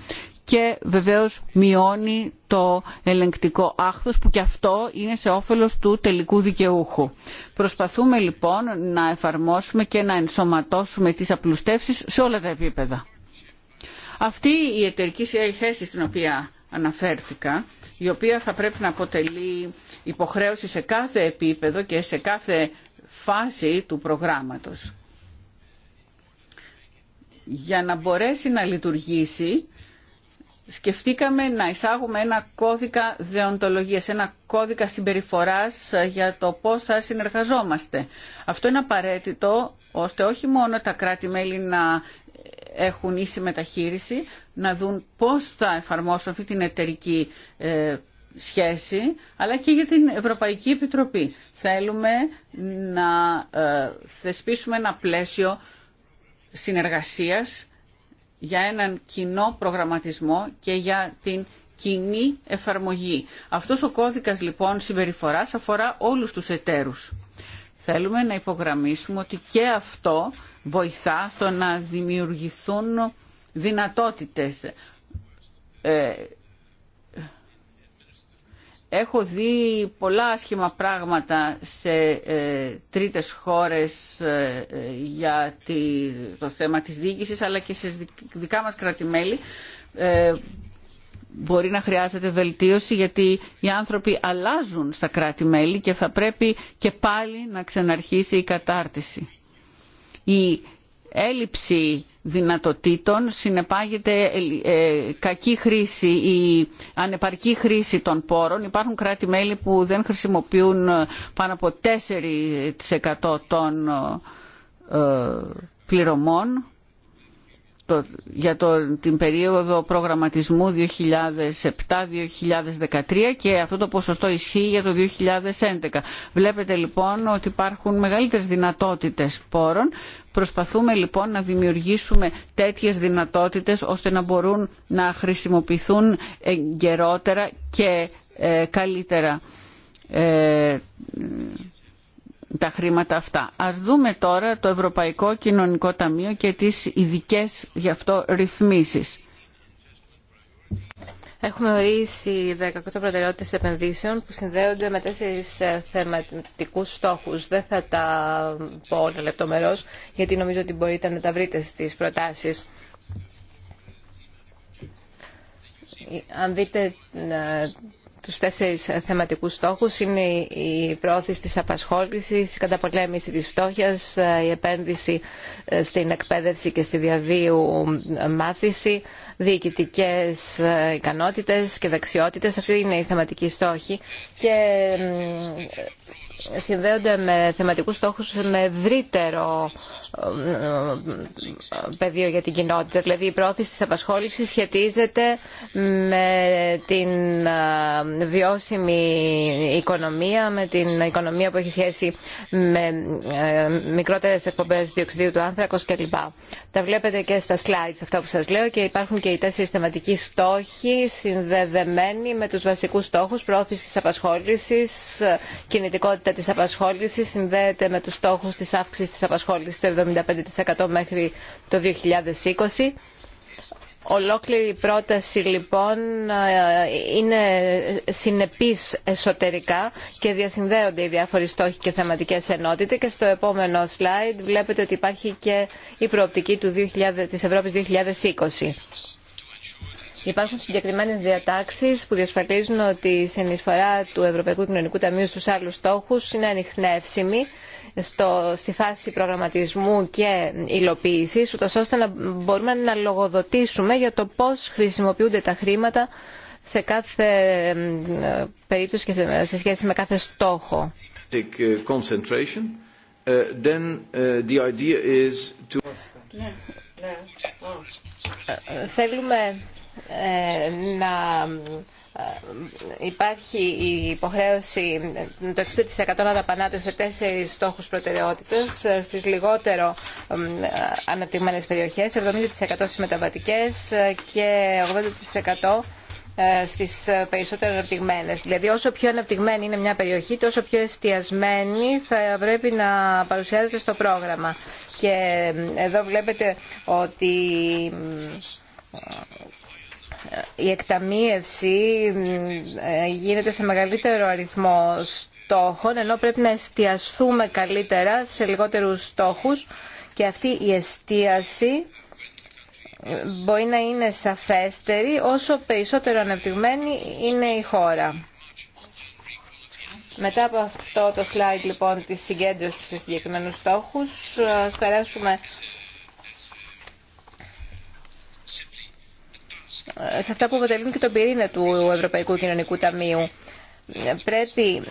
και βεβαίως μειώνει το ελεγκτικό άχθος που και αυτό είναι σε όφελος του τελικού δικαιούχου. Προσπαθούμε λοιπόν να εφαρμόσουμε και να ενσωματώσουμε τις απλουστεύσεις σε όλα τα επίπεδα. Αυτή η εταιρική σχέση στην οποία αναφέρθηκα, η οποία θα πρέπει να αποτελεί υποχρέωση σε κάθε επίπεδο και σε κάθε φάση του προγράμματος. Για να μπορέσει να λειτουργήσει, σκεφτήκαμε να εισάγουμε ένα κώδικα δεοντολογίας, ένα κώδικα συμπεριφοράς για το πώς θα συνεργαζόμαστε. Αυτό είναι απαραίτητο ώστε όχι μόνο τα κράτη-μέλη να έχουν ίση μεταχείριση, να δουν πώς θα εφαρμόσουν αυτή την εταιρική ε, σχέση, αλλά και για την Ευρωπαϊκή Επιτροπή. Θέλουμε να ε, θεσπίσουμε ένα πλαίσιο συνεργασίας για έναν κοινό προγραμματισμό και για την κοινή εφαρμογή. Αυτός ο κώδικας λοιπόν συμπεριφοράς αφορά όλους τους εταίρους. Θέλουμε να υπογραμμίσουμε ότι και αυτό βοηθά στο να δημιουργηθούν δυνατότητες. Ε, έχω δει πολλά άσχημα πράγματα σε ε, τρίτες χώρες ε, για τη, το θέμα της διοίκησης αλλά και σε δικά μας κρατημέλη ε, μπορεί να χρειάζεται βελτίωση γιατί οι άνθρωποι αλλάζουν στα κράτη-μέλη και θα πρέπει και πάλι να ξαναρχίσει η κατάρτιση. Η έλλειψη δυνατοτήτων συνεπάγεται ε, ε, κακή χρήση ή ανεπαρκή χρήση των πόρων. Υπάρχουν κράτη-μέλη που δεν χρησιμοποιούν ε, πάνω από 4% των πληρωμών για το, την περίοδο προγραμματισμού 2007-2013 και αυτό το ποσοστό ισχύει για το 2011. Βλέπετε λοιπόν ότι υπάρχουν μεγαλύτερες δυνατότητες πόρων. Προσπαθούμε λοιπόν να δημιουργήσουμε τέτοιες δυνατότητες ώστε να μπορούν να χρησιμοποιηθούν γερότερα και ε, καλύτερα ε, τα χρήματα αυτά. Ας δούμε τώρα το Ευρωπαϊκό Κοινωνικό Ταμείο και τις ειδικέ γι' αυτό ρυθμίσεις. Έχουμε ορίσει 18 προτεραιότητε επενδύσεων που συνδέονται με τέσσερι ε, θεματικού στόχου. Δεν θα τα πω όλα λεπτομερώ, γιατί νομίζω ότι μπορείτε να τα βρείτε στι προτάσει. Αν δείτε ε, τους τέσσερις θεματικούς στόχους είναι η πρόθεση της απασχόλησης, η καταπολέμηση της φτώχειας, η επένδυση ε, στην εκπαίδευση και στη διαβίου ε, μάθηση, διοικητικές ε, ικανότητες και δεξιότητες. Αυτή είναι η θεματική στόχη και συνδέονται με θεματικούς στόχους με ευρύτερο ε, ε, πεδίο για την κοινότητα. Δηλαδή η πρόθεση της απασχόλησης σχετίζεται με την ε, βιώσιμη οικονομία, με την οικονομία που έχει σχέση με μικρότερες εκπομπές διοξιδίου του άνθρακος κλπ. Τα βλέπετε και στα slides αυτά που σας λέω και υπάρχουν και οι τέσσερις θεματικοί στόχοι συνδεδεμένοι με τους βασικούς στόχους πρόθεση της απασχόλησης, κινητικότητα ποιότητα της απασχόλησης συνδέεται με τους στόχους της αύξησης της απασχόλησης το 75% μέχρι το 2020. Ολόκληρη η πρόταση λοιπόν ε, είναι συνεπής εσωτερικά και διασυνδέονται οι διάφοροι στόχοι και θεματικές ενότητες και στο επόμενο slide βλέπετε ότι υπάρχει και η προοπτική του της Ευρώπης 2020. Υπάρχουν συγκεκριμένε διατάξει που διασφαλίζουν ότι η συνεισφορά του Ευρωπαϊκού Κοινωνικού Ταμείου στου άλλου στόχου είναι ανοιχνεύσιμη στο, στη φάση προγραμματισμού και υλοποίηση, ώστε να μπορούμε να λογοδοτήσουμε για το πώ χρησιμοποιούνται τα χρήματα σε κάθε περίπτωση και σε σχέση με κάθε στόχο. Θέλουμε ε, να ε, υπάρχει η υποχρέωση το 60% να σε τέσσερις στόχους προτεραιότητας ε, στις λιγότερο αναπτυγμένες περιοχές, 70% στις μεταβατικές και 80% στις περισσότερο αναπτυγμένες. Δηλαδή όσο πιο αναπτυγμένη είναι μια περιοχή, τόσο πιο εστιασμένη θα πρέπει να παρουσιάζεται στο πρόγραμμα. Και εδώ βλέπετε ότι η εκταμίευση ε, γίνεται σε μεγαλύτερο αριθμό στόχων, ενώ πρέπει να εστιαστούμε καλύτερα σε λιγότερους στόχους και αυτή η εστίαση ε, μπορεί να είναι σαφέστερη όσο περισσότερο αναπτυγμένη είναι η χώρα. Μετά από αυτό το slide λοιπόν της συγκέντρωσης σε συγκεκριμένους στόχους, ας περάσουμε σε αυτά που αποτελούν και τον πυρήνα του Ευρωπαϊκού Κοινωνικού Ταμείου. Πρέπει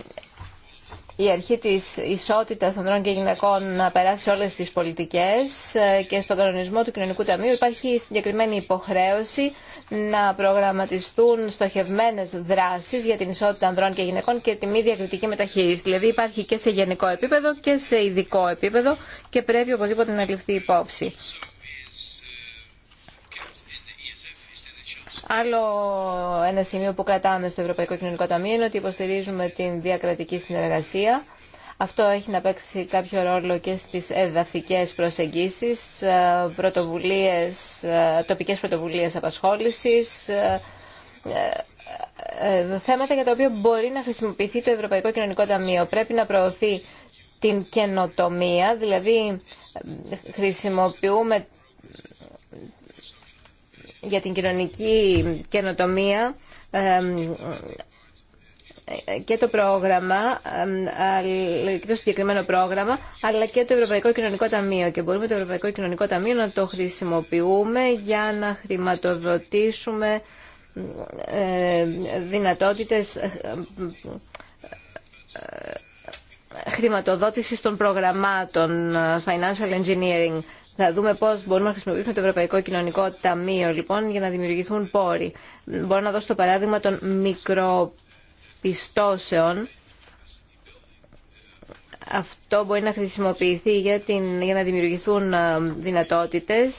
η αρχή της ισότητας ανδρών και γυναικών να περάσει σε όλες τις πολιτικές και στον κανονισμό του Κοινωνικού Ταμείου υπάρχει συγκεκριμένη υποχρέωση να προγραμματιστούν στοχευμένες δράσεις για την ισότητα ανδρών και γυναικών και τη μη διακριτική μεταχείριση. Δηλαδή υπάρχει και σε γενικό επίπεδο και σε ειδικό επίπεδο και πρέπει οπωσδήποτε να ληφθεί υπόψη. Άλλο ένα σημείο που κρατάμε στο Ευρωπαϊκό Κοινωνικό Ταμείο είναι ότι υποστηρίζουμε την διακρατική συνεργασία. Αυτό έχει να παίξει κάποιο ρόλο και στις εδαφικές προσεγγίσεις, ε, πρωτοβουλίες, ε, τοπικές πρωτοβουλίες απασχόλησης, ε, θέματα για τα οποία μπορεί να χρησιμοποιηθεί το Ευρωπαϊκό Κοινωνικό Ταμείο. Πρέπει να προωθεί την καινοτομία, δηλαδή χρησιμοποιούμε για την κοινωνική καινοτομία και το πρόγραμμα, το συγκεκριμένο πρόγραμμα, αλλά και το Ευρωπαϊκό Κοινωνικό Ταμείο. Και μπορούμε το Ευρωπαϊκό Κοινωνικό Ταμείο να το χρησιμοποιούμε για να χρηματοδοτήσουμε δυνατότητες χρηματοδότησης των προγραμμάτων Financial Engineering θα δούμε πώ μπορούμε να χρησιμοποιήσουμε το Ευρωπαϊκό Κοινωνικό Ταμείο, λοιπόν, για να δημιουργηθούν πόροι. Μπορώ να δώσω το παράδειγμα των μικροπιστώσεων αυτό μπορεί να χρησιμοποιηθεί για, την, για να δημιουργηθούν ε, δυνατότητες,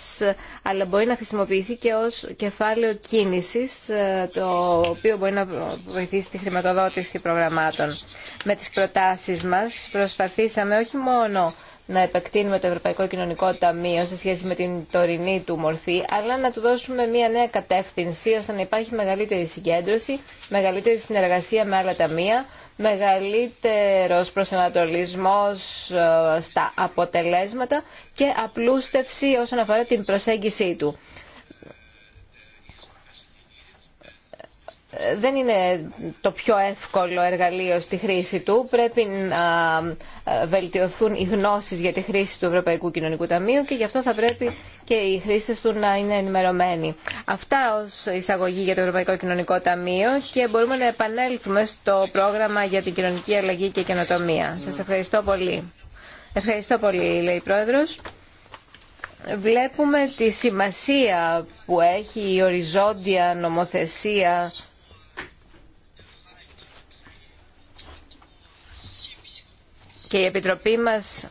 αλλά μπορεί να χρησιμοποιηθεί και ως κεφάλαιο κίνησης, ε, το οποίο μπορεί να βοηθήσει τη χρηματοδότηση προγραμμάτων. Με τις προτάσεις μας προσπαθήσαμε όχι μόνο να επεκτείνουμε το Ευρωπαϊκό Κοινωνικό Ταμείο σε σχέση με την τωρινή του μορφή, αλλά να του δώσουμε μια νέα κατεύθυνση ώστε να υπάρχει μεγαλύτερη συγκέντρωση, μεγαλύτερη συνεργασία με άλλα ταμεία, μεγαλύτερος προσανατολισμός ε, στα αποτελέσματα και απλούστευση όσον αφορά την προσέγγιση του. δεν είναι το πιο εύκολο εργαλείο στη χρήση του. Πρέπει να ε, βελτιωθούν οι γνώσει για τη χρήση του Ευρωπαϊκού Κοινωνικού Ταμείου και γι' αυτό θα πρέπει και οι χρήστε του να είναι ενημερωμένοι. Αυτά ως εισαγωγή για το Ευρωπαϊκό Κοινωνικό Ταμείο και μπορούμε να επανέλθουμε στο πρόγραμμα για την κοινωνική αλλαγή και καινοτομία. Σα ευχαριστώ πολύ. Ευχαριστώ πολύ, λέει η Πρόεδρο. βλέπουμε τη σημασία που έχει η οριζόντια νομοθεσία και η Επιτροπή μας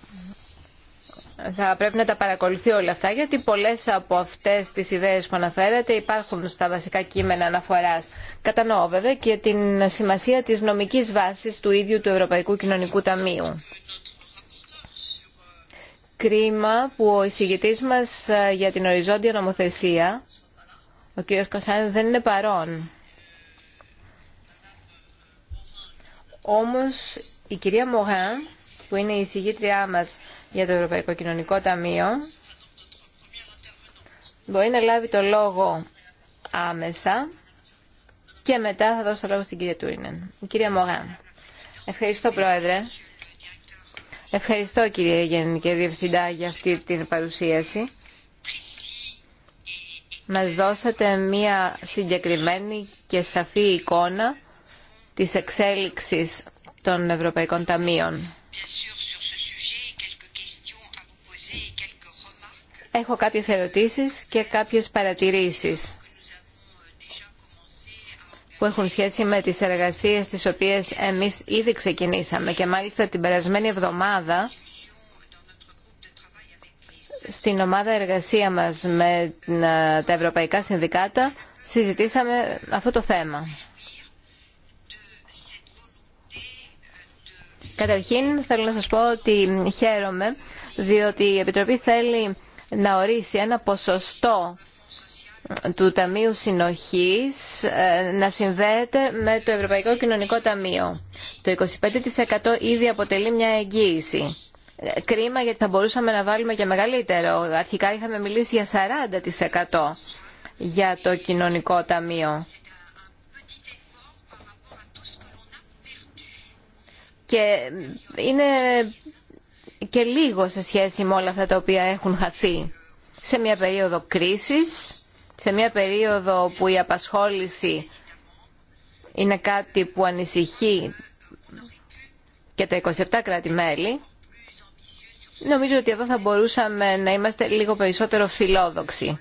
θα πρέπει να τα παρακολουθεί όλα αυτά γιατί πολλές από αυτές τις ιδέες που αναφέρατε υπάρχουν στα βασικά κείμενα αναφοράς. Κατανοώ βέβαια και την σημασία της νομικής βάσης του ίδιου του Ευρωπαϊκού Κοινωνικού Ταμείου. Κρίμα που ο εισηγητής μας ε, για την οριζόντια νομοθεσία, ο κ. Κωσάνη, δεν είναι παρόν. Όμως η κυρία Μογάν που είναι η εισηγήτριά μας για το Ευρωπαϊκό Κοινωνικό Ταμείο, μπορεί να λάβει το λόγο άμεσα και μετά θα δώσω λόγο στην κυρία Τούρινεν. κυρία Μογά. Ευχαριστώ, Πρόεδρε. Ευχαριστώ, κύριε Γενική Διευθυντά, για αυτή την παρουσίαση. Μας δώσατε μία συγκεκριμένη και σαφή εικόνα της εξέλιξης των Ευρωπαϊκών Ταμείων. Έχω κάποιες ερωτήσεις και κάποιες παρατηρήσεις που έχουν σχέση με τις εργασίες τις οποίες εμείς ήδη ξεκινήσαμε και μάλιστα την περασμένη εβδομάδα στην ομάδα εργασία μας με ε, τα ευρωπαϊκά συνδικάτα συζητήσαμε αυτό το θέμα. Καταρχήν θέλω να σας πω ότι χαίρομαι διότι η Επιτροπή θέλει να ορίσει ένα ποσοστό του Ταμείου Συνοχής ε, να συνδέεται με το Ευρωπαϊκό Κοινωνικό Ταμείο. Το 25% ήδη αποτελεί μια εγγύηση. Ε, κρίμα γιατί θα μπορούσαμε να βάλουμε και μεγαλύτερο. Αρχικά είχαμε μιλήσει για 40% για το Κοινωνικό Ταμείο. και είναι και λίγο σε σχέση με όλα αυτά τα οποία έχουν χαθεί. Σε μια περίοδο κρίσης, σε μια περίοδο που η απασχόληση είναι κάτι που ανησυχεί και τα 27 κράτη-μέλη, νομίζω ότι εδώ θα μπορούσαμε να είμαστε λίγο περισσότερο φιλόδοξοι.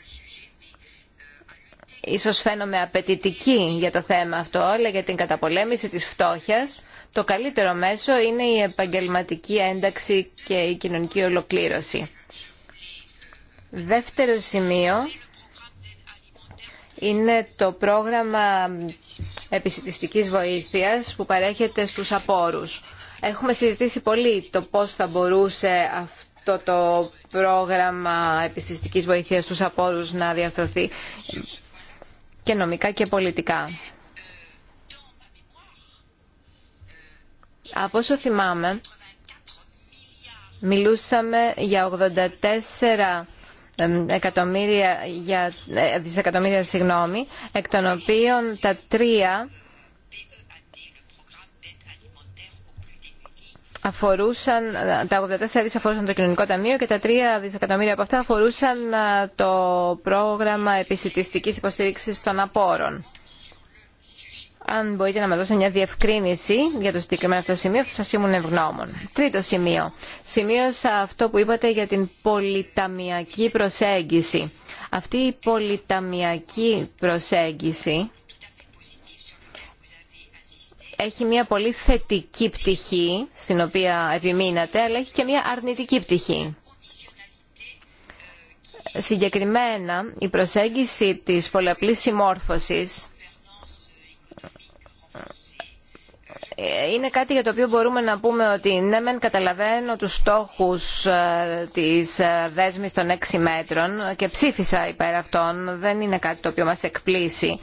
Ίσως φαίνομαι απαιτητική για το θέμα αυτό, αλλά για την καταπολέμηση της φτώχειας το καλύτερο μέσο είναι η επαγγελματική ένταξη και η κοινωνική ολοκλήρωση. Δεύτερο σημείο είναι το πρόγραμμα επισητιστικής βοήθειας που παρέχεται στους απόρους. Έχουμε συζητήσει πολύ το πώς θα μπορούσε αυτό το πρόγραμμα επιστηστικής βοήθειας στους απόρους να διαρθρωθεί και νομικά και πολιτικά. Από όσο θυμάμαι, μιλούσαμε για 84 εκατομμύρια, για, ε, δισεκατομμύρια συγγνώμη, εκ των οποίων τα τρία αφορούσαν, τα 84 αφορούσαν το κοινωνικό ταμείο και τα 3 δισεκατομμύρια από αυτά αφορούσαν ε, το πρόγραμμα επισητιστικής υποστήριξης των απόρων. Αν μπορείτε να με δώσετε μια διευκρίνηση για το συγκεκριμένο αυτό σημείο, θα σας ήμουν ευγνώμων. Τρίτο σημείο. Σημείωσα αυτό που είπατε για την πολυταμιακή προσέγγιση. Αυτή η πολυταμιακή προσέγγιση έχει μια πολύ θετική πτυχή, στην οποία επιμείνατε, αλλά έχει και μια αρνητική πτυχή. Συγκεκριμένα, η προσέγγιση της πολλαπλής συμμόρφωσης Ε, είναι κάτι για το οποίο μπορούμε να πούμε ότι ναι μεν καταλαβαίνω τους στόχους ε, της ε, δέσμης των έξι μέτρων και ψήφισα υπέρ αυτών, δεν είναι κάτι το οποίο μας εκπλήσει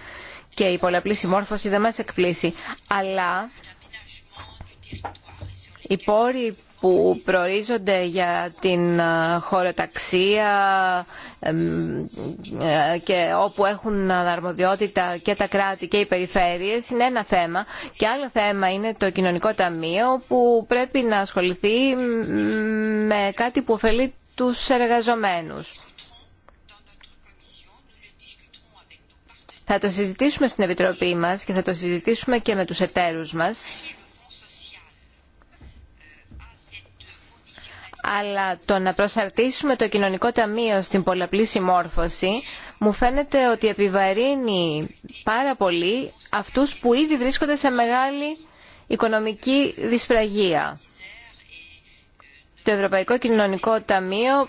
και η πολλαπλή συμμόρφωση δεν μας εκπλήσει, αλλά οι πόροι που προορίζονται για την ε, χωροταξία ε, και όπου έχουν αναρμοδιότητα και τα κράτη και οι περιφέρειες είναι ένα θέμα και άλλο θέμα είναι το κοινωνικό ταμείο που πρέπει να ασχοληθεί με κάτι που ωφελεί τους εργαζομένους. Θα το συζητήσουμε στην Επιτροπή μας και θα το συζητήσουμε και με τους εταίρους μας. αλλά το να προσαρτήσουμε το κοινωνικό ταμείο στην πολλαπλή συμμόρφωση μου φαίνεται ότι επιβαρύνει πάρα πολύ αυτούς που ήδη βρίσκονται σε μεγάλη οικονομική δυσπραγία. Το Ευρωπαϊκό Κοινωνικό Ταμείο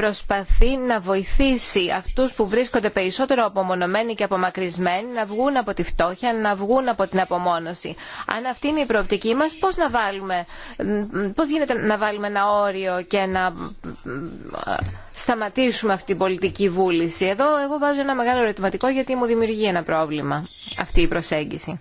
προσπαθεί να βοηθήσει αυτούς που βρίσκονται περισσότερο απομονωμένοι και απομακρυσμένοι να βγουν από τη φτώχεια, να βγουν από την απομόνωση. Αν αυτή είναι η προοπτική μας, πώς, να βάλουμε, πώς γίνεται να βάλουμε ένα όριο και να σταματήσουμε αυτή την πολιτική βούληση. Εδώ εγώ βάζω ένα μεγάλο ερωτηματικό γιατί μου δημιουργεί ένα πρόβλημα αυτή η προσέγγιση.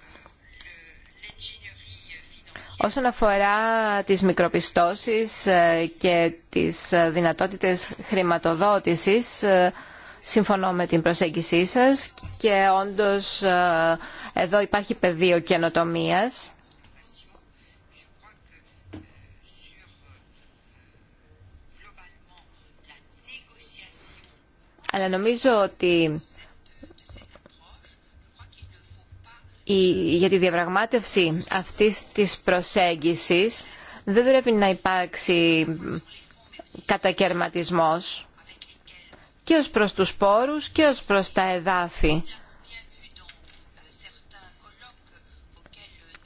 Όσον αφορά τις μικροπιστώσεις ε, και τις ε, δυνατότητες χρηματοδότησης, ε, συμφωνώ με την προσέγγισή σας και όντως εδώ υπάρχει πεδίο καινοτομίας. Αλλά νομίζω ότι για τη διαπραγμάτευση αυτής της προσέγγισης δεν πρέπει να υπάρξει κατακαιρματισμός και ως προς τους πόρους και ως προς τα εδάφη.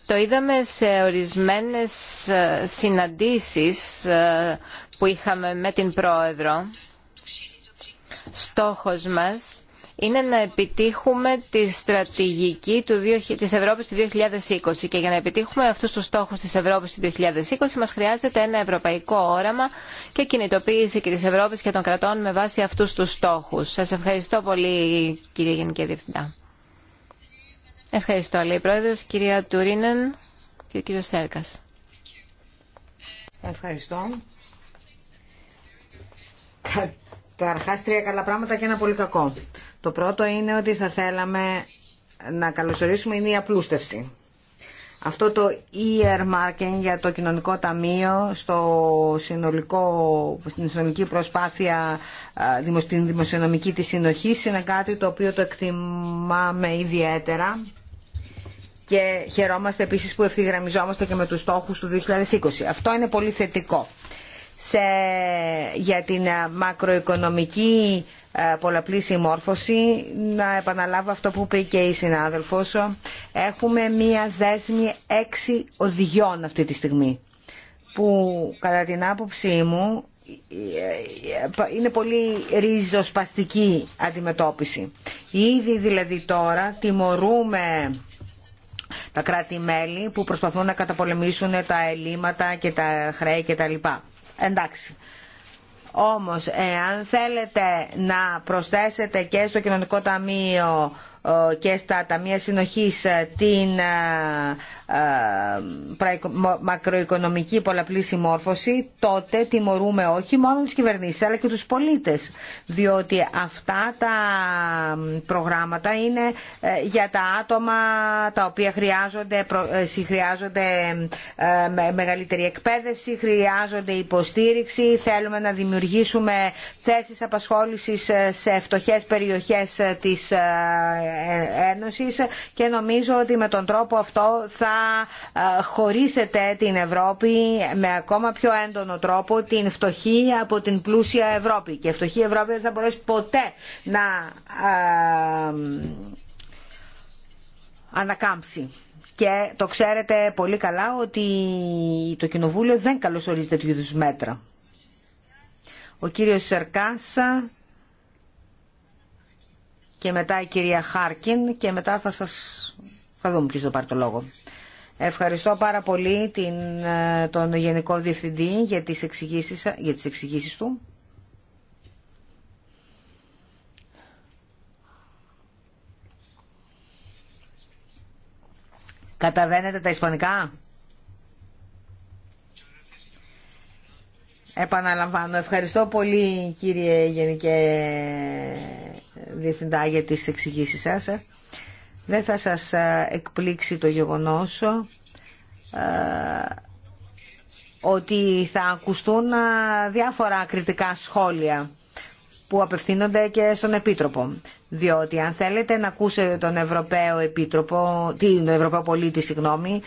Το είδαμε σε ορισμένες ε, συναντήσεις ε, που είχαμε με την Πρόεδρο. Στόχος μας είναι να επιτύχουμε τη στρατηγική του, της του 2020 και για να επιτύχουμε αυτούς τους στόχους της Ευρώπης του 2020 μας χρειάζεται ένα ευρωπαϊκό όραμα και κινητοποίηση και της Ευρώπης και των κρατών με βάση αυτούς τους στόχους. Σας ευχαριστώ πολύ κύριε Γενική Διευθυντά. Ευχαριστώ, λέει Πρόεδρος, κυρία Τουρίνεν και ο κύριος Σέρκας. Ευχαριστώ. Καταρχάς τρία καλά πράγματα και ένα πολύ κακό. Το πρώτο είναι ότι θα θέλαμε να καλωσορίσουμε είναι η απλούστευση. Αυτό το earmarking για το κοινωνικό ταμείο στο συνολικό, στην συνολική προσπάθεια την δημοσιονομική της συνοχή, είναι κάτι το οποίο το εκτιμάμε ιδιαίτερα και χαιρόμαστε επίσης που ευθυγραμμιζόμαστε και με τους στόχους του 2020. Αυτό είναι πολύ θετικό. Σε, για την μακροοικονομική ε, πολλαπλή συμμόρφωση, να επαναλάβω αυτό που είπε και η συνάδελφος, έχουμε μία δέσμη έξι οδηγιών αυτή τη στιγμή, που κατά την άποψή μου είναι πολύ ριζοσπαστική αντιμετώπιση. Ήδη δηλαδή τώρα τιμωρούμε τα κράτη-μέλη που προσπαθούν να καταπολεμήσουν τα ελλείμματα και τα χρέη κτλ. Εντάξει, όμως, εάν θέλετε να προσθέσετε και στο κοινωνικό ταμείο ε, και στα ταμεία συνοχής ε, την ε, ε, μακροοικονομική πολλαπλή συμμόρφωση, τότε τιμωρούμε όχι μόνο τις κυβερνήσεις αλλά και τους πολίτες. Διότι αυτά τα προγράμματα είναι ε, για τα άτομα τα οποία χρειάζονται, ε, χρειάζονται μεγαλύτερη εκπαίδευση, χρειάζονται υποστήριξη, θέλουμε να δημιουργήσουμε θέσεις απασχόλησης σε φτωχές περιοχές της Ένωσης και νομίζω ότι με τον τρόπο αυτό θα ε, χωρίσετε την Ευρώπη με ακόμα πιο έντονο τρόπο την φτωχή από την πλούσια Ευρώπη. Και η φτωχή Ευρώπη δεν θα μπορέσει ποτέ να ε, ανακάμψει. Και το ξέρετε πολύ καλά ότι το Κοινοβούλιο δεν καλωσορίζει τέτοιου είδους μέτρα. Ο κύριος Σερκάσα και μετά η κυρία Χάρκιν και μετά θα σας... θα δούμε ποιος θα πάρει το λόγο. Ευχαριστώ πάρα πολύ την, ε, τον Γενικό Διευθυντή για τις εξηγήσεις, για τις εξηγήσεις του. Καταβαίνετε τα Ισπανικά. Επαναλαμβάνω. Ευχαριστώ πολύ κύριε Γενικέ Διευθυντά για τις εξηγήσεις σας. Δεν θα σας ε, εκπλήξει το γεγονός ε, ότι θα ακουστούν ε, διάφορα κριτικά σχόλια που απευθύνονται και στον Επίτροπο. Διότι αν θέλετε να ακούσετε τον Ευρωπαίο Επίτροπο, την Ευρωπαίο Πολίτη, συγγνώμη,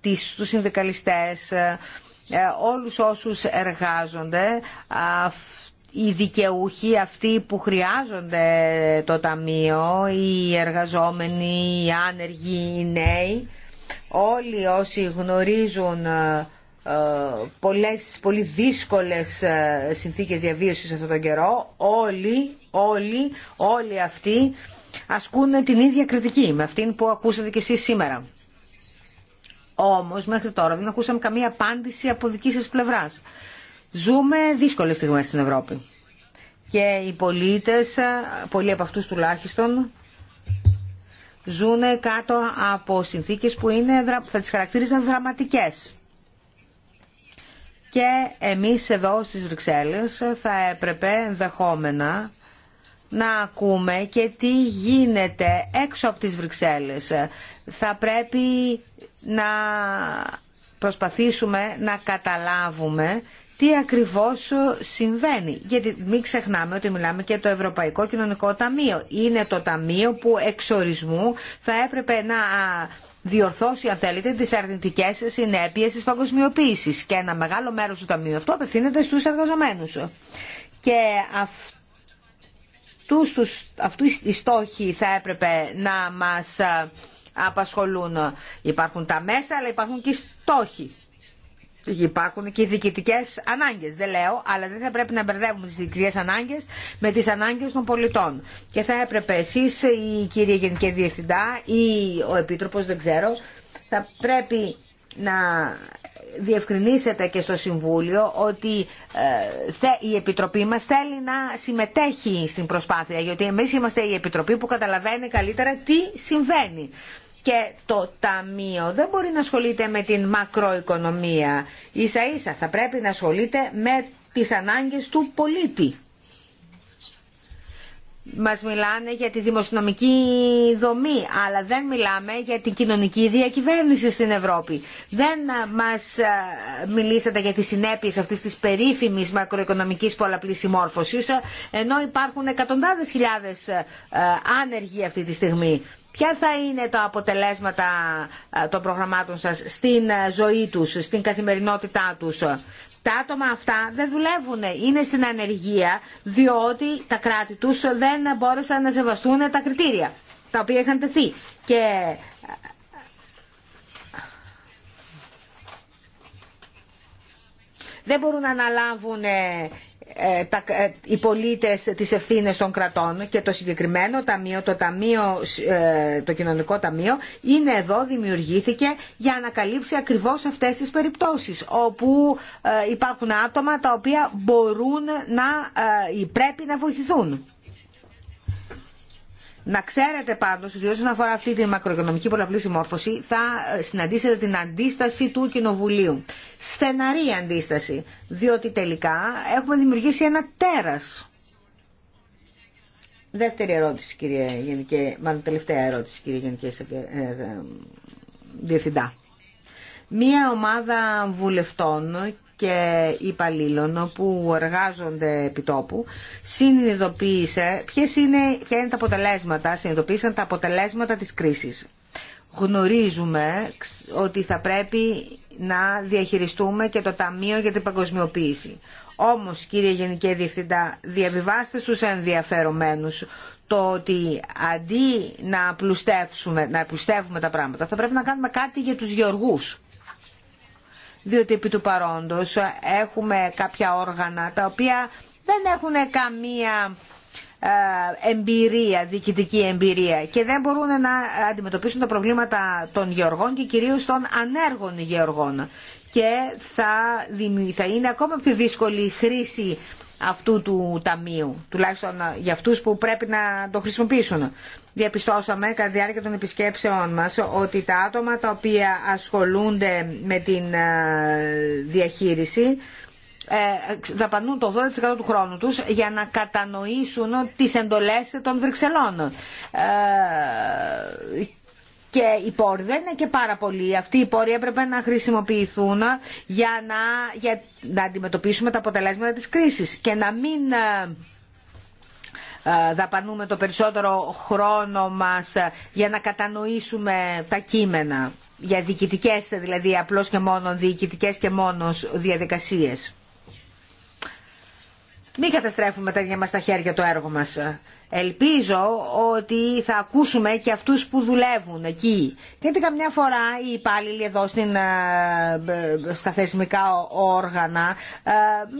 τις, τους συνδικαλιστές, όλους όσους εργάζονται, οι δικαιούχοι αυτοί που χρειάζονται το ταμείο, οι εργαζόμενοι, οι άνεργοι, οι νέοι, όλοι όσοι γνωρίζουν ε, πολλές, πολύ δύσκολες ε, συνθήκες διαβίωσης αυτόν τον καιρό, όλοι, όλοι, όλοι αυτοί ασκούν την ίδια κριτική με αυτήν που ακούσατε κι εσείς σήμερα. Όμως μέχρι τώρα δεν ακούσαμε καμία απάντηση από δική σας πλευράς. Ζούμε δύσκολες στιγμές στην Ευρώπη. Και οι πολίτες, πολλοί από αυτούς τουλάχιστον, ζουν κάτω από συνθήκες που είναι, θα τις χαρακτήριζαν δραματικές. Και εμείς εδώ στις Βρυξέλλες θα έπρεπε ενδεχόμενα να ακούμε και τι γίνεται έξω από τις Βρυξέλλες. Θα πρέπει να προσπαθήσουμε να καταλάβουμε τι ακριβώς συμβαίνει. Γιατί μην ξεχνάμε ότι μιλάμε και το Ευρωπαϊκό Κοινωνικό Ταμείο. Είναι το ταμείο που εξορισμού θα έπρεπε να διορθώσει, αν θέλετε, τις αρνητικές συνέπειες της παγκοσμιοποίησης. Και ένα μεγάλο μέρος του ταμείου αυτό απευθύνεται στους εργαζομένους. Και αυτούς, τους, αυτούς οι στόχοι θα έπρεπε να μας απασχολούν. Υπάρχουν τα μέσα, αλλά υπάρχουν και οι στόχοι. Υπάρχουν και οι διοικητικέ ανάγκε, δεν λέω, αλλά δεν θα πρέπει να μπερδεύουμε τι διοικητικέ ανάγκε με τι ανάγκε των πολιτών. Και θα έπρεπε εσεί, η κυρία Γενική Διευθυντά ή ο Επίτροπο, δεν ξέρω, θα πρέπει να διευκρινίσετε και στο Συμβούλιο ότι ε, η Επιτροπή μας θέλει να συμμετέχει στην προσπάθεια, γιατί εμείς είμαστε η Επιτροπή που καταλαβαίνει καλύτερα τι συμβαίνει και το Ταμείο δεν μπορεί να ασχολείται με την μακροοικονομία. Ίσα ίσα θα πρέπει να ασχολείται με τις ανάγκες του πολίτη. Μας μιλάνε για τη δημοσιονομική δομή, αλλά δεν μιλάμε για την κοινωνική διακυβέρνηση στην Ευρώπη. Δεν μας ε, μιλήσατε για τις συνέπειες αυτής της περίφημης μακροοικονομικής πολλαπλής συμμόρφωσης, ε, ενώ υπάρχουν εκατοντάδες χιλιάδες ε, άνεργοι αυτή τη στιγμή. Ποια θα είναι τα αποτελέσματα ε, των προγραμμάτων σας στην ε, ζωή τους, στην καθημερινότητά τους. Τα άτομα αυτά δεν δουλεύουν, είναι στην ανεργία, διότι τα κράτη τους δεν μπόρεσαν να σεβαστούν τα κριτήρια τα οποία είχαν τεθεί. Και ε, δεν μπορούν να αναλάβουν ε, ε, οι πολίτες τις ευθύνες των κρατών και το συγκεκριμένο ταμείο, το, ταμείο, ε, το κοινωνικό ταμείο είναι εδώ, δημιουργήθηκε για να καλύψει ακριβώς αυτές τις περιπτώσεις όπου υπάρχουν άτομα τα οποία μπορούν να ή πρέπει να βοηθηθούν. Να ξέρετε πάντως ότι όσον αφορά αυτή τη μακροοικονομική πολλαπλή συμμόρφωση θα συναντήσετε την αντίσταση του Κοινοβουλίου. Στεναρή αντίσταση, διότι τελικά έχουμε δημιουργήσει ένα τέρας. Δεύτερη ερώτηση, κύριε Γενική, μάλλον τελευταία ερώτηση, κύριε Γενική ε, ε, Διευθυντά. Μία ομάδα βουλευτών και υπαλλήλων που εργάζονται επί τόπου συνειδητοποίησε ποιες είναι, ποια είναι τα αποτελέσματα, συνειδητοποίησαν τα αποτελέσματα της κρίσης. Γνωρίζουμε ότι θα πρέπει να διαχειριστούμε και το Ταμείο για την Παγκοσμιοποίηση. Όμως, κύριε Γενική Διευθυντά, διαβιβάστε στους ενδιαφερομένους το ότι αντί να πλουστεύουμε να τα πράγματα, θα πρέπει να κάνουμε κάτι για τους γεωργούς διότι επί του παρόντος έχουμε κάποια όργανα τα οποία δεν έχουν καμία ε, εμπειρία, διοικητική εμπειρία και δεν μπορούν να αντιμετωπίσουν τα προβλήματα των γεωργών και κυρίως των ανέργων γεωργών και θα, θα είναι ακόμα πιο δύσκολη η χρήση αυτού του ταμείου, τουλάχιστον ε, για αυτούς που πρέπει να το χρησιμοποιήσουν. Διαπιστώσαμε κατά τη διάρκεια των επισκέψεών μας ότι τα άτομα τα οποία ασχολούνται με την ε, διαχείριση ε, δαπανούν το 80% του χρόνου τους για να κατανοήσουν τις εντολές των Βρυξελών και οι πόροι δεν είναι και πάρα πολλοί. Αυτοί οι πόροι έπρεπε να χρησιμοποιηθούν για να, για να αντιμετωπίσουμε τα αποτελέσματα της κρίσης και να μην ε, ε, δαπανούμε το περισσότερο χρόνο μας ε, για να κατανοήσουμε τα κείμενα για διοικητικές δηλαδή απλώς και μόνο διοικητικές και μόνος διαδικασίες μην καταστρέφουμε τα ίδια μας τα χέρια το έργο μας. Ελπίζω ότι θα ακούσουμε και αυτούς που δουλεύουν εκεί. Γιατί καμιά φορά οι υπάλληλοι εδώ στην, ε, στα θεσμικά όργανα ε,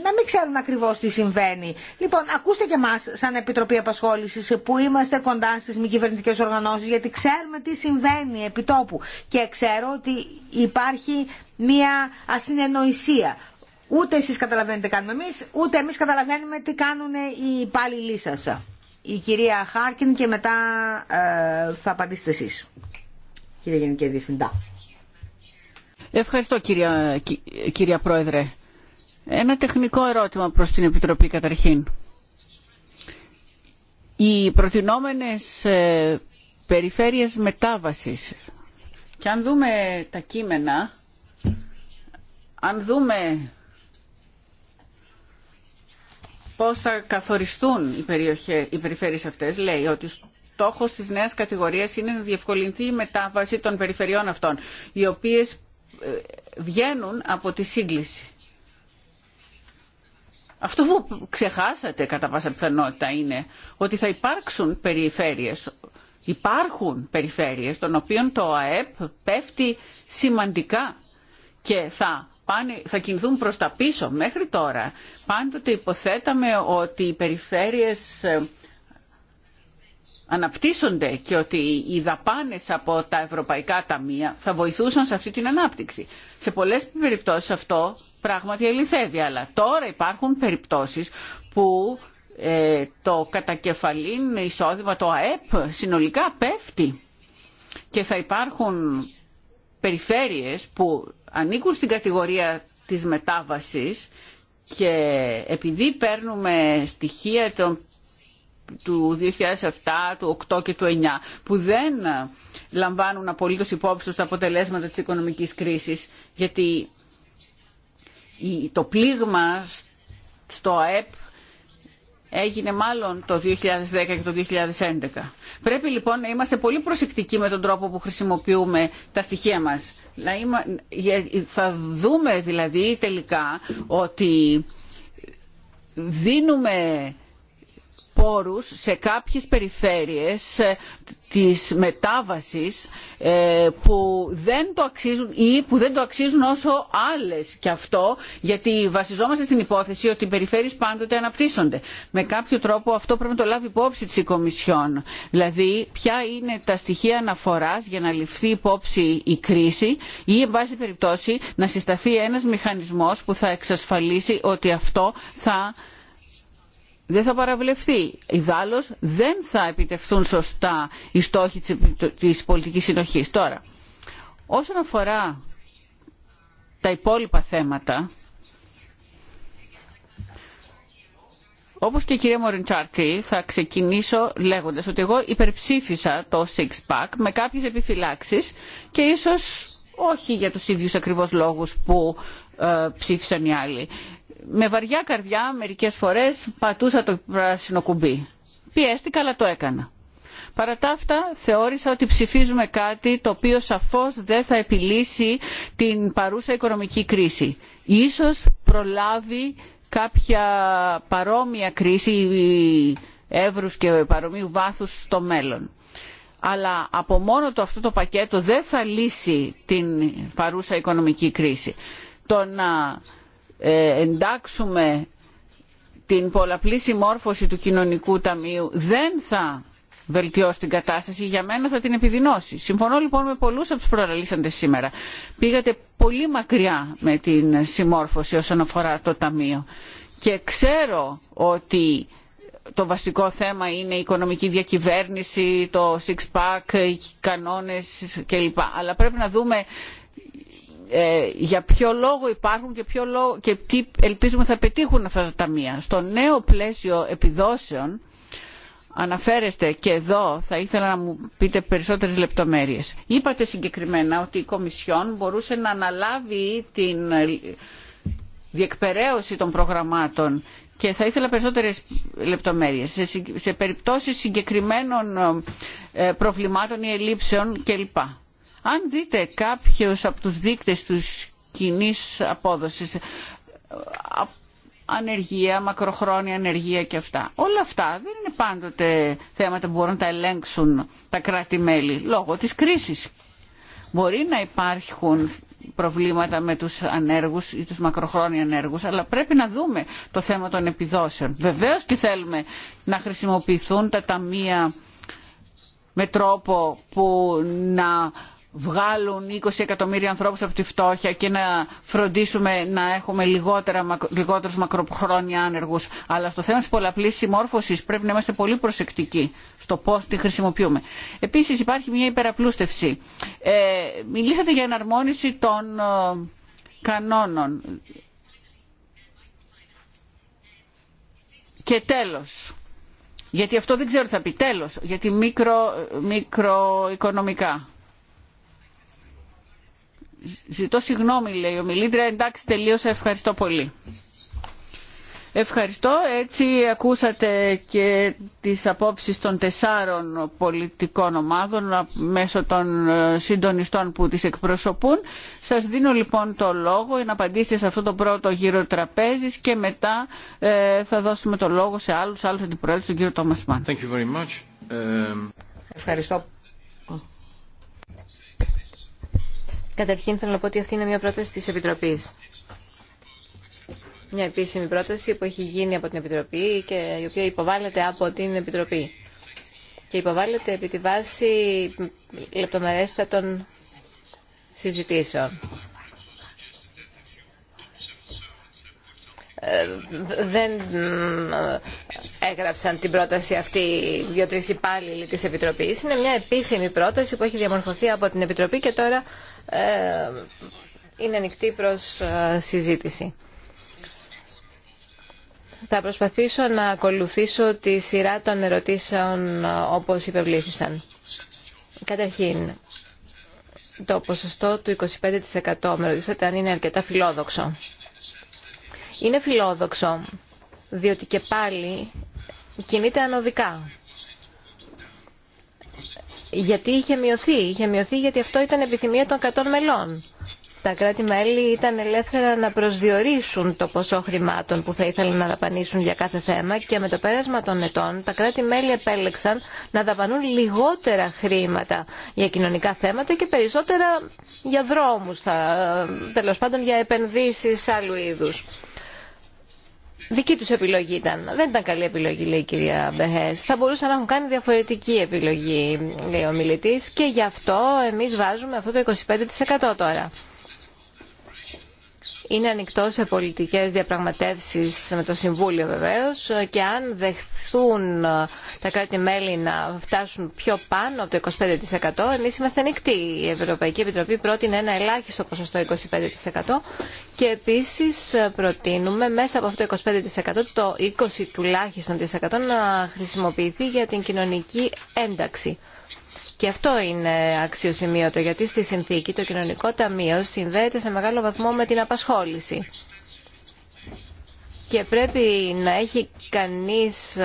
να μην ξέρουν ακριβώς τι συμβαίνει. Λοιπόν, ακούστε και μας σαν Επιτροπή Απασχόλησης που είμαστε κοντά στις μη κυβερνητικέ οργανώσεις γιατί ξέρουμε τι συμβαίνει επί τόπου. Και ξέρω ότι υπάρχει μια ασυνεννοησία Ούτε εσείς καταλαβαίνετε τι κάνουμε εμείς, ούτε εμείς καταλαβαίνουμε τι κάνουν οι υπάλληλοι σας. Η κυρία Χάρκιν και μετά ε, θα απαντήσετε εσείς, κύριε Γενική Διευθυντά. Ευχαριστώ κυρία, κυρία Πρόεδρε. Ένα τεχνικό ερώτημα προς την Επιτροπή καταρχήν. Οι προτινόμενες ε, περιφέρειες μετάβασης. Και αν δούμε τα κείμενα, αν δούμε πώς θα καθοριστούν οι, περιοχές, οι περιφέρειες αυτές, λέει ότι στόχος της νέας κατηγορίας είναι να διευκολυνθεί η μετάβαση των περιφερειών αυτών, οι οποίες ε, βγαίνουν από τη σύγκληση. Αυτό που ξεχάσατε κατά πάσα πιθανότητα είναι ότι θα υπάρξουν περιφέρειες, υπάρχουν περιφέρειες των οποίων το ΑΕΠ πέφτει σημαντικά και θα θα κινηθούν προς τα πίσω μέχρι τώρα. Πάντοτε υποθέταμε ότι οι περιφέρειες ε, αναπτύσσονται και ότι οι δαπάνες από τα ευρωπαϊκά ταμεία θα βοηθούσαν σε αυτή την ανάπτυξη. Σε πολλές περιπτώσεις αυτό πράγματι εληθεύει, αλλά τώρα υπάρχουν περιπτώσεις που ε, το κατακεφαλήν εισόδημα, το ΑΕΠ συνολικά πέφτει και θα υπάρχουν περιφέρειες που ανήκουν στην κατηγορία της μετάβασης και επειδή παίρνουμε στοιχεία των του 2007, του 2008 και του 2009 που δεν λαμβάνουν απολύτως υπόψη στα τα αποτελέσματα της οικονομικής κρίσης γιατί το πλήγμα στο ΑΕΠ έγινε μάλλον το 2010 και το 2011. Πρέπει λοιπόν να είμαστε πολύ προσεκτικοί με τον τρόπο που χρησιμοποιούμε τα στοιχεία μας ε, ε, θα δούμε δηλαδή τελικά ότι δίνουμε πόρους σε κάποιες περιφέρειες ε, της μετάβασης ε, που δεν το αξίζουν ή που δεν το αξίζουν όσο άλλες και αυτό γιατί βασιζόμαστε στην υπόθεση ότι οι περιφέρειες πάντοτε αναπτύσσονται. Με κάποιο τρόπο αυτό πρέπει να το λάβει υπόψη της Κομισιόν. Δηλαδή ποια είναι τα στοιχεία αναφοράς για να ληφθεί υπόψη η κρίση ή εν περιπτώσει να συσταθεί ένας μηχανισμός που θα εξασφαλίσει ότι αυτό θα δεν θα παραβλεφθεί. Ιδάλω δεν θα επιτευχθούν σωστά οι στόχοι της πολιτικής συνοχής. Τώρα, όσον αφορά τα υπόλοιπα θέματα, όπως και η κυρία Μοριντσάρτη θα ξεκινήσω λέγοντας ότι εγώ υπερψήφισα το Six Pack με κάποιες επιφυλάξεις και ίσως όχι για τους ίδιους ακριβώς λόγους που ε, ψήφισαν οι άλλοι με βαριά καρδιά μερικές φορές πατούσα το πράσινο κουμπί. Πιέστηκα αλλά το έκανα. Παρά τα αυτά θεώρησα ότι ψηφίζουμε κάτι το οποίο σαφώς δεν θα επιλύσει την παρούσα οικονομική κρίση. Ίσως προλάβει κάποια παρόμοια κρίση εύρους και παρομοίου βάθους στο μέλλον. Αλλά από μόνο το αυτό το πακέτο δεν θα λύσει την παρούσα οικονομική κρίση. Το ε, εντάξουμε την πολλαπλή συμμόρφωση του κοινωνικού ταμείου δεν θα βελτιώσει την κατάσταση, για μένα θα την επιδεινώσει. Συμφωνώ λοιπόν με πολλούς από τους προαναλύσαντες σήμερα. Πήγατε πολύ μακριά με την συμμόρφωση όσον αφορά το ταμείο. Και ξέρω ότι το βασικό θέμα είναι η οικονομική διακυβέρνηση, το six-pack, οι κανόνες κλπ. Αλλά πρέπει να δούμε ε, για ποιο λόγο υπάρχουν και, και τι ελπίζουμε θα πετύχουν αυτά τα ταμεία. Στο νέο πλαίσιο επιδόσεων αναφέρεστε και εδώ θα ήθελα να μου πείτε περισσότερες λεπτομέρειες. Είπατε συγκεκριμένα ότι η Κομισιόν μπορούσε να αναλάβει την διεκπεραίωση των προγραμμάτων και θα ήθελα περισσότερες λεπτομέρειες σε περιπτώσεις συγκεκριμένων ε, προβλημάτων ή ελλείψεων κλπ. Αν δείτε κάποιους από τους δείκτες τους κοινή απόδοσης, ανεργία, μακροχρόνια ανεργία και αυτά. Όλα αυτά δεν είναι πάντοτε θέματα που μπορούν να τα ελέγξουν τα κράτη-μέλη λόγω της κρίσης. Μπορεί να υπάρχουν προβλήματα με τους ανέργους ή τους μακροχρόνια ανέργους, αλλά πρέπει να δούμε το θέμα των επιδόσεων. Βεβαίως και θέλουμε να χρησιμοποιηθούν τα ταμεία με τρόπο που να βγάλουν 20 εκατομμύρια ανθρώπους από τη φτώχεια και να φροντίσουμε να έχουμε λιγότερα, λιγότερους μακροχρόνια άνεργους. Αλλά στο θέμα της πολλαπλής συμμόρφωσης πρέπει να είμαστε πολύ προσεκτικοί στο πώς τη χρησιμοποιούμε. Επίσης υπάρχει μια υπεραπλούστευση. Ε, μιλήσατε για εναρμόνιση των ε, κανόνων. Και τέλος, γιατί αυτό δεν ξέρω τι θα πει, τέλος, γιατί μικροοικονομικά Ζητώ συγγνώμη, λέει ο ομιλήτρια Εντάξει, τελείωσα. Ευχαριστώ πολύ. Ευχαριστώ. Έτσι ακούσατε και τις απόψεις των τεσσάρων πολιτικών ομάδων μέσω των ε, συντονιστών που τις εκπροσωπούν. Σας δίνω λοιπόν το λόγο για να απαντήσετε σε αυτό το πρώτο γύρο τραπέζης και μετά ε, θα δώσουμε το λόγο σε άλλους, άλλους αντιπροέλους, τον κύριο Τόμας Μάν. Ε, Ευχαριστώ Καταρχήν θέλω να πω ότι αυτή είναι μια πρόταση της Επιτροπής. Μια επίσημη πρόταση που έχει γίνει από την Επιτροπή και η οποία υποβάλλεται από την Επιτροπή. Και υποβάλλεται επί τη βάση λεπτομερέστατων συζητήσεων. δεν ε, έγραψαν την πρόταση αυτή δύο-τρει υπάλληλοι της Επιτροπής. Είναι μια επίσημη πρόταση που έχει διαμορφωθεί από την Επιτροπή και τώρα ε, είναι ανοιχτή προς ε, συζήτηση. Θα προσπαθήσω να ακολουθήσω τη σειρά των ερωτήσεων όπως υπευλήθησαν. Καταρχήν, το ποσοστό του 25% με ρωτήσατε αν είναι αρκετά φιλόδοξο είναι φιλόδοξο, διότι και πάλι κινείται ανωδικά. Γιατί είχε μειωθεί. Είχε μειωθεί γιατί αυτό ήταν επιθυμία των 100 μελών. Τα κράτη-μέλη ήταν ελεύθερα να προσδιορίσουν το ποσό χρημάτων που θα ήθελαν να δαπανίσουν για κάθε θέμα και με το πέρασμα των ετών τα κράτη-μέλη επέλεξαν να δαπανούν λιγότερα χρήματα για κοινωνικά θέματα και περισσότερα για δρόμους, τέλο πάντων για επενδύσεις άλλου είδους. Δική του επιλογή ήταν. Δεν ήταν καλή επιλογή, λέει η κυρία Μπεχέ. Θα μπορούσαν να έχουν κάνει διαφορετική επιλογή, λέει ο μιλητή, και γι' αυτό εμείς βάζουμε αυτό το 25% τώρα είναι ανοιχτό σε πολιτικές διαπραγματεύσεις με το Συμβούλιο βεβαίως και αν δεχθούν τα κράτη-μέλη να φτάσουν πιο πάνω από το 25% εμείς είμαστε ανοιχτοί. Η Ευρωπαϊκή Επιτροπή πρότεινε ένα ελάχιστο ποσοστό 25% και επίσης προτείνουμε μέσα από αυτό το 25% το 20% τουλάχιστον να χρησιμοποιηθεί για την κοινωνική ένταξη. Και αυτό είναι αξιοσημείωτο, γιατί στη συνθήκη το κοινωνικό ταμείο συνδέεται σε μεγάλο βαθμό με την απασχόληση. Και πρέπει να έχει κανείς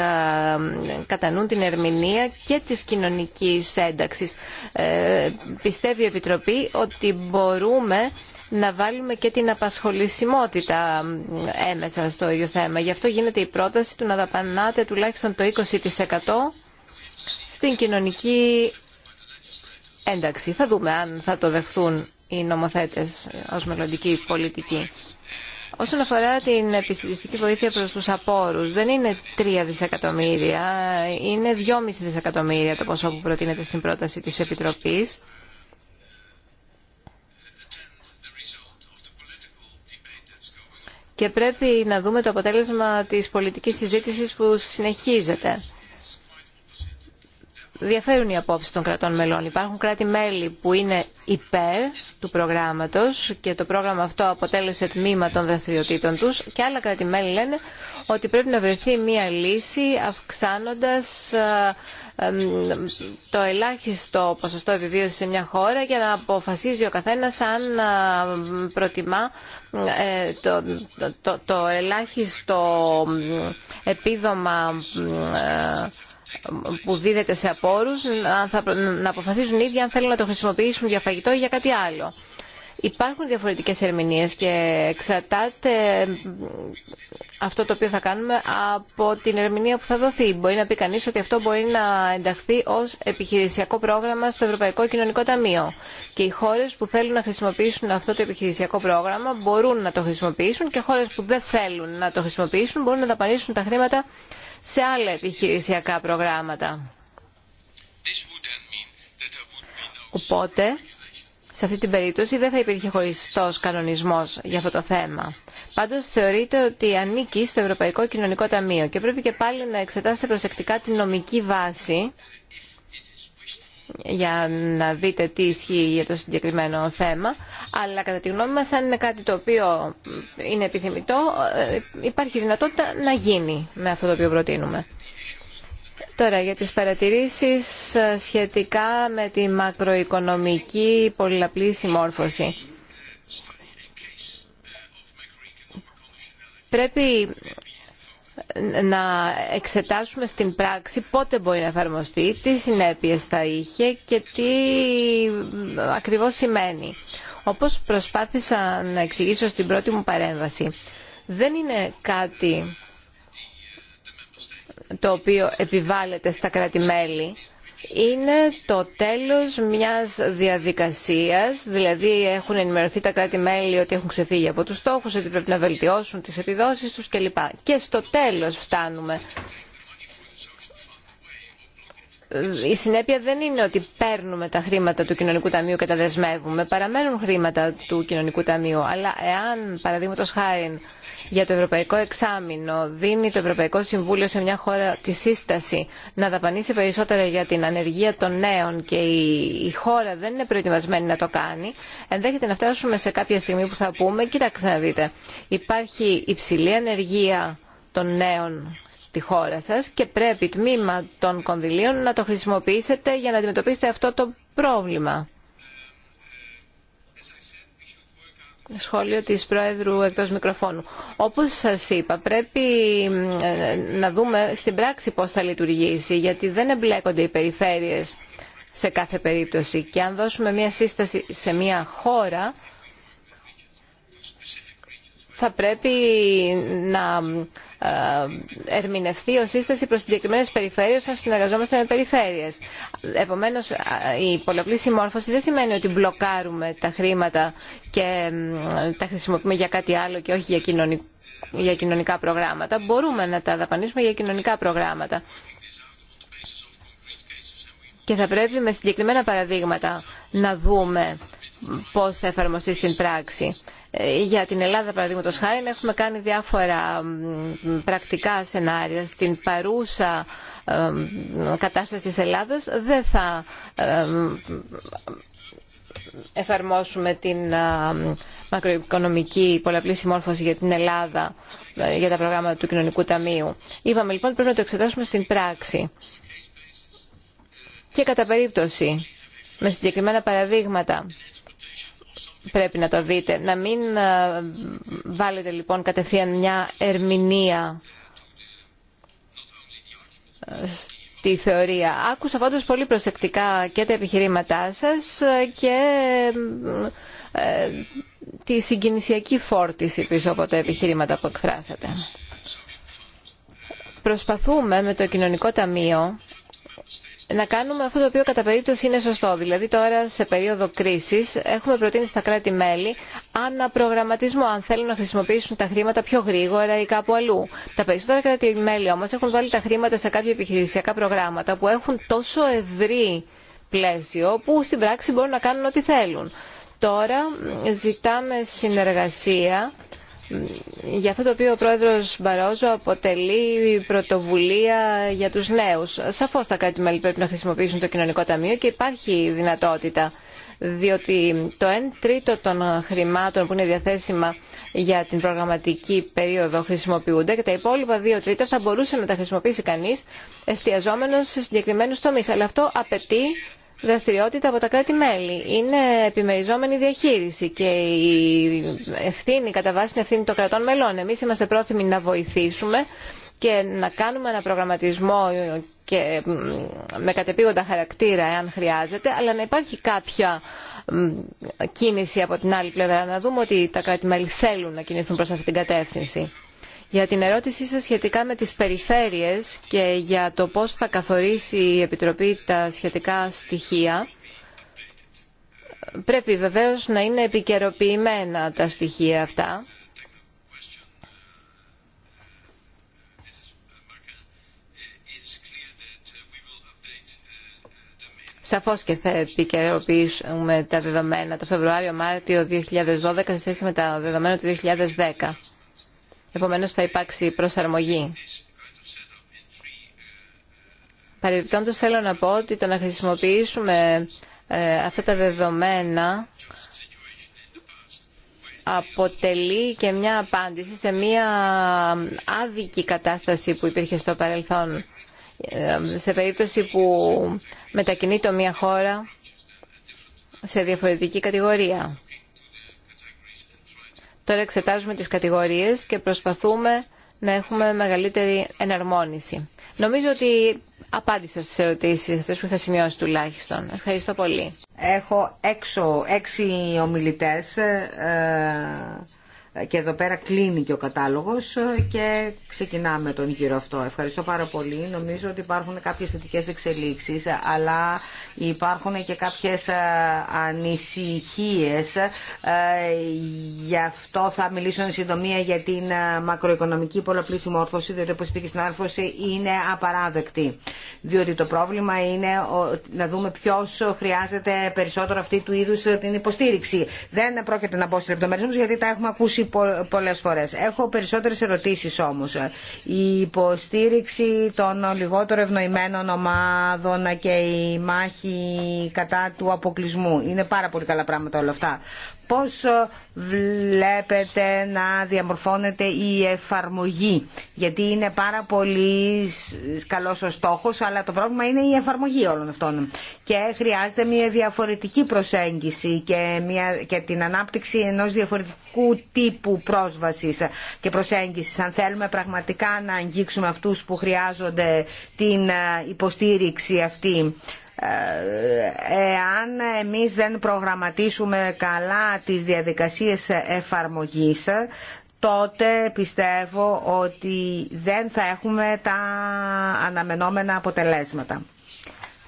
κατά νου την ερμηνεία και της κοινωνικής ένταξης. Ε, πιστεύει η Επιτροπή ότι μπορούμε να βάλουμε και την απασχολησιμότητα ε, έμεσα στο ίδιο θέμα. Γι' αυτό γίνεται η πρόταση του να δαπανάτε τουλάχιστον το 20% στην κοινωνική Εντάξει, Θα δούμε αν θα το δεχθούν οι νομοθέτες ως μελλοντική πολιτική. Όσον αφορά την επιστημιστική βοήθεια προς τους απόρους, δεν είναι 3 δισεκατομμύρια, είναι 2,5 δισεκατομμύρια το ποσό που προτείνεται στην πρόταση της Επιτροπής. Και πρέπει να δούμε το αποτέλεσμα της πολιτικής συζήτησης που συνεχίζεται. Διαφέρουν οι απόψεις των κρατών μελών. Υπάρχουν κράτη-μέλη που είναι υπέρ του προγράμματος και το πρόγραμμα αυτό αποτέλεσε τμήμα των δραστηριοτήτων τους και άλλα κράτη-μέλη λένε ότι πρέπει να βρεθεί μία λύση αυξάνοντας ε, ε, το ελάχιστο ποσοστό επιβίωσης σε μια χώρα για να αποφασίζει ο καθένας αν ε, προτιμά το, το, το ελάχιστο επίδομα που δίδεται σε απόρους να αποφασίζουν ήδη αν θέλουν να το χρησιμοποιήσουν για φαγητό ή για κάτι άλλο. Υπάρχουν διαφορετικές ερμηνείες και εξαρτάται αυτό το οποίο θα κάνουμε από την ερμηνεία που θα δοθεί. Μπορεί να πει κανείς ότι αυτό μπορεί να ενταχθεί ως επιχειρησιακό πρόγραμμα στο Ευρωπαϊκό Κοινωνικό Ταμείο. Και οι χώρες που θέλουν να χρησιμοποιήσουν αυτό το επιχειρησιακό πρόγραμμα μπορούν να το χρησιμοποιήσουν και χώρες που δεν θέλουν να το χρησιμοποιήσουν μπορούν να δαπανίσουν τα χρήματα σε άλλα επιχειρησιακά προγράμματα. Οπότε, σε αυτή την περίπτωση δεν θα υπήρχε χωριστό κανονισμό για αυτό το θέμα. Πάντω θεωρείται ότι ανήκει στο Ευρωπαϊκό Κοινωνικό Ταμείο και πρέπει και πάλι να εξετάσετε προσεκτικά την νομική βάση για να δείτε τι ισχύει για το συγκεκριμένο θέμα, αλλά κατά τη γνώμη μας αν είναι κάτι το οποίο είναι επιθυμητό, ε, υπάρχει δυνατότητα να γίνει με αυτό το οποίο προτείνουμε. Τώρα για τις παρατηρήσεις ε, σχετικά με τη μακροοικονομική πολυλαπλή συμμόρφωση. Πρέπει να εξετάσουμε στην πράξη πότε μπορεί να εφαρμοστεί, τι συνέπειες θα είχε και τι ακριβώς σημαίνει. Όπως προσπάθησα να εξηγήσω στην πρώτη μου παρέμβαση, δεν είναι κάτι το οποίο επιβάλλεται στα κράτη-μέλη είναι το τέλος μιας διαδικασίας, δηλαδή έχουν ενημερωθεί τα κράτη-μέλη ότι έχουν ξεφύγει από τους στόχους, ότι πρέπει να βελτιώσουν τις επιδόσεις τους κλπ. Και στο τέλος φτάνουμε η συνέπεια δεν είναι ότι παίρνουμε τα χρήματα του κοινωνικού ταμείου και τα δεσμεύουμε. Παραμένουν χρήματα του κοινωνικού ταμείου. Αλλά εάν, παραδείγματο χάρη, για το Ευρωπαϊκό Εξάμεινο δίνει το Ευρωπαϊκό Συμβούλιο σε μια χώρα τη σύσταση να δαπανίσει περισσότερα για την ανεργία των νέων και η χώρα δεν είναι προετοιμασμένη να το κάνει, ενδέχεται να φτάσουμε σε κάποια στιγμή που θα πούμε, κοιτάξτε να δείτε, υπάρχει υψηλή ανεργία των νέων στη χώρα σας και πρέπει τμήμα των κονδυλίων να το χρησιμοποιήσετε για να αντιμετωπίσετε αυτό το πρόβλημα. σχόλιο της Πρόεδρου εκτός μικροφώνου. Όπως σας είπα, πρέπει ε, να δούμε στην πράξη πώς θα λειτουργήσει, γιατί δεν εμπλέκονται οι περιφέρειες σε κάθε περίπτωση. Και αν δώσουμε μια σύσταση σε μια χώρα, θα πρέπει να ε, ερμηνευτεί ω σύσταση προ συγκεκριμένε περιφέρειε όταν συνεργαζόμαστε με περιφέρειες. Επομένω, ε, η πολλαπλή συμμόρφωση δεν σημαίνει ότι μπλοκάρουμε τα χρήματα και τα χρησιμοποιούμε για κάτι άλλο και όχι για για κοινωνικά προγράμματα. Μπορούμε να τα δαπανίσουμε για κοινωνικά προγράμματα. Και θα πρέπει με συγκεκριμένα παραδείγματα να δούμε πώς θα εφαρμοστεί στην πράξη. Για την Ελλάδα, παραδείγματος χάρη, έχουμε κάνει διάφορα πρακτικά σενάρια. Στην παρούσα ε, κατάσταση της Ελλάδας δεν θα ε, εφαρμόσουμε την ε, μακροοικονομική πολλαπλή συμμόρφωση για την Ελλάδα για τα προγράμματα του Κοινωνικού Ταμείου. Είπαμε λοιπόν πρέπει να το εξετάσουμε στην πράξη και κατά περίπτωση με συγκεκριμένα παραδείγματα πρέπει να το δείτε. Να μην ε, βάλετε λοιπόν κατευθείαν μια ερμηνεία ε, στη θεωρία. Άκουσα πάντως πολύ προσεκτικά και τα επιχειρήματά σας ε, και τη συγκινησιακή φόρτιση πίσω από τα επιχειρήματα που εκφράσατε. Προσπαθούμε με το Κοινωνικό Ταμείο να κάνουμε αυτό το οποίο κατά περίπτωση είναι σωστό. Δηλαδή τώρα σε περίοδο κρίσης έχουμε προτείνει στα κράτη-μέλη αναπρογραμματισμό αν θέλουν να χρησιμοποιήσουν τα χρήματα πιο γρήγορα ή κάπου αλλού. Τα περισσότερα κράτη-μέλη όμως έχουν βάλει τα χρήματα σε κάποια επιχειρησιακά προγράμματα που έχουν τόσο ευρύ πλαίσιο που στην πράξη μπορούν να κάνουν ό,τι θέλουν. Τώρα ζητάμε συνεργασία για αυτό το οποίο ο πρόεδρος Μπαρόζο αποτελεί πρωτοβουλία για τους νέους. Σαφώς τα κράτη-μέλη πρέπει να χρησιμοποιήσουν το κοινωνικό ταμείο και υπάρχει δυνατότητα διότι το 1 τρίτο των χρημάτων που είναι διαθέσιμα για την προγραμματική περίοδο χρησιμοποιούνται και τα υπόλοιπα 2 τρίτα θα μπορούσε να τα χρησιμοποιήσει κανείς εστιαζόμενος σε συγκεκριμένους τομείς. Αλλά αυτό απαιτεί δραστηριότητα από τα κράτη-μέλη. Είναι επιμεριζόμενη διαχείριση και η ευθύνη, κατά βάση είναι ευθύνη των κρατών μελών. Εμείς είμαστε πρόθυμοι να βοηθήσουμε και να κάνουμε ένα προγραμματισμό και με κατεπίγοντα χαρακτήρα εάν χρειάζεται, αλλά να υπάρχει κάποια κίνηση από την άλλη πλευρά, να δούμε ότι τα κράτη-μέλη θέλουν να κινηθούν προς αυτή την κατεύθυνση. Για την ερώτησή σας σχετικά με τις περιφέρειες και για το πώς θα καθορίσει η Επιτροπή τα σχετικά στοιχεία, πρέπει βεβαίως να είναι επικαιροποιημένα τα στοιχεία αυτά. Σαφώς και θα επικαιροποιήσουμε τα δεδομένα το Φεβρουάριο-Μάρτιο 2012 σε σχέση με τα δεδομένα του 2010. Επομένως θα υπάρξει προσαρμογή. Παρεμπιπτόντως θέλω να πω ότι το να χρησιμοποιήσουμε ε, αυτά τα δεδομένα αποτελεί και μια απάντηση σε μια άδικη κατάσταση που υπήρχε στο παρελθόν. Ε, σε περίπτωση που μετακινείται μια χώρα σε διαφορετική κατηγορία. Τώρα εξετάζουμε τις κατηγορίες και προσπαθούμε να έχουμε μεγαλύτερη εναρμόνιση. Νομίζω ότι απάντησα στις ερωτήσεις αυτές που θα σημειώσει τουλάχιστον. Ευχαριστώ πολύ. Έχω έξω, έξι ομιλητές. Ε, και εδώ πέρα κλείνει και ο κατάλογος και ξεκινάμε τον γύρο αυτό. Ευχαριστώ πάρα πολύ. Νομίζω ότι υπάρχουν κάποιες θετικέ εξελίξεις, αλλά υπάρχουν και κάποιες ε, ανησυχίες. Ε, γι' αυτό θα μιλήσω εν συντομία για την ε, μακροοικονομική πολλαπλή συμμόρφωση, διότι όπως είπε και είναι απαράδεκτη. Διότι το πρόβλημα είναι να δούμε ποιο χρειάζεται περισσότερο αυτή του είδους την υποστήριξη. Δεν πρόκειται να μπω στις λεπτομέρειες γιατί τα έχουμε ακούσει ακούσει πολλές φορές. Έχω περισσότερες ερωτήσεις όμως. Η υποστήριξη των λιγότερο ευνοημένων ομάδων και η μάχη κατά του αποκλεισμού. Είναι πάρα πολύ καλά πράγματα όλα αυτά πώς ε, βλέπετε να διαμορφώνεται η εφαρμογή. Γιατί είναι πάρα πολύ καλός ο στόχος, αλλά το πρόβλημα είναι η εφαρμογή όλων αυτών. Και χρειάζεται μια διαφορετική προσέγγιση και, μια, και την ανάπτυξη ενός διαφορετικού τύπου πρόσβασης και προσέγγισης. Αν θέλουμε πραγματικά να αγγίξουμε αυτούς που χρειάζονται την ε, υποστήριξη αυτή. Ε, εάν εμείς δεν προγραμματίσουμε καλά τις διαδικασίες εφαρμογής τότε πιστεύω ότι δεν θα έχουμε τα αναμενόμενα αποτελέσματα.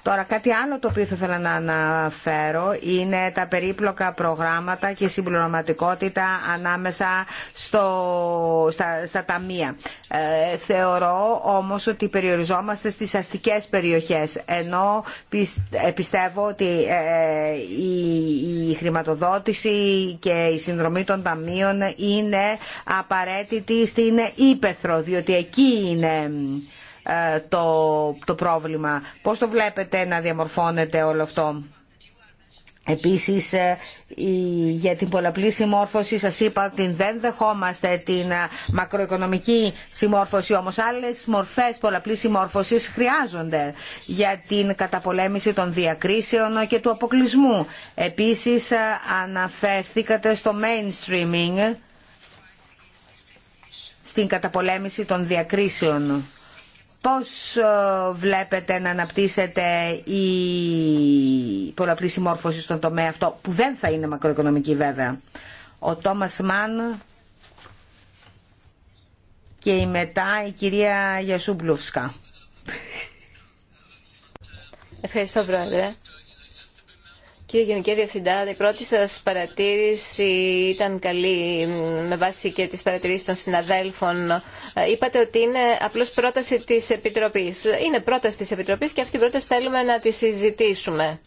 Τώρα κάτι άλλο το οποίο θα ήθελα να αναφέρω είναι τα περίπλοκα προγράμματα και συμπληρωματικότητα ανάμεσα στο, στα, ταμεία. Ε, θεωρώ όμως ότι περιοριζόμαστε στις αστικές περιοχές ενώ ε, πιστεύω ότι ε, η, η χρηματοδότηση και η συνδρομή των ταμείων είναι απαραίτητη στην Ήπεθρο διότι εκεί είναι ε, το, το πρόβλημα. Πώς το βλέπετε να διαμορφώνεται όλο αυτό. Επίσης ε, για την πολλαπλή συμμόρφωση σας είπα ότι δεν δεχόμαστε την ε, μακροοικονομική συμμόρφωση όμως άλλες μορφές πολλαπλής συμμόρφωσης χρειάζονται για την καταπολέμηση των διακρίσεων και του αποκλεισμού. Επίσης αναφέρθηκατε στο mainstreaming στην καταπολέμηση των διακρίσεων Πώς ε, βλέπετε να αναπτύσσεται η πολλαπλή συμμόρφωση στον τομέα αυτό, που δεν θα είναι μακροοικονομική βέβαια. Ο Τόμας Μαν και η μετά η κυρία Γιασούμπλουφσκα. Ευχαριστώ Πρόεδρε. Κύριε Γενική Διευθυντά, η πρώτη σα παρατήρηση ήταν καλή με βάση και τις παρατηρήσεις των συναδέλφων. Ε, είπατε ότι είναι απλώ πρόταση τη επιτροπή. Είναι πρόταση τη Επιτροπή και αυτή την πρόταση θέλουμε να τη συζητήσουμε.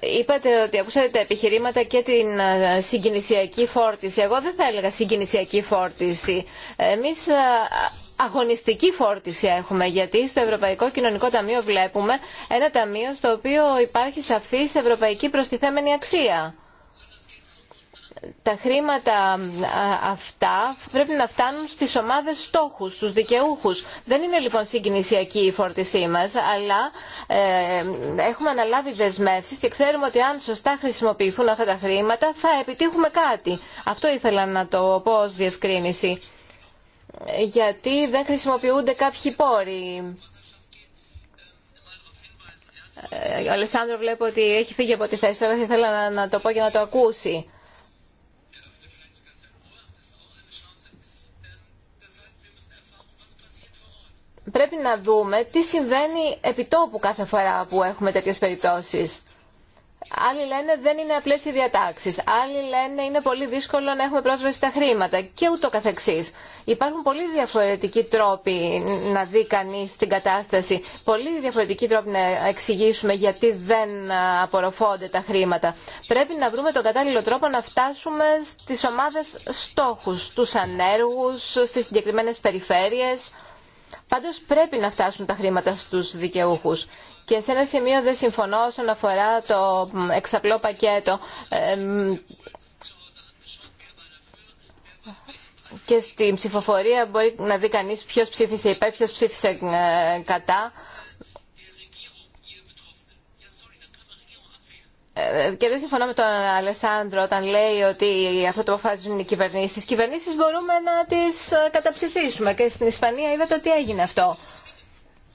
Είπατε ότι ακούσατε τα επιχειρήματα και την ε, συγκινησιακή φόρτιση. Εγώ δεν θα έλεγα συγκινησιακή φόρτιση. Εμείς ε, αγωνιστική φόρτιση έχουμε, γιατί στο Ευρωπαϊκό Κοινωνικό Ταμείο βλέπουμε ένα ταμείο στο οποίο υπάρχει σαφής ευρωπαϊκή προστιθέμενη αξία τα χρήματα αυτά πρέπει να φτάνουν στις ομάδες στόχους, στους δικαιούχους. Δεν είναι λοιπόν συγκινησιακή η φόρτισή μας, αλλά ε, έχουμε αναλάβει δεσμεύσεις και ξέρουμε ότι αν σωστά χρησιμοποιηθούν αυτά τα χρήματα θα επιτύχουμε κάτι. Αυτό ήθελα να το πω ως διευκρίνηση. Γιατί δεν χρησιμοποιούνται κάποιοι πόροι. Ε, ο Αλεσάνδρο βλέπω ότι έχει φύγει από τη θέση, αλλά ήθελα να το πω για να το ακούσει. πρέπει να δούμε τι συμβαίνει επί τόπου κάθε φορά που έχουμε τέτοιες περιπτώσεις. Άλλοι λένε δεν είναι απλές οι διατάξεις. Άλλοι λένε είναι πολύ δύσκολο να έχουμε πρόσβαση στα χρήματα και ούτω καθεξής. Υπάρχουν πολύ διαφορετικοί τρόποι να δει κανεί την κατάσταση. Πολύ διαφορετικοί τρόποι να εξηγήσουμε γιατί δεν απορροφώνται τα χρήματα. Πρέπει να βρούμε τον κατάλληλο τρόπο να φτάσουμε στις ομάδες στόχους, στους ανέργους, στις συγκεκριμένες περιφέρειες. Πάντω πρέπει να φτάσουν τα χρήματα στους δικαιούχους. Και σε ένα σημείο δεν συμφωνώ όσον αφορά το εξαπλό πακέτο και στην ψηφοφορία μπορεί να δει κανείς ποιος ψήφισε υπέρ, ποιος ψήφισε ε, κατά. και δεν συμφωνώ με τον Αλεσάνδρο όταν λέει ότι αυτό το αποφάσισαν οι κυβερνήσει. Τι κυβερνήσει μπορούμε να τι ε, καταψηφίσουμε και στην Ισπανία είδατε ότι έγινε αυτό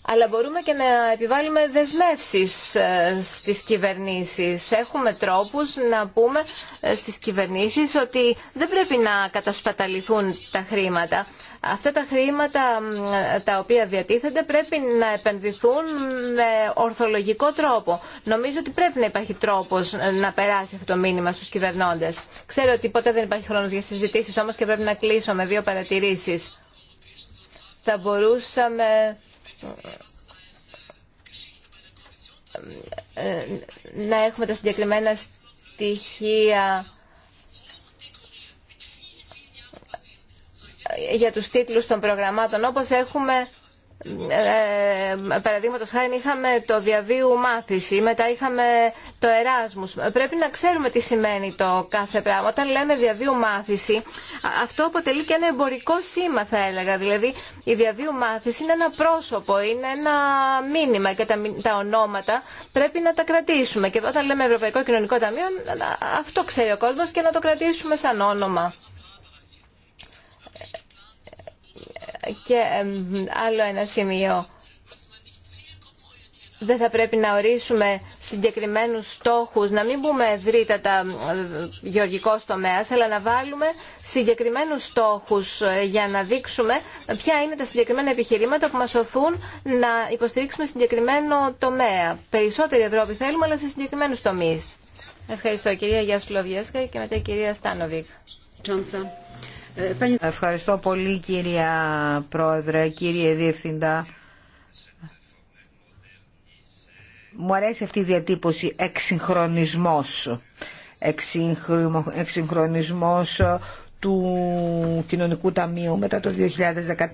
αλλά μπορούμε και να επιβάλλουμε δεσμεύσεις ε, στις κυβερνήσεις. Έχουμε τρόπους να πούμε ε, στις κυβερνήσεις ότι δεν πρέπει να κατασπαταληθούν τα χρήματα. Αυτά τα χρήματα τα οποία διατίθενται πρέπει να επενδυθούν με ορθολογικό τρόπο. Νομίζω ότι πρέπει να υπάρχει τρόπος ε, να περάσει αυτό το μήνυμα στους κυβερνώντες. Ξέρω ότι ποτέ δεν υπάρχει χρόνος για συζητήσεις όμως και πρέπει να κλείσω με δύο παρατηρήσεις. Θα μπορούσαμε να έχουμε τα συγκεκριμένα στοιχεία για τους τίτλους των προγραμμάτων όπως έχουμε ε, ε, παραδείγματο χάρη είχαμε το διαβίου μάθηση, μετά είχαμε το Εράσμους. Πρέπει να ξέρουμε τι σημαίνει το κάθε πράγμα. Όταν λέμε διαβίου μάθηση, αυτό αποτελεί και ένα εμπορικό σήμα θα έλεγα. Δηλαδή η διαβίου μάθηση είναι ένα πρόσωπο, είναι ένα μήνυμα και τα, τα ονόματα πρέπει να τα κρατήσουμε. Και όταν λέμε Ευρωπαϊκό Κοινωνικό Ταμείο, αυτό ξέρει ο κόσμο και να το κρατήσουμε σαν όνομα. Και άλλο ένα σημείο. Δεν θα πρέπει να ορίσουμε συγκεκριμένους στόχους, να μην πούμε ευρύτατα γεωργικός τομέας, αλλά να βάλουμε συγκεκριμένους στόχους ε, για να δείξουμε ποια είναι τα συγκεκριμένα επιχειρήματα που μας οθούν να υποστηρίξουμε συγκεκριμένο τομέα. Περισσότερη Ευρώπη θέλουμε, αλλά σε συγκεκριμένους τομείς. Ευχαριστώ κυρία Γιάννη και μετά η κυρία Στάνοβικ. Ευχαριστώ πολύ κυρία Πρόεδρε, κύριε Διευθυντά. Μου αρέσει αυτή η διατύπωση εξυγχρονισμός. του Κοινωνικού Ταμείου μετά το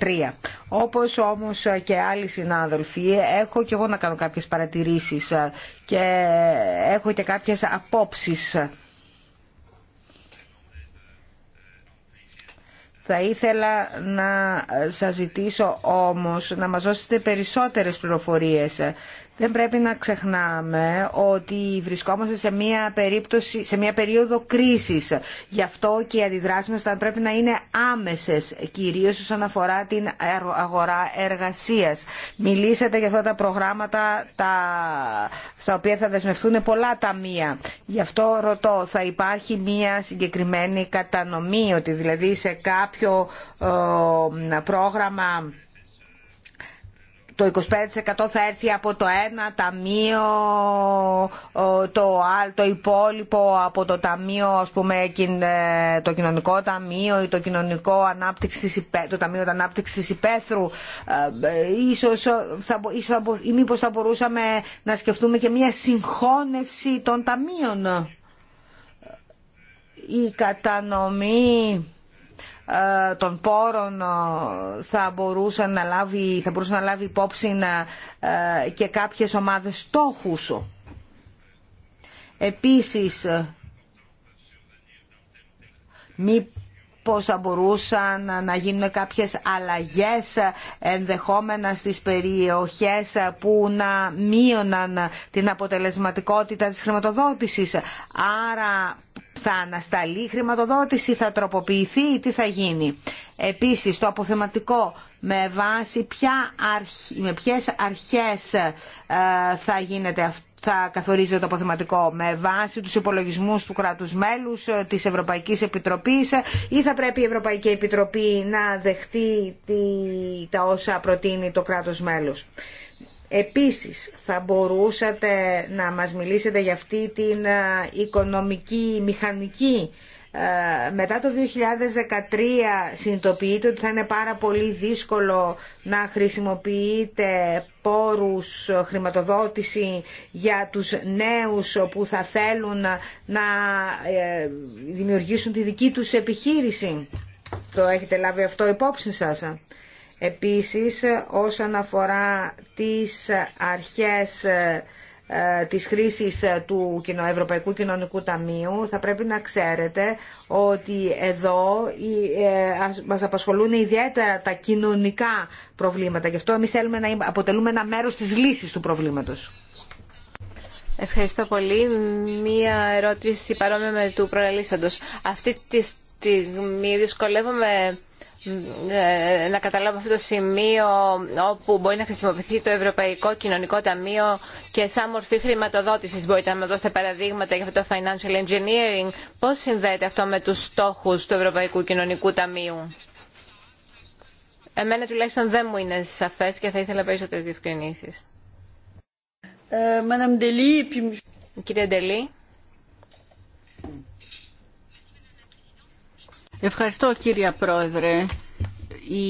2013. Όπως όμως και άλλοι συνάδελφοι, έχω και εγώ να κάνω κάποιες παρατηρήσεις και έχω και κάποιες απόψεις Θα ήθελα να σας ζητήσω όμως να μας δώσετε περισσότερες πληροφορίες δεν πρέπει να ξεχνάμε ότι βρισκόμαστε σε μια, περίπτωση, σε μια περίοδο κρίσης. Γι' αυτό και οι αντιδράσεις μας θα πρέπει να είναι άμεσες, κυρίως όσον αφορά την αγορά εργασίας. Μιλήσατε για αυτά τα προγράμματα τα, στα οποία θα δεσμευτούν πολλά ταμεία. Γι' αυτό ρωτώ, θα υπάρχει μια συγκεκριμένη κατανομή, ότι δηλαδή σε κάποιο ε, πρόγραμμα το 25% θα έρθει από το ένα ταμείο, το, το υπόλοιπο από το ταμείο, ας πούμε, ε, το κοινωνικό ταμείο ή το κοινωνικό ανάπτυξης, το ταμείο ανάπτυξης υπαίθρου. Ε, ε, ίσως θα, ίσως, ή μήπως θα μπορούσαμε να σκεφτούμε και μια συγχώνευση των ταμείων. Η κατανομή ε, των πόρων ε, θα μπορούσαν να λάβει, θα μπορούσαν να λάβει υπόψη ε, και κάποιες ομάδες στόχους. Επίσης, μήπως θα μπορούσαν να γίνουν κάποιες αλλαγές ενδεχόμενα στις περιοχές που να μείωναν την αποτελεσματικότητα της χρηματοδότησης. Άρα θα ανασταλεί η χρηματοδότηση, θα τροποποιηθεί ή τι θα γίνει. Επίσης το αποθεματικό με βάση ποια με ποιες αρχές ε, θα γίνεται αυτό θα καθορίζεται το αποθεματικό με βάση τους υπολογισμούς του κράτους μέλους ε, της Ευρωπαϊκής Επιτροπής ε, ή θα πρέπει η Ευρωπαϊκή Επιτροπή να δεχτεί τα όσα προτείνει το κράτος μέλους. Επίσης, θα μπορούσατε να μας μιλήσετε για αυτή την ε, οικονομική, μηχανική ε, μετά το 2013 συνειδητοποιείτε ότι θα είναι πάρα πολύ δύσκολο να χρησιμοποιείτε πόρους ε, χρηματοδότηση για τους νέους που θα θέλουν να δημιουργήσουν τη δική τους επιχείρηση. Το έχετε λάβει αυτό υπόψη σας. Επίσης, όσον αφορά τις αρχές ε, της χρήσης του Ευρωπαϊκού Κοινωνικού Ταμείου θα πρέπει να ξέρετε ότι εδώ ε, μας απασχολούν ιδιαίτερα τα κοινωνικά προβλήματα. Γι' αυτό εμείς θέλουμε να αποτελούμε ένα μέρος της λύσης του προβλήματος. Ευχαριστώ πολύ. Μία ερώτηση παρόμοια με του προελίσσαντος. Αυτή τη στιγμή δυσκολεύομαι ε, να καταλάβω αυτό το σημείο όπου μπορεί να χρησιμοποιηθεί το Ευρωπαϊκό Κοινωνικό Ταμείο και σαν μορφή χρηματοδότηση. Μπορείτε να μου δώσετε παραδείγματα για αυτό το financial engineering. Πώ συνδέεται αυτό με του στόχου του Ευρωπαϊκού Κοινωνικού Ταμείου. Εμένα τουλάχιστον δεν μου είναι σαφέ και θα ήθελα περισσότερε διευκρινήσει. Ε, Ντελή. Ευχαριστώ κύριε Πρόεδρε. Η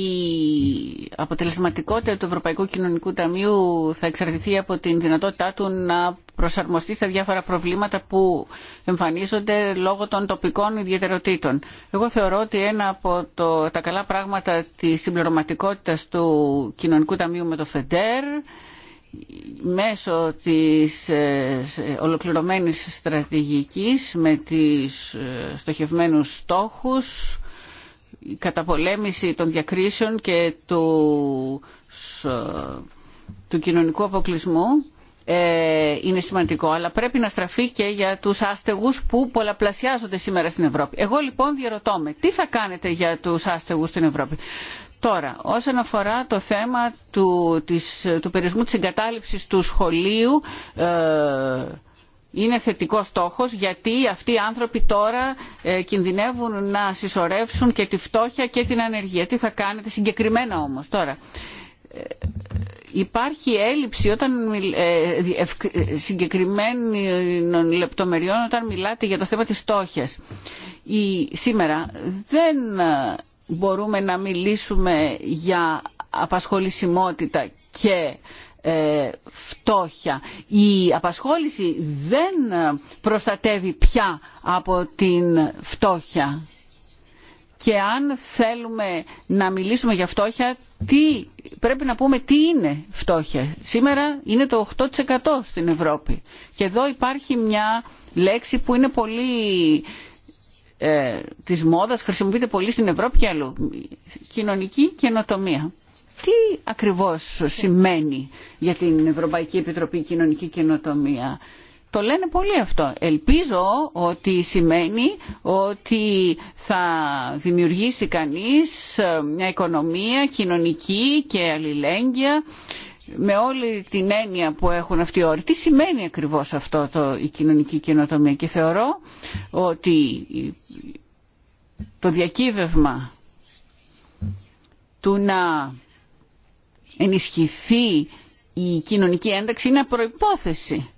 αποτελεσματικότητα του Ευρωπαϊκού Κοινωνικού Ταμείου θα εξαρτηθεί από την δυνατότητά του να προσαρμοστεί στα διάφορα προβλήματα που εμφανίζονται λόγω των τοπικών ιδιαιτεροτήτων. Εγώ θεωρώ ότι ένα από τα καλά πράγματα της συμπληρωματικότητας του Κοινωνικού Ταμείου με το ΦΕΝΤΕΡ μέσω της ε, ολοκληρωμένης στρατηγικής με τις ε, στοχευμένους στόχους η καταπολέμηση των διακρίσεων και του, ε, του κοινωνικού αποκλεισμού είναι σημαντικό, αλλά πρέπει να στραφεί και για τους άστεγους που πολλαπλασιάζονται σήμερα στην Ευρώπη. Εγώ λοιπόν διαρωτώ με, τι θα κάνετε για τους άστεγους στην Ευρώπη. Τώρα, όσον αφορά το θέμα του, της, του περιορισμού της εγκατάλειψης του σχολείου, ε, είναι θετικό στόχος γιατί αυτοί οι άνθρωποι τώρα ε, κινδυνεύουν να συσσωρεύσουν και τη φτώχεια και την ανεργία. Τι θα κάνετε συγκεκριμένα όμως τώρα. Ε, υπάρχει έλλειψη όταν ε, συγκεκριμένων λεπτομεριών όταν μιλάτε για το θέμα της φτώχειας. Η, σήμερα δεν μπορούμε να μιλήσουμε για απασχολησιμότητα και ε, φτώχεια. Η απασχόληση δεν προστατεύει πια από την φτώχεια. Και αν θέλουμε να μιλήσουμε για φτώχεια, τι, πρέπει να πούμε τι είναι φτώχεια. Σήμερα είναι το 8% στην Ευρώπη. Και εδώ υπάρχει μια λέξη που είναι πολύ ε, της μόδας χρησιμοποιείται πολύ στην Ευρώπη και αλλού. Κοινωνική καινοτομία. Τι ακριβώς σημαίνει για την Ευρωπαϊκή Επιτροπή Κοινωνική Καινοτομία. Το λένε πολύ αυτό. Ελπίζω ότι σημαίνει ότι θα δημιουργήσει κανείς ε, μια οικονομία κοινωνική και αλληλέγγυα με όλη την έννοια που έχουν αυτοί οι όροι. Τι σημαίνει ακριβώς αυτό το, η κοινωνική καινοτομία και θεωρώ ότι το διακύβευμα του να ενισχυθεί η κοινωνική ένταξη είναι προϋπόθεση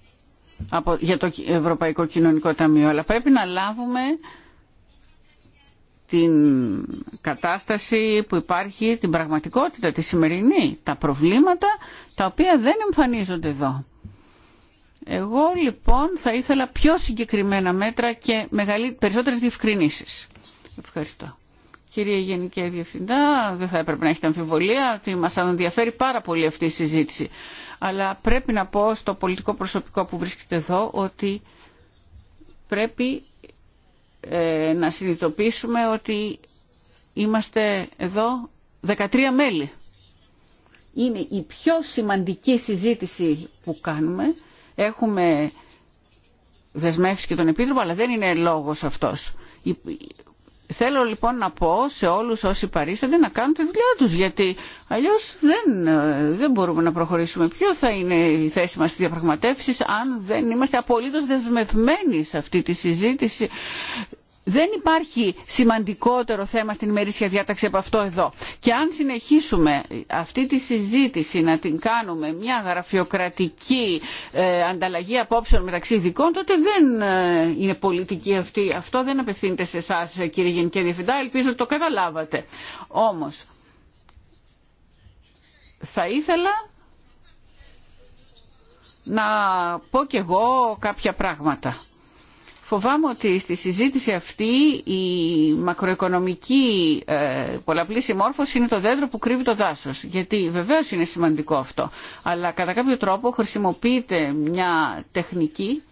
για το Ευρωπαϊκό Κοινωνικό Ταμείο αλλά πρέπει να λάβουμε την κατάσταση που υπάρχει, την πραγματικότητα, τη σημερινή, τα προβλήματα τα οποία δεν εμφανίζονται εδώ. Εγώ λοιπόν θα ήθελα πιο συγκεκριμένα μέτρα και περισσότερες διευκρινήσεις. Ευχαριστώ. Κύριε Γενική Διευθυντά, δεν θα έπρεπε να έχετε αμφιβολία ότι μας ενδιαφέρει πάρα πολύ αυτή η συζήτηση. Αλλά πρέπει να πω στο πολιτικό προσωπικό που βρίσκεται εδώ ότι πρέπει ε, να συνειδητοποιήσουμε ότι είμαστε εδώ 13 μέλη. Είναι η πιο σημαντική συζήτηση που κάνουμε. Έχουμε δεσμεύσει και τον Επίτροπο, αλλά δεν είναι λόγος αυτός. Θέλω λοιπόν να πω σε όλους όσοι παρήσανται να κάνουν τη δουλειά τους γιατί αλλιώς δεν, ε, δεν μπορούμε να προχωρήσουμε. Ποιο θα είναι η θέση μας στις διαπραγματεύσεις αν δεν είμαστε απολύτως δεσμευμένοι σε αυτή τη συζήτηση δεν υπάρχει σημαντικότερο θέμα στην ημερήσια διάταξη από αυτό εδώ. Και αν συνεχίσουμε αυτή τη συζήτηση να την κάνουμε μια γραφειοκρατική ε, ανταλλαγή απόψεων μεταξύ ειδικών, τότε δεν ε, είναι πολιτική αυτή. Αυτό δεν απευθύνεται σε εσά κύριε Γενική Διευθυντά. Ελπίζω ότι το καταλάβατε. Όμως, θα ήθελα να πω κι εγώ κάποια πράγματα. Φοβάμαι ότι στη συζήτηση αυτή η μακροοικονομική ε, πολλαπλή συμμόρφωση είναι το δέντρο που κρύβει το δάσος. Γιατί βεβαίως είναι σημαντικό αυτό. Αλλά κατά κάποιο τρόπο χρησιμοποιείται μια τεχνική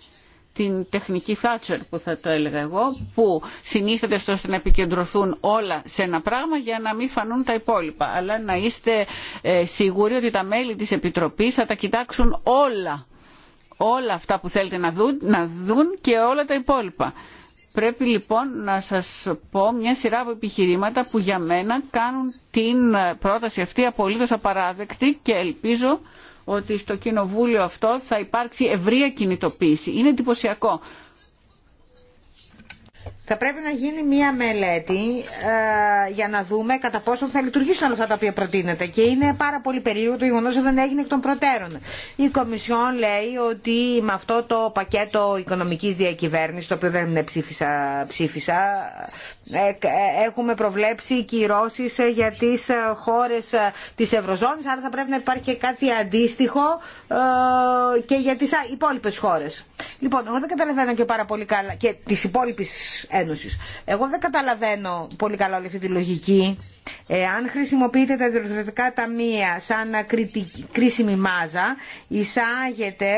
την τεχνική Thatcher που θα το έλεγα εγώ, που συνίσταται στο ώστε να επικεντρωθούν όλα σε ένα πράγμα για να μην φανούν τα υπόλοιπα. Αλλά να είστε ε, σίγουροι ότι τα μέλη της Επιτροπής θα τα κοιτάξουν όλα όλα αυτά που θέλετε να δουν, να δουν και όλα τα υπόλοιπα. Πρέπει λοιπόν να σας πω μια σειρά από επιχειρήματα που για μένα κάνουν την πρόταση αυτή απολύτως απαράδεκτη και ελπίζω ότι στο κοινοβούλιο αυτό θα υπάρξει ευρεία κινητοποίηση. Είναι εντυπωσιακό. Θα πρέπει να γίνει μία μελέτη ε, για να δούμε κατά πόσο θα λειτουργήσουν όλα αυτά τα οποία προτείνεται. Και είναι πάρα πολύ περίεργο το γεγονό ότι δεν έγινε εκ των προτέρων. Η Κομισιόν λέει ότι με αυτό το πακέτο οικονομική διακυβέρνηση, το οποίο δεν ψήφισα, ψήφισα ε, ε, έχουμε προβλέψει κυρώσει για τι χώρε τη Ευρωζώνη. Άρα θα πρέπει να υπάρχει και κάτι αντίστοιχο και για τι υπόλοιπε χώρε. Λοιπόν, εγώ δεν καταλαβαίνω και πάρα πολύ καλά και τι υπόλοιπε Ένωσης. Εγώ δεν καταλαβαίνω πολύ καλά όλη αυτή τη λογική αν χρησιμοποιείτε τα διευθυντικά ταμεία σαν κρίσιμη μάζα, εισάγετε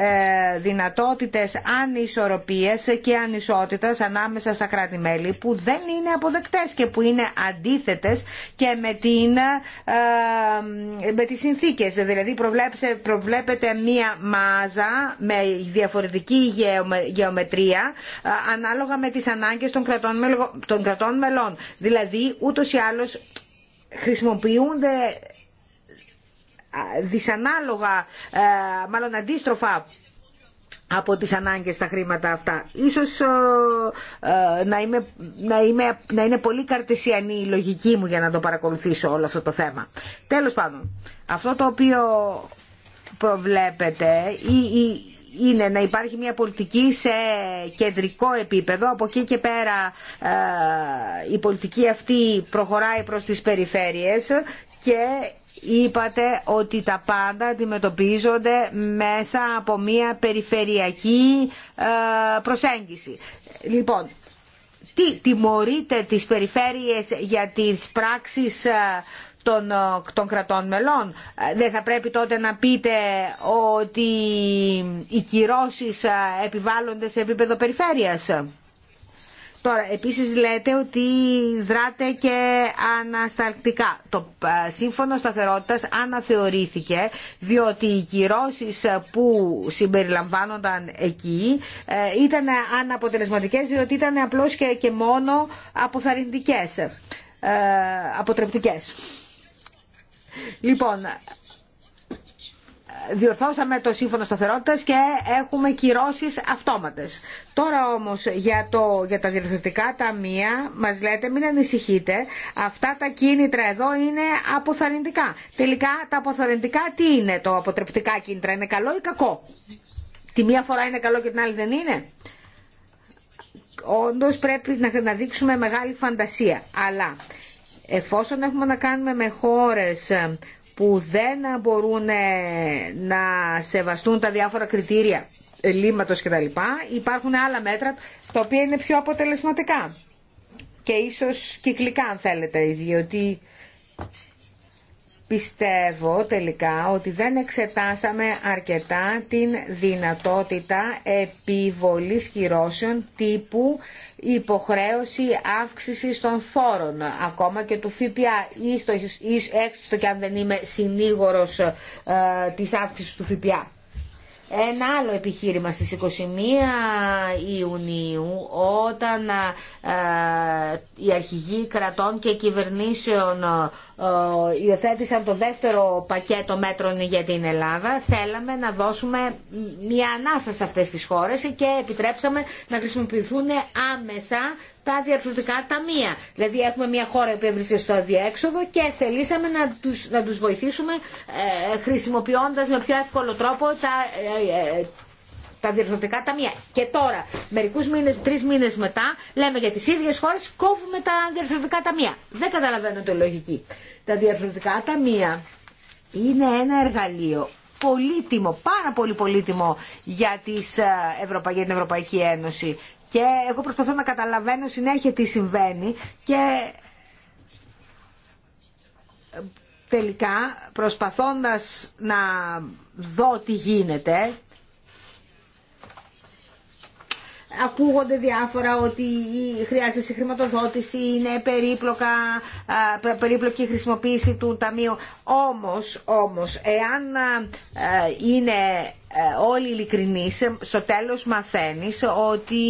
ε, δυνατότητες ανισορροπίας και ανισότητας ανάμεσα στα κράτη-μέλη που δεν είναι αποδεκτές και που είναι αντίθετες και με, την, ε, με τις συνθήκες. Δηλαδή προβλέπετε μία μάζα με διαφορετική γεωμετρία ε, ανάλογα με τις ανάγκες των κρατών, των κρατών μελών. Δηλαδή ούτως ή άλλως χρησιμοποιούνται δυσανάλογα, μάλλον αντίστροφα από τις ανάγκες τα χρήματα αυτά. Ίσως ε, να, είμαι, να, είμαι, να είναι πολύ καρτεσιανή η λογική μου για να το παρακολουθήσω όλο αυτό το θέμα. Τέλος πάντων, αυτό το οποίο προβλέπετε, είναι να υπάρχει μια πολιτική σε κεντρικό επίπεδο. Από εκεί και πέρα ε, η πολιτική αυτή προχωράει προς τις περιφέρειες και είπατε ότι τα πάντα αντιμετωπίζονται μέσα από μια περιφερειακή ε, προσέγγιση. Λοιπόν, τι τιμωρείτε τις περιφέρειες για τις πράξεις ε, ε, των, κρατών μελών. Ε, δεν θα πρέπει τότε να πείτε ότι οι κυρώσεις ε, επιβάλλονται σε επίπεδο περιφέρειας. Τώρα, επίσης λέτε ότι δράτε και ανασταλτικά. Το σύμφωνο σταθερότητας αναθεωρήθηκε, διότι οι κυρώσεις που συμπεριλαμβάνονταν εκεί ήταν αναποτελεσματικές, διότι ήταν απλώς και, και μόνο αποθαρρυντικές, αποτρεπτικές. Λοιπόν, διορθώσαμε το σύμφωνο σταθερότητας και έχουμε κυρώσεις αυτόματες. Τώρα όμως για, το, για τα διορθωτικά ταμεία μας λέτε μην ανησυχείτε, αυτά τα κίνητρα εδώ είναι αποθαρρυντικά. Τελικά τα αποθαρρυντικά τι είναι το αποτρεπτικά κίνητρα, είναι καλό ή κακό. Τη μία φορά είναι καλό και την άλλη δεν είναι. Όντως πρέπει να δείξουμε μεγάλη φαντασία. Αλλά Εφόσον έχουμε να κάνουμε με χώρες ε, που δεν μπορούν ε, να σεβαστούν τα διάφορα κριτήρια λύματος κτλ. Υπάρχουν άλλα μέτρα τα οποία είναι πιο αποτελεσματικά και ίσως κυκλικά αν θέλετε, διότι Πιστεύω τελικά ότι δεν εξετάσαμε αρκετά την δυνατότητα επιβολής κυρώσεων τύπου υποχρέωση αύξησης των φόρων, ακόμα και του ΦΠΑ, ή στο, και αν δεν είμαι συνήγορος ε, της αύξησης του ΦΠΑ ένα άλλο επιχείρημα στις 21 Ιουνίου όταν η ε, οι αρχηγοί κρατών και κυβερνήσεων ε, υιοθέτησαν το δεύτερο πακέτο μέτρων για την Ελλάδα θέλαμε να δώσουμε μια ανάσα σε αυτές τις χώρες και επιτρέψαμε να χρησιμοποιηθούν άμεσα τα διαρθρωτικά ταμεία. Δηλαδή έχουμε μια χώρα που έβρισκε στο αδιέξοδο και θελήσαμε να τους, να τους βοηθήσουμε ε, χρησιμοποιώντας με πιο εύκολο τρόπο τα, ε, ε, τα ταμεία. Και τώρα, μερικού μήνε, τρει μήνε μετά, λέμε για τι ίδιε χώρε κόβουμε τα διορθωτικά ταμεία. Δεν καταλαβαίνω τη λογική. Τα διορθωτικά ταμεία είναι ένα εργαλείο πολύτιμο, πάρα πολύ πολύτιμο για, τις, ε, για την Ευρωπαϊκή Ένωση και εγώ προσπαθώ να καταλαβαίνω συνέχεια τι συμβαίνει και τελικά προσπαθώντας να δω τι γίνεται ακούγονται διάφορα ότι χρειάζεται συγχρηματοδότηση, χρηματοδότηση, είναι περίπλοκα, περίπλοκη χρησιμοποίηση του ταμείου. Όμως, όμως, εάν είναι ε, όλοι ειλικρινεί, στο τέλος μαθαίνεις ότι...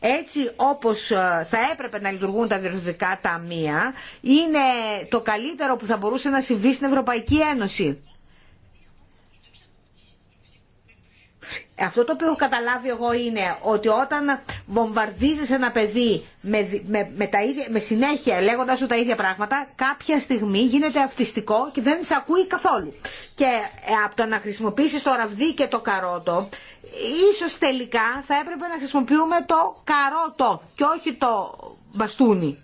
έτσι όπως ε, θα έπρεπε να λειτουργούν τα διευθυντικά ταμεία, είναι το καλύτερο που θα μπορούσε να συμβεί στην Ευρωπαϊκή Ένωση. Αυτό το οποίο έχω καταλάβει εγώ είναι ότι όταν βομβαρδίζεις ένα παιδί με, με, με, τα με συνέχεια λέγοντας σου τα ίδια πράγματα, κάποια στιγμή γίνεται αυτιστικό και δεν σε ακούει καθόλου. Και ε, από το να χρησιμοποιήσεις το ραβδί και το καρότο, ίσως τελικά θα έπρεπε να χρησιμοποιούμε το καρότο και όχι το μπαστούνι.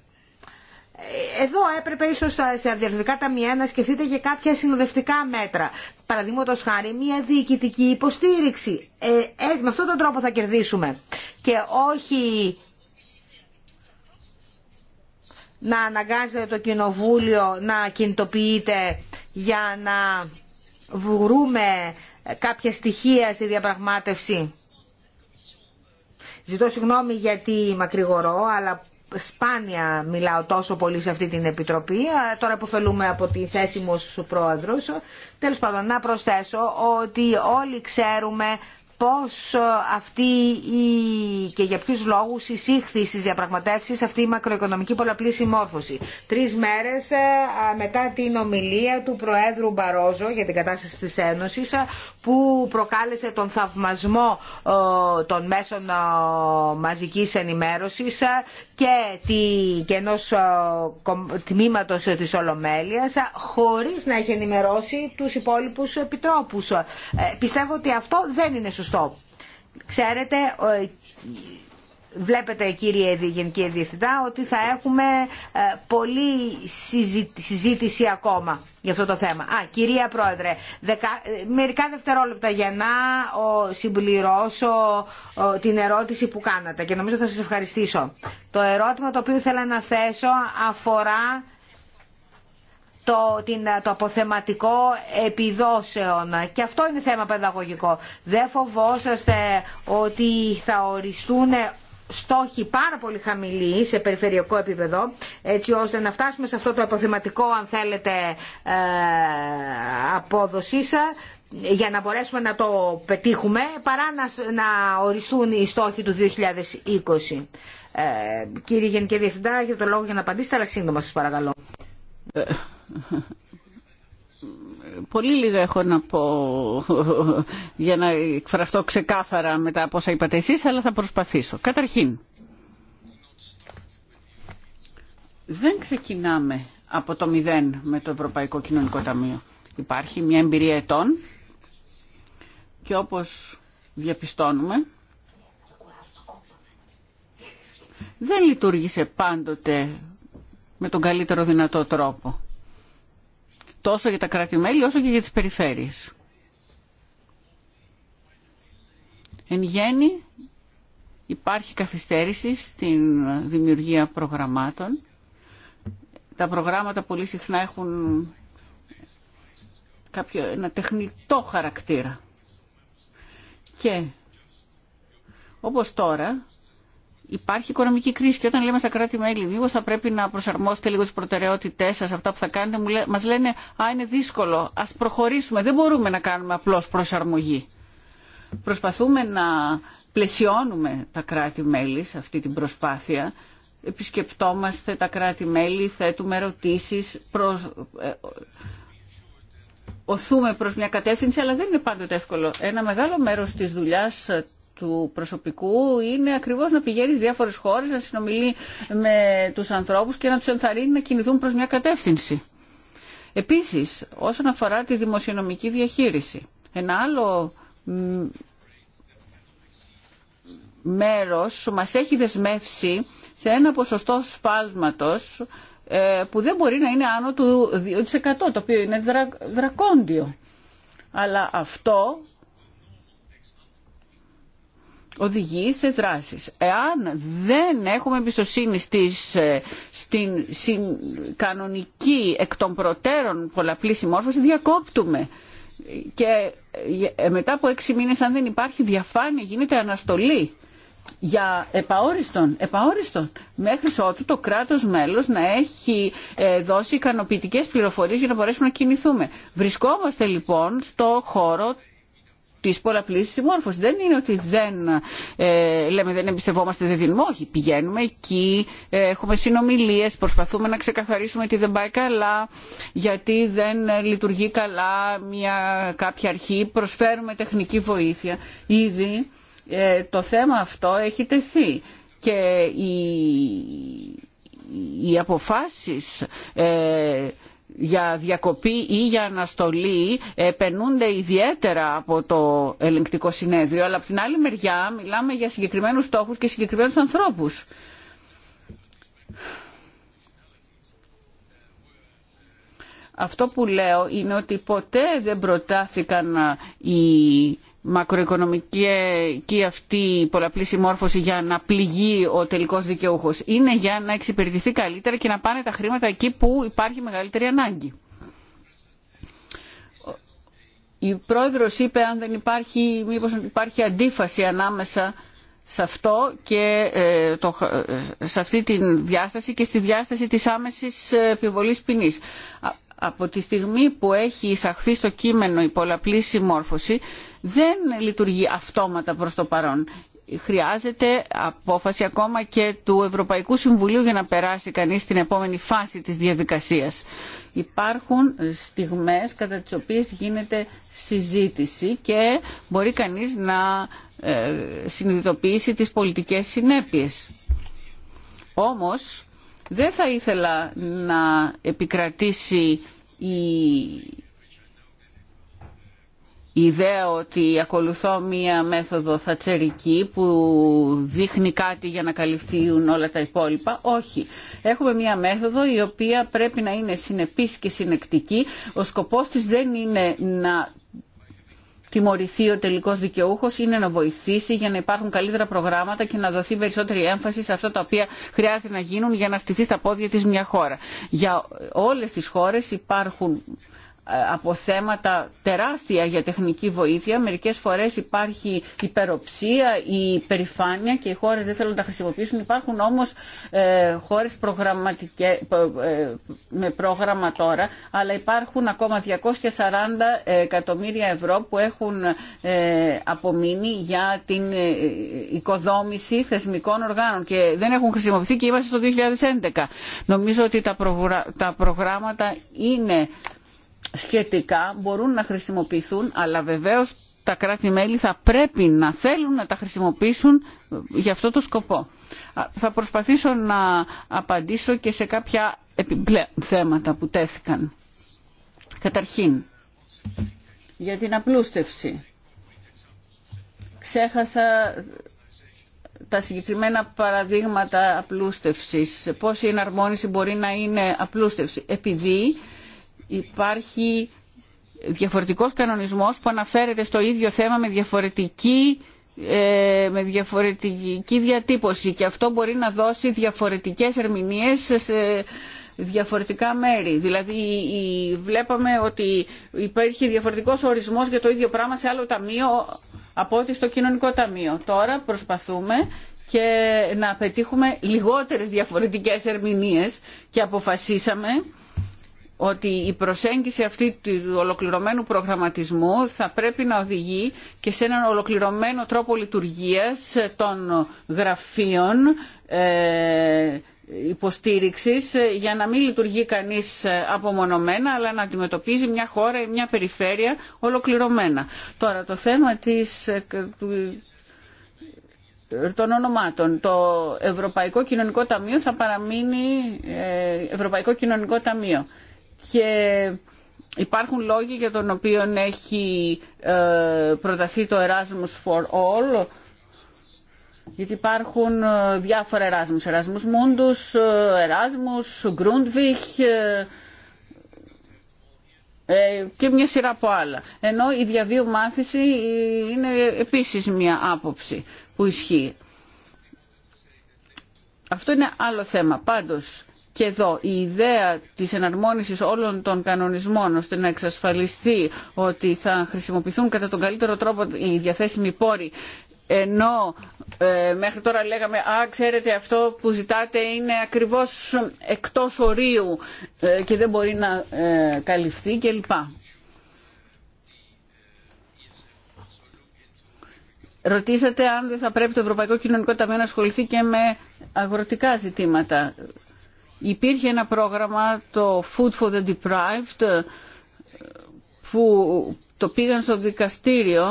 Ε, εδώ έπρεπε ίσω σε διαρθρωτικά ταμεία να σκεφτείτε και κάποια συνοδευτικά μέτρα. Παραδείγματο χάρη, μια διοικητική υποστήριξη. Ε, ε, με αυτόν τον τρόπο θα κερδίσουμε. Και όχι να αναγκάζεται το κοινοβούλιο να κινητοποιείται για να βρούμε κάποια στοιχεία στη διαπραγμάτευση. Ζητώ συγγνώμη γιατί μακρηγορώ, αλλά σπάνια μιλάω τόσο πολύ σε αυτή την επιτροπή, τώρα που θέλουμε από τη θέση μου ως πρόεδρος. Τέλος πάντων, να προσθέσω ότι όλοι ξέρουμε πώς ε, αυτή η, και για ποιους λόγους εισήχθη στις διαπραγματεύσεις αυτή η μακροοικονομική πολλαπλή συμμόρφωση. Τρεις μέρες ε, μετά την ομιλία του Προέδρου Μπαρόζο για την κατάσταση της Ένωσης ε, που προκάλεσε τον θαυμασμό των μέσων μαζικής ενημέρωσης και, ενό και ενός τμήματος της Ολομέλειας χωρίς να έχει ενημερώσει τους υπόλοιπους επιτρόπους. Πιστεύω ότι αυτό δεν είναι σωστό σωστό. Ξέρετε, βλέπετε κύριε Γενική Διευθυντά ότι θα έχουμε ε, πολλή συζήτηση ακόμα για αυτό το θέμα. Α, κυρία Πρόεδρε, ε, μερικά δευτερόλεπτα για να συμπληρώσω την ερώτηση που κάνατε και νομίζω θα σας ευχαριστήσω. Το ερώτημα το οποίο ήθελα να θέσω αφορά το, το αποθεματικό επιδόσεων. Και αυτό είναι θέμα παιδαγωγικό. Δεν φοβόσαστε ότι θα οριστούν στόχοι πάρα πολύ χαμηλοί σε περιφερειακό επίπεδο, έτσι ώστε να φτάσουμε σε αυτό το αποθεματικό, αν θέλετε, ε, για να μπορέσουμε να το πετύχουμε, παρά να, οριστούν οι στόχοι του 2020. Ε, κύριε Γενική Διευθυντά, για το λόγο για να απαντήσετε, αλλά σύντομα σας παρακαλώ. Ε, Πολύ λίγα έχω να πω για να εκφραστώ ξεκάθαρα μετά από όσα είπατε εσείς, αλλά θα προσπαθήσω. Καταρχήν, δεν ξεκινάμε από το μηδέν με το Ευρωπαϊκό Κοινωνικό Ταμείο. Υπάρχει μια εμπειρία ετών και όπως διαπιστώνουμε, δεν λειτουργήσε πάντοτε με τον καλύτερο δυνατό τρόπο τόσο για τα κράτη-μέλη όσο και για τις περιφέρειες. Εν γέννη υπάρχει καθυστέρηση στην δημιουργία προγραμμάτων. Τα προγράμματα πολύ συχνά έχουν κάποιο, ένα τεχνητό χαρακτήρα. Και όπως τώρα υπάρχει οικονομική κρίση και όταν λέμε στα κράτη-μέλη, μήπω θα πρέπει να προσαρμόσετε λίγο τι προτεραιότητέ σα, αυτά που θα κάνετε, μα λένε Α, είναι δύσκολο, α προχωρήσουμε. Δεν μπορούμε να κάνουμε απλώ προσαρμογή. Προσπαθούμε να πλαισιώνουμε τα κράτη-μέλη σε αυτή την προσπάθεια. Επισκεπτόμαστε τα κράτη-μέλη, θέτουμε ερωτήσει, προ... Ε, οθούμε προ μια κατεύθυνση, αλλά δεν είναι πάντοτε εύκολο. Ένα μεγάλο μέρο τη δουλειά του προσωπικού είναι ακριβώς να πηγαίνει σε διάφορες χώρες, να συνομιλεί με τους ανθρώπους και να τους ενθαρρύνει να κινηθούν προς μια κατεύθυνση. Επίσης, όσον αφορά τη δημοσιονομική διαχείριση, ένα άλλο μέρος μας έχει δεσμεύσει σε ένα ποσοστό σφάλματος ε, που δεν μπορεί να είναι άνω του 2% το οποίο είναι δρακόντιο. Αλλά αυτό οδηγεί σε δράσεις. Εάν δεν έχουμε εμπιστοσύνη στις, ε, στην, κανονική εκ των προτέρων πολλαπλή συμμόρφωση, διακόπτουμε. Και ε, ε, μετά από έξι μήνες, αν δεν υπάρχει διαφάνεια, γίνεται αναστολή για επαόριστον, επαόριστον, μέχρι ότου το κράτος μέλος να έχει δώσει ικανοποιητικές πληροφορίες για να μπορέσουμε να κινηθούμε. Βρισκόμαστε λοιπόν στο χώρο της πολλαπλής συμμόρφωση. Δεν είναι ότι δεν ε, δεν εμπιστευόμαστε, δεν δίνουμε. Όχι, πηγαίνουμε εκεί, ε, έχουμε συνομιλίες, προσπαθούμε να ξεκαθαρίσουμε τι δεν πάει καλά, γιατί δεν λειτουργεί καλά μια κάποια αρχή, προσφέρουμε τεχνική βοήθεια. Ήδη ε, το θέμα αυτό έχει τεθεί και οι, οι αποφάσεις... Ε, για διακοπή ή για αναστολή ε, επενούνται ιδιαίτερα από το ελεγκτικό συνέδριο, αλλά από την άλλη μεριά μιλάμε για συγκεκριμένους στόχους και συγκεκριμένους ανθρώπους. Αυτό που λέω είναι ότι ποτέ δεν προτάθηκαν ε, οι μακροοικονομική ε, αυτή η πολλαπλή συμμόρφωση για να πληγεί ο τελικός δικαιούχος. Είναι για να εξυπηρετηθεί καλύτερα και να πάνε τα χρήματα εκεί που υπάρχει μεγαλύτερη ανάγκη. Η πρόεδρος είπε αν δεν υπάρχει, μήπως υπάρχει αντίφαση ανάμεσα σε αυτό και ε, το, ε, σε αυτή τη διάσταση και στη διάσταση της άμεσης επιβολής ποινής. Από τη στιγμή που έχει εισαχθεί στο κείμενο η πολλαπλή συμμόρφωση, δεν λειτουργεί αυτόματα προς το παρόν. Χρειάζεται απόφαση ακόμα και του Ευρωπαϊκού Συμβουλίου για να περάσει κανείς στην επόμενη φάση της διαδικασίας. Υπάρχουν στιγμές κατά τις οποίες γίνεται συζήτηση και μπορεί κανείς να ε, συνειδητοποιήσει τις πολιτικές συνέπειες. Όμως δεν θα ήθελα να επικρατήσει η η ιδέα ότι ακολουθώ μία μέθοδο θατσερική που δείχνει κάτι για να καλυφθούν όλα τα υπόλοιπα. Όχι. Έχουμε μία μέθοδο η οποία πρέπει να είναι συνεπής και συνεκτική. Ο σκοπός της δεν είναι να τιμωρηθεί ο τελικός δικαιούχος, είναι να βοηθήσει για να υπάρχουν καλύτερα προγράμματα και να δοθεί περισσότερη έμφαση σε αυτά τα οποία χρειάζεται να γίνουν για να στηθεί στα πόδια της μια χώρα. Για όλες τις χώρες υπάρχουν ε, από θέματα τεράστια για τεχνική βοήθεια. Μερικές φορές υπάρχει υπεροψία, η υπερηφάνεια και οι χώρες δεν θέλουν να τα χρησιμοποιήσουν. Υπάρχουν όμως ε, χώρες ε, με πρόγραμμα τώρα, αλλά υπάρχουν ακόμα 240 εκατομμύρια ευρώ που έχουν ε, απομείνει για την οικοδόμηση θεσμικών οργάνων και δεν έχουν χρησιμοποιηθεί και είμαστε στο 2011. Νομίζω ότι τα προγράμματα είναι σχετικά μπορούν να χρησιμοποιηθούν, αλλά βεβαίως τα κράτη-μέλη θα πρέπει να θέλουν να τα χρησιμοποιήσουν για αυτό το σκοπό. Θα προσπαθήσω να απαντήσω και σε κάποια θέματα που τέθηκαν. Καταρχήν, για την απλούστευση. Ξέχασα τα συγκεκριμένα παραδείγματα απλούστευσης. Πώς η εναρμόνιση μπορεί να είναι απλούστευση. Επειδή υπάρχει διαφορετικός κανονισμός που αναφέρεται στο ίδιο θέμα με διαφορετική ε, με διαφορετική διατύπωση και αυτό μπορεί να δώσει διαφορετικές ερμηνείες σε διαφορετικά μέρη. Δηλαδή βλέπαμε ότι υπάρχει διαφορετικός ορισμός για το ίδιο πράγμα σε άλλο ταμείο από ότι στο κοινωνικό ταμείο. Τώρα προσπαθούμε και να πετύχουμε λιγότερες διαφορετικές ερμηνείες και αποφασίσαμε ότι η προσέγγιση αυτή του ολοκληρωμένου προγραμματισμού θα πρέπει να οδηγεί και σε έναν ολοκληρωμένο τρόπο λειτουργίας των γραφείων ε, υποστήριξης για να μην λειτουργεί κανείς απομονωμένα αλλά να αντιμετωπίζει μια χώρα ή μια περιφέρεια ολοκληρωμένα. Τώρα το θέμα της, ε, των ονομάτων. Το Ευρωπαϊκό Κοινωνικό Ταμείο θα παραμείνει ε, Ευρωπαϊκό Κοινωνικό Ταμείο και υπάρχουν λόγοι για τον οποίο έχει ε, προταθεί το Erasmus for All γιατί υπάρχουν ε, διάφορα Εράσμους, Erasmus Μούντους, Εράσμους, ε, ε, και μια σειρά από άλλα. Ενώ η διαβίου μάθηση είναι επίσης μια άποψη που ισχύει. Αυτό είναι άλλο θέμα. Πάντως, και εδώ η ιδέα της εναρμόνισης όλων των κανονισμών ώστε να εξασφαλιστεί ότι θα χρησιμοποιηθούν κατά τον καλύτερο τρόπο οι διαθέσιμοι πόροι ενώ ε, μέχρι τώρα λέγαμε «Α, ξέρετε αυτό που ζητάτε είναι ακριβώς εκτός ορίου ε, και δεν μπορεί να ε, καλυφθεί» κλπ. Ρωτήσατε αν δεν θα πρέπει το Ευρωπαϊκό Κοινωνικό Ταμείο να ασχοληθεί και με αγροτικά ζητήματα. Υπήρχε ένα πρόγραμμα, το Food for the Deprived, που το πήγαν στο δικαστήριο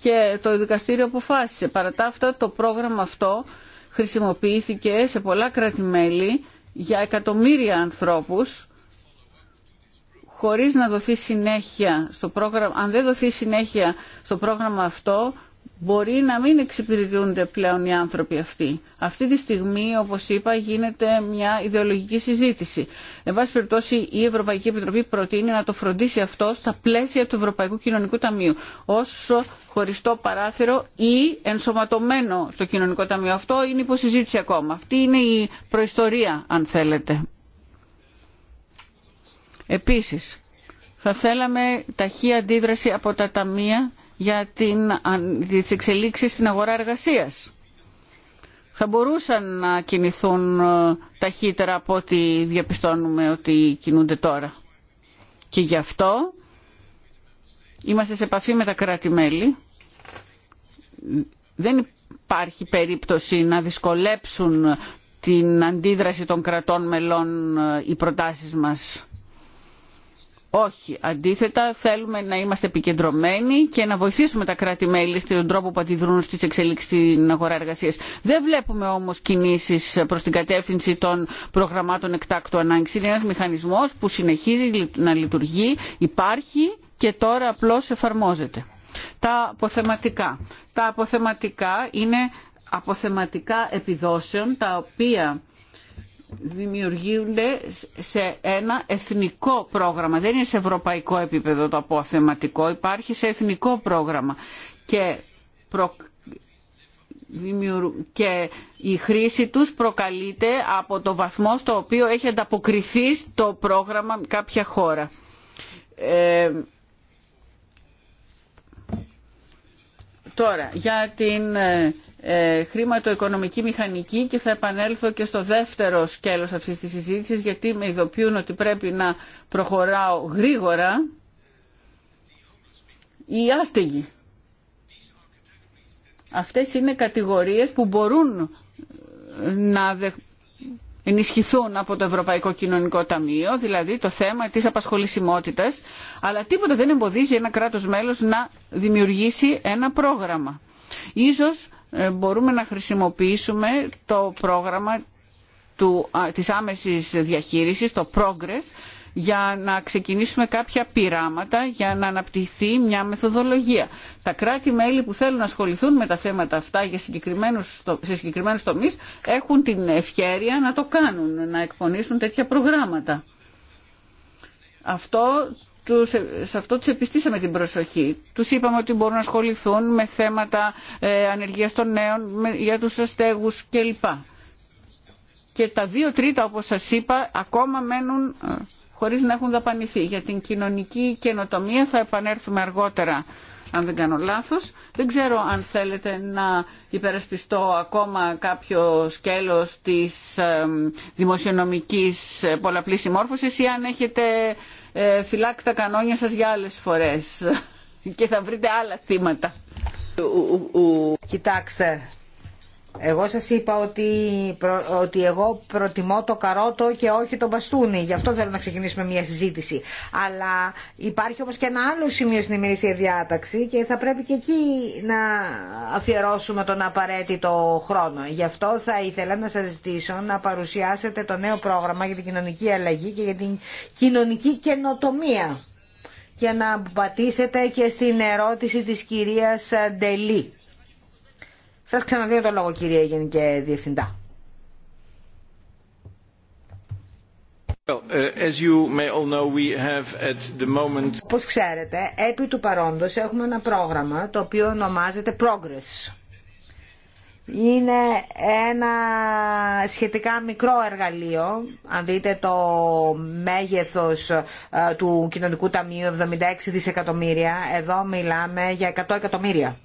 και το δικαστήριο αποφάσισε. Παρά τα αυτά το πρόγραμμα αυτό χρησιμοποιήθηκε σε πολλά κράτη-μέλη για εκατομμύρια ανθρώπους χωρίς να δοθεί συνέχεια στο πρόγραμμα. Αν δεν δοθεί συνέχεια στο πρόγραμμα αυτό μπορεί να μην εξυπηρετούνται πλέον οι άνθρωποι αυτοί. Αυτή τη στιγμή, όπως είπα, γίνεται μια ιδεολογική συζήτηση. Εν πάση περιπτώσει, η Ευρωπαϊκή Επιτροπή προτείνει να το φροντίσει αυτό στα πλαίσια του Ευρωπαϊκού Κοινωνικού Ταμείου, όσο χωριστό παράθυρο ή ενσωματωμένο στο Κοινωνικό Ταμείο. Αυτό είναι υποσυζήτηση ακόμα. Αυτή είναι η προϊστορία, αν θέλετε. Επίσης, θα θέλαμε ταχύ αντίδραση από τα ταμεία για την, τις εξελίξεις στην αγορά εργασίας. Θα μπορούσαν να κινηθούν ε, ταχύτερα από ό,τι διαπιστώνουμε ότι κινούνται τώρα. Και γι' αυτό είμαστε σε επαφή με τα κράτη-μέλη. Δεν υπάρχει περίπτωση να δυσκολέψουν την αντίδραση των κρατών μελών ε, οι προτάσεις μας όχι. Αντίθετα, θέλουμε να είμαστε επικεντρωμένοι και να βοηθήσουμε τα κράτη-μέλη στον τρόπο που αντιδρούν στι εξελίξει στην αγορά εργασία. Δεν βλέπουμε όμω κινήσει προ την κατεύθυνση των προγραμμάτων εκτάκτου ανάγκη. Είναι ένα μηχανισμό που συνεχίζει να λειτουργεί, υπάρχει και τώρα απλώ εφαρμόζεται. Τα αποθεματικά. Τα αποθεματικά είναι αποθεματικά επιδόσεων τα οποία δημιουργούνται σε ένα εθνικό πρόγραμμα. Δεν είναι σε ευρωπαϊκό επίπεδο το αποθεματικό, υπάρχει σε εθνικό πρόγραμμα. Και, και η χρήση τους προκαλείται από το βαθμό στο οποίο έχει ανταποκριθεί το πρόγραμμα κάποια χώρα. Ε, τώρα, για την ε, ε, χρηματοοικονομική μηχανική και θα επανέλθω και στο δεύτερο σκέλος αυτής της συζήτησης γιατί με ειδοποιούν ότι πρέπει να προχωράω γρήγορα οι άστεγοι. Αυτές είναι κατηγορίες που μπορούν ε, να ενισχυθούν από το Ευρωπαϊκό Κοινωνικό Ταμείο, δηλαδή το θέμα της απασχολησιμότητας, αλλά τίποτα δεν εμποδίζει ένα κράτος μέλος να δημιουργήσει ένα πρόγραμμα. Ίσως ε, μπορούμε να χρησιμοποιήσουμε το πρόγραμμα του, της άμεσης διαχείρισης, το Progress, για να ξεκινήσουμε κάποια πειράματα για να αναπτυχθεί μια μεθοδολογία. Τα κράτη-μέλη που θέλουν να ασχοληθούν με τα θέματα αυτά για συγκεκριμένους, σε συγκεκριμένους τομείς έχουν την ευκαιρία να το κάνουν, να εκπονήσουν τέτοια προγράμματα. Αυτό σε αυτό τους επιστήσαμε την προσοχή. Τους είπαμε ότι μπορούν να ασχοληθούν με θέματα ε, ανεργίας των νέων, για τους αστέγους κλπ. Και τα δύο τρίτα, όπως σας είπα, ακόμα μένουν ε, χωρίς να έχουν δαπανηθεί. Για την κοινωνική καινοτομία θα επανέλθουμε αργότερα, αν δεν κάνω λάθος. Δεν ξέρω αν θέλετε να υπερασπιστώ ακόμα κάποιο σκέλος της ε, δημοσιονομικής πολλαπλής συμμόρφωσης ή αν έχετε ε, φυλάξτε τα κανόνια σας για άλλες φορές και θα βρείτε άλλα θύματα. Κοιτάξτε, εγώ σας είπα ότι, ότι εγώ προτιμώ το καρότο και όχι το μπαστούνι. Γι' αυτό θέλω να ξεκινήσουμε μια συζήτηση. Αλλά υπάρχει όμως και ένα άλλο σημείο στην ημερήσια διάταξη και θα πρέπει και εκεί να αφιερώσουμε τον απαραίτητο χρόνο. Γι' αυτό θα ήθελα να σας ζητήσω να παρουσιάσετε το νέο πρόγραμμα για την κοινωνική αλλαγή και για την κοινωνική καινοτομία και να πατήσετε και στην ερώτηση της κυρίας Ντελή Σα ξαναδίνω το λόγο κύριε Γενική Διευθυντά. Όπως ξέρετε, επί του παρόντος έχουμε ένα πρόγραμμα το οποίο ονομάζεται Progress. Είναι ένα σχετικά μικρό εργαλείο, αν δείτε το μέγεθος ε, του Κοινωνικού Ταμείου, 76 δισεκατομμύρια, εδώ μιλάμε για 100 εκατομμύρια,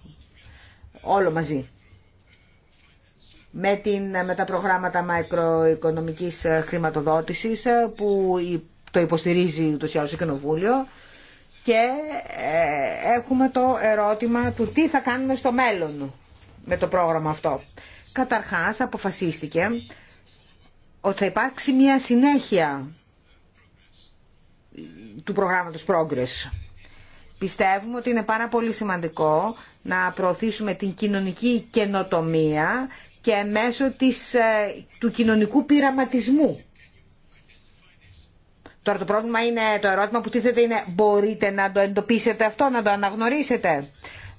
όλο μαζί με, την, τα προγράμματα μακροοικονομικής ε, χρηματοδότησης ε, που το υποστηρίζει το ή Κοινοβούλιο και ε, έχουμε το ερώτημα του τι θα κάνουμε στο μέλλον με το πρόγραμμα αυτό. Καταρχάς αποφασίστηκε ότι θα υπάρξει μια συνέχεια του προγράμματος Progress. Πιστεύουμε ότι είναι πάρα πολύ σημαντικό να προωθήσουμε την κοινωνική καινοτομία και μέσω της, ε, του κοινωνικού πειραματισμού. Τώρα το πρόβλημα είναι, το ερώτημα που τίθεται είναι μπορείτε να το εντοπίσετε αυτό, να το αναγνωρίσετε.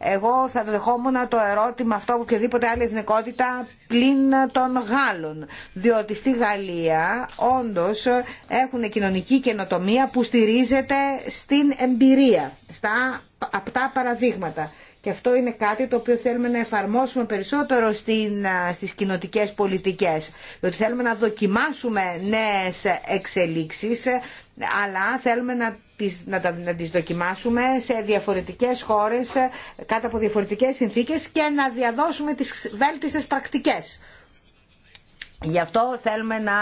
Εγώ θα δεχόμουν το ερώτημα αυτό από οποιαδήποτε άλλη εθνικότητα πλην των Γάλλων. Διότι στη Γαλλία όντως έχουν κοινωνική καινοτομία που στηρίζεται στην εμπειρία, στα απτά παραδείγματα. Και αυτό είναι κάτι το οποίο θέλουμε να εφαρμόσουμε περισσότερο στην, στις κοινοτικές πολιτικές. Διότι θέλουμε να δοκιμάσουμε νέες εξελίξεις, αλλά θέλουμε να τις, να, τα, να τις δοκιμάσουμε σε διαφορετικές χώρες, κάτω από διαφορετικές συνθήκες και να διαδώσουμε τις βέλτιστες πρακτικές. Γι' αυτό θέλουμε να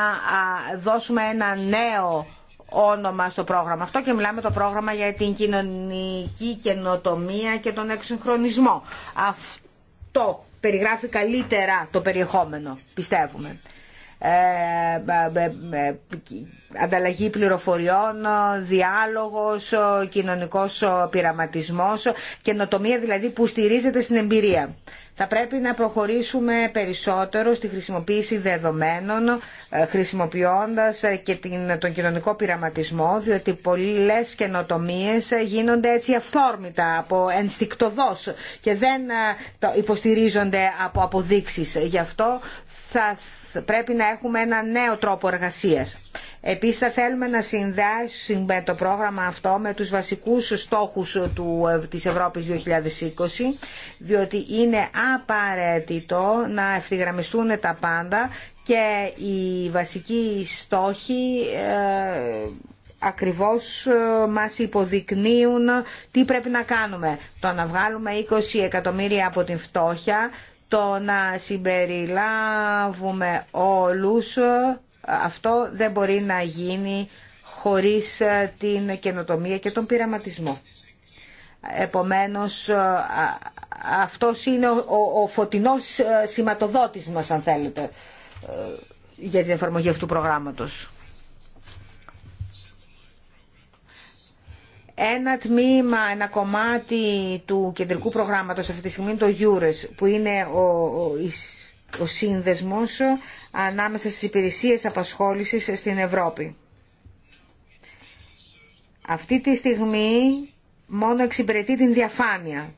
δώσουμε ένα νέο όνομα στο πρόγραμμα αυτό και μιλάμε το πρόγραμμα για την κοινωνική καινοτομία και τον εξυγχρονισμό. Αυτό περιγράφει καλύτερα το περιεχόμενο, πιστεύουμε. Ε, ε, ε, ανταλλαγή πληροφοριών, διάλογος, κοινωνικός πειραματισμός, καινοτομία δηλαδή που στηρίζεται στην εμπειρία. Θα πρέπει να προχωρήσουμε περισσότερο στη χρησιμοποίηση δεδομένων, χρησιμοποιώντας και την, τον κοινωνικό πειραματισμό, διότι πολλές καινοτομίε γίνονται έτσι αυθόρμητα, από ενστικτοδός και δεν υποστηρίζονται από αποδείξεις. Γι' αυτό θα πρέπει να έχουμε ένα νέο τρόπο εργασίας. Επίσης θα θέλουμε να συνδέσουμε το πρόγραμμα αυτό με τους βασικούς στόχους του, ε, της Ευρώπης 2020, διότι είναι απαραίτητο να ευθυγραμμιστούν τα πάντα και οι βασικοί στόχοι ε, ακριβώς ε, μας υποδεικνύουν τι πρέπει να κάνουμε. Το να βγάλουμε 20 εκατομμύρια από την φτώχεια, το να συμπεριλάβουμε όλους αυτό δεν μπορεί να γίνει χωρίς την καινοτομία και τον πειραματισμό. Επομένως, αυτό είναι ο φωτεινός ε, σηματοδότης μας, αν θέλετε, ε, για την εφαρμογή αυτού του προγράμματος. ένα τμήμα, ένα κομμάτι του κεντρικού προγράμματος αυτή τη στιγμή είναι το EURES που είναι ο, ο, σύνδεσμος ανάμεσα στις υπηρεσίες απασχόλησης στην Ευρώπη. Αυτή τη στιγμή μόνο εξυπηρετεί την διαφάνεια.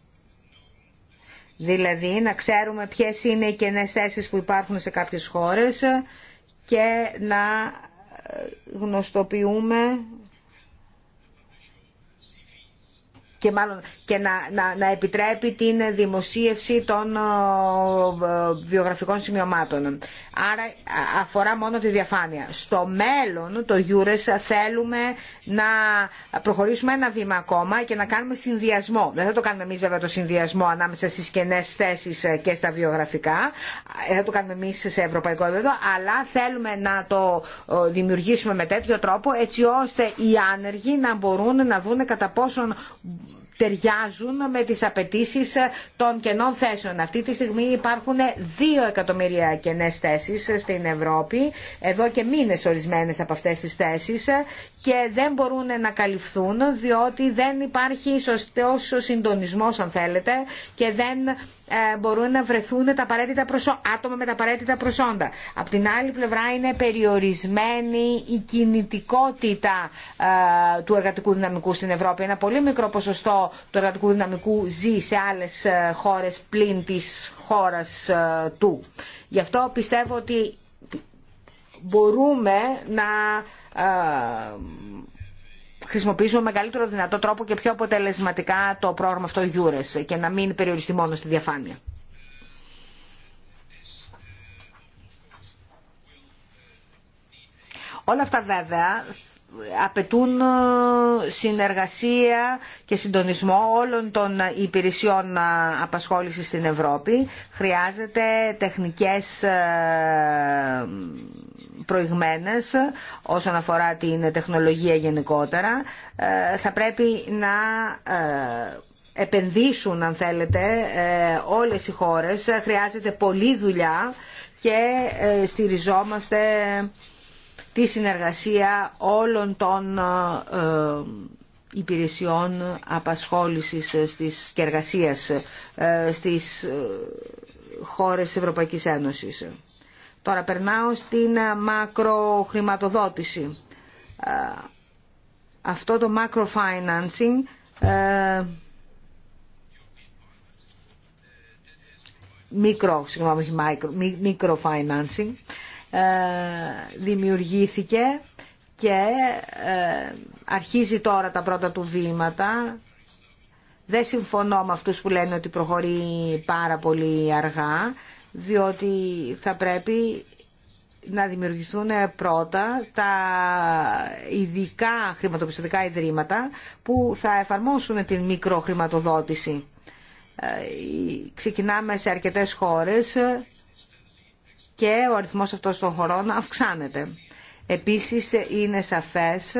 Δηλαδή να ξέρουμε ποιες είναι οι κενές θέσεις που υπάρχουν σε κάποιες χώρες και να ε, γνωστοποιούμε και μάλλον και να, να, να επιτρέπει την δημοσίευση των βιογραφικών σημειωμάτων. Άρα αφορά μόνο τη διαφάνεια. Στο μέλλον το Γιούρες θέλουμε να προχωρήσουμε ένα βήμα ακόμα και να κάνουμε συνδυασμό. Δεν θα το κάνουμε εμείς βέβαια το συνδυασμό ανάμεσα στις κενές θέσεις ε, και στα βιογραφικά. Δεν θα το κάνουμε εμείς σε ευρωπαϊκό επίπεδο, αλλά θέλουμε να το δημιουργήσουμε με τέτοιο τρόπο έτσι ώστε οι άνεργοι να μπορούν να δούνε κατά πόσον ταιριάζουν με τις απαιτήσει των κενών θέσεων. Αυτή τη στιγμή υπάρχουν δύο εκατομμύρια κενές θέσεις στην Ευρώπη, εδώ και μήνες ορισμένες από αυτές τις θέσεις και δεν μπορούν να καλυφθούν διότι δεν υπάρχει σωστός συντονισμός αν θέλετε και δεν ε, μπορούν να βρεθούν τα απαραίτητα προσό... άτομα με τα απαραίτητα προσόντα. Απ' την άλλη πλευρά είναι περιορισμένη η κινητικότητα ε, του εργατικού δυναμικού στην Ευρώπη. Ένα πολύ μικρό ποσοστό του εργατικού δυναμικού ζει σε άλλες ε, χώρες πλην της χώρας του. Γι' αυτό πιστεύω ότι μπορούμε να χρησιμοποιήσουμε μεγαλύτερο δυνατό τρόπο και πιο αποτελεσματικά το πρόγραμμα αυτό EURES και να μην περιοριστεί μόνο στη διαφάνεια. Όλα αυτά βέβαια απαιτούν ε, συνεργασία και συντονισμό όλων των υπηρεσιών ε, απασχόλησης στην Ευρώπη. Χρειάζεται τεχνικές ε, προηγμένες όσον αφορά την τεχνολογία γενικότερα ε, θα πρέπει να ε, επενδύσουν αν θέλετε ε, όλες οι χώρες χρειάζεται πολλή δουλειά και στηριζόμαστε τη συνεργασία όλων των υπηρεσιών απασχόλησης στις, και εργασίας στις χώρες της Ευρωπαϊκής Ένωσης. Τώρα περνάω στην ε, μακροχρηματοδότηση. Ε, αυτό το macrofinancing ε, μικρό, συγγνώμη, microfinancing δημιουργήθηκε και αρχίζει τώρα τα πρώτα του βήματα. Δεν συμφωνώ με αυτούς που λένε ότι προχωρεί πάρα πολύ αργά διότι θα πρέπει να δημιουργηθούν πρώτα τα ειδικά χρηματοπιστωτικά ιδρύματα που θα εφαρμόσουν την μικροχρηματοδότηση. Ε, ξεκινάμε σε αρκετές χώρες και ο αριθμός αυτός των χωρών αυξάνεται. Επίσης είναι σαφές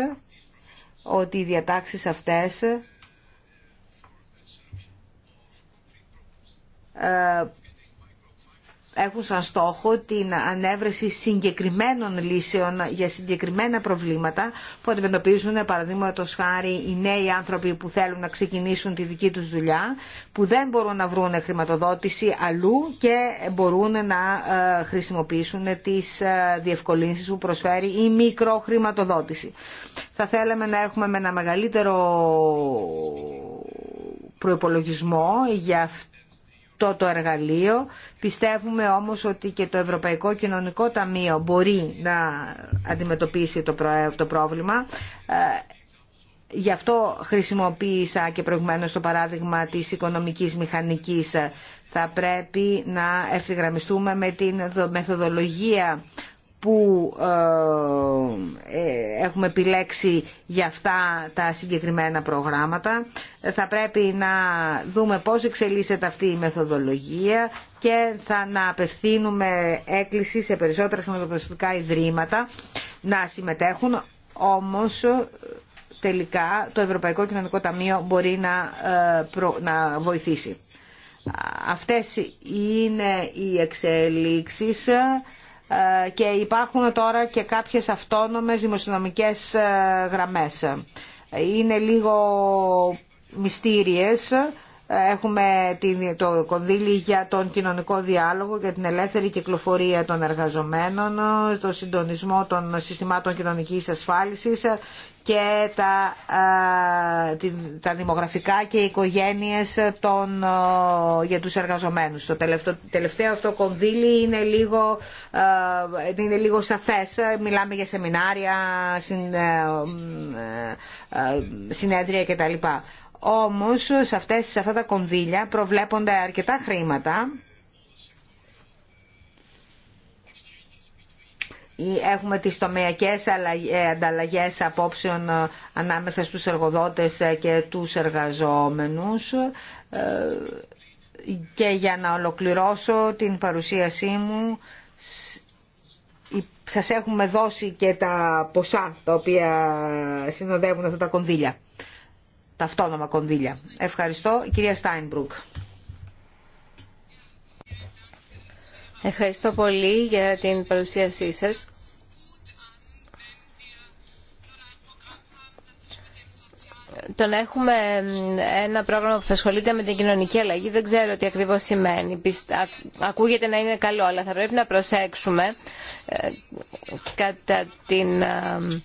ότι οι διατάξεις αυτές ε, έχουν σαν στόχο την ανέβρεση συγκεκριμένων λύσεων για συγκεκριμένα προβλήματα που αντιμετωπίζουν παραδείγματο χάρη οι νέοι άνθρωποι που θέλουν να ξεκινήσουν τη δική τους δουλειά που δεν μπορούν να βρουν χρηματοδότηση αλλού και μπορούν να ε, χρησιμοποιήσουν τις ε, διευκολύνσεις που προσφέρει η μικροχρηματοδότηση. Θα θέλαμε να έχουμε με ένα μεγαλύτερο προϋπολογισμό για αυτή το εργαλείο. Πιστεύουμε όμως ότι και το Ευρωπαϊκό Κοινωνικό Ταμείο μπορεί να αντιμετωπίσει το πρόβλημα. Ε, γι' αυτό χρησιμοποίησα και προηγουμένως το παράδειγμα της οικονομικής μηχανικής. Θα πρέπει να ευθυγραμμιστούμε με την μεθοδολογία που ε, ε, έχουμε επιλέξει για αυτά τα συγκεκριμένα προγράμματα. Θα πρέπει να δούμε πώς εξελίσσεται αυτή η μεθοδολογία και θα να απευθύνουμε έκκληση σε περισσότερα χρηματοπιστωτικά ιδρύματα να συμμετέχουν, όμως τελικά το Ευρωπαϊκό Κοινωνικό Ταμείο μπορεί να, ε, να βοηθήσει. Αυτές είναι οι εξελίξεις ε, και υπάρχουν τώρα και κάποιες αυτόνομες δημοσιονομικές ε, γραμμές. Είναι λίγο μυστήριες Έχουμε το κονδύλι για τον κοινωνικό διάλογο, για την ελεύθερη κυκλοφορία των εργαζομένων, το συντονισμό των συστημάτων κοινωνικής ασφάλισης και τα, τα δημογραφικά και οι οικογένειες των, για τους εργαζομένους. Το τελευταίο, αυτό κονδύλι είναι λίγο, είναι λίγο σαφές. Μιλάμε για σεμινάρια, ε, ε, ε, συνέδρια κτλ. Όμως σε, αυτές, σε αυτά τα κονδύλια προβλέπονται αρκετά χρήματα. Έχουμε τις τομεακές ε, ανταλλαγές απόψεων ε, ανάμεσα στους εργοδότες ε, και τους εργαζόμενους. Και για να ολοκληρώσω την παρουσίασή μου, σας έχουμε δώσει και τα ποσά τα οποία συνοδεύουν αυτά τα κονδύλια τα αυτόνομα κονδύλια. Ευχαριστώ. Η κυρία Στάινμπρουκ. Ευχαριστώ πολύ για την παρουσίασή σας. Τον έχουμε ένα πρόγραμμα που θα ασχολείται με την κοινωνική αλλαγή δεν ξέρω τι ακριβώς σημαίνει. Ακούγεται να είναι καλό, αλλά θα πρέπει να προσέξουμε ε, κατά την ε,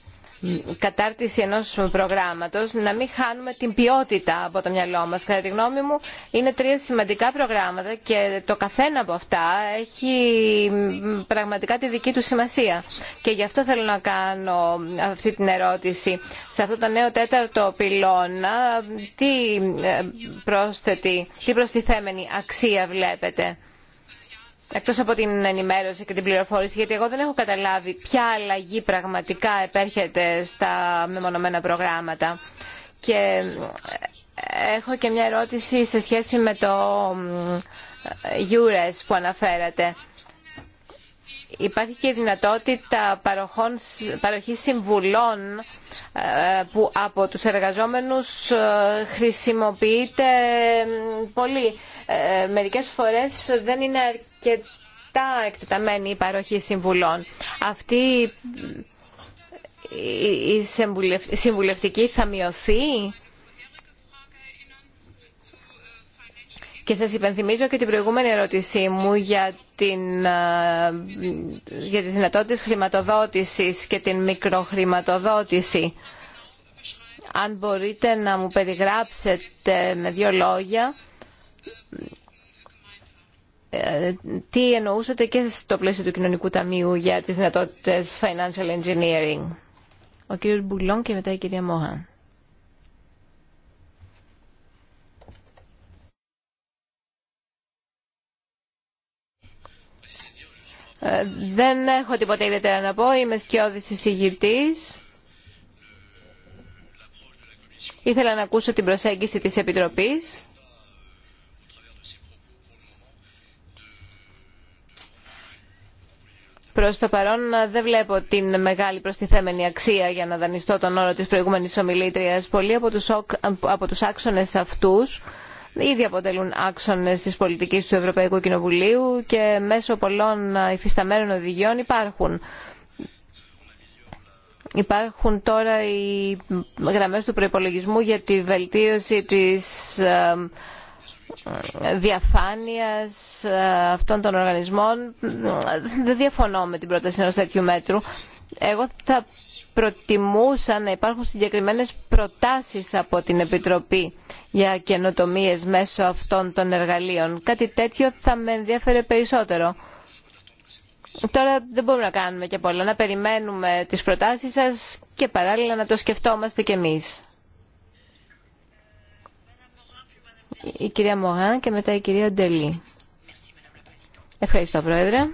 κατάρτιση ενός προγράμματος να μην χάνουμε την ποιότητα από το μυαλό μας. Κατά τη γνώμη μου είναι τρία σημαντικά προγράμματα και το καθένα από αυτά έχει πραγματικά τη δική του σημασία. Και γι' αυτό θέλω να κάνω αυτή την ερώτηση. Σε αυτό το νέο τέταρτο πυλώνα τι, ε, πρόσθετη, τι προστιθέμενη αξία βλέπετε εκτός από την ενημέρωση και την πληροφόρηση γιατί εγώ δεν έχω καταλάβει ποια αλλαγή πραγματικά επέρχεται στα μεμονωμένα προγράμματα και ε, έχω και μια ερώτηση σε σχέση με το ε, EURES που αναφέρατε Υπάρχει και η δυνατότητα παροχής συμβουλών ε, που από τους εργαζόμενους ε, χρησιμοποιείται πολύ. Ε, μερικές φορές δεν είναι αρκετά εκτεταμένη η παροχή συμβουλών. Αυτή η συμβουλευτική θα μειωθεί Και σας υπενθυμίζω και την προηγούμενη ερώτησή μου για την, ε, για τη χρηματοδότησης και την μικροχρηματοδότηση. Αν μπορείτε να μου περιγράψετε με δύο λόγια ε, τι εννοούσατε και στο πλαίσιο του Κοινωνικού Ταμείου για τις δυνατότητες Financial Engineering. Ο κύριος Μπουλόν και μετά η κυρία Μόχα. Ε, δεν έχω τίποτα ιδιαίτερα να πω. Είμαι σκιώδης εισηγητής. Ήθελα να ακούσω την προσέγγιση της Επιτροπής. Προς το παρόν δεν βλέπω την μεγάλη προστιθέμενη αξία για να δανειστώ τον όρο της προηγούμενης ομιλήτριας. Πολλοί από τους, από τους άξονες αυτούς ήδη αποτελούν άξονες τη πολιτική του Ευρωπαϊκού Κοινοβουλίου και μέσω πολλών υφισταμένων οδηγιών υπάρχουν. Υπάρχουν τώρα οι γραμμές του προϋπολογισμού για τη βελτίωση της ε, διαφάνειας ε, αυτών των οργανισμών. Δεν διαφωνώ με την πρόταση ενός τέτοιου μέτρου. Εγώ θα προτιμούσα να υπάρχουν συγκεκριμένες προτάσεις από την Επιτροπή για καινοτομίες μέσω αυτών των εργαλείων. Κάτι τέτοιο θα με ενδιαφέρε περισσότερο. Τώρα δεν μπορούμε να κάνουμε και πολλά. Να περιμένουμε τις προτάσεις σας και παράλληλα να το σκεφτόμαστε κι εμείς. Η κυρία Μογάν και μετά η κυρία Ντελή. Ευχαριστώ, Πρόεδρε.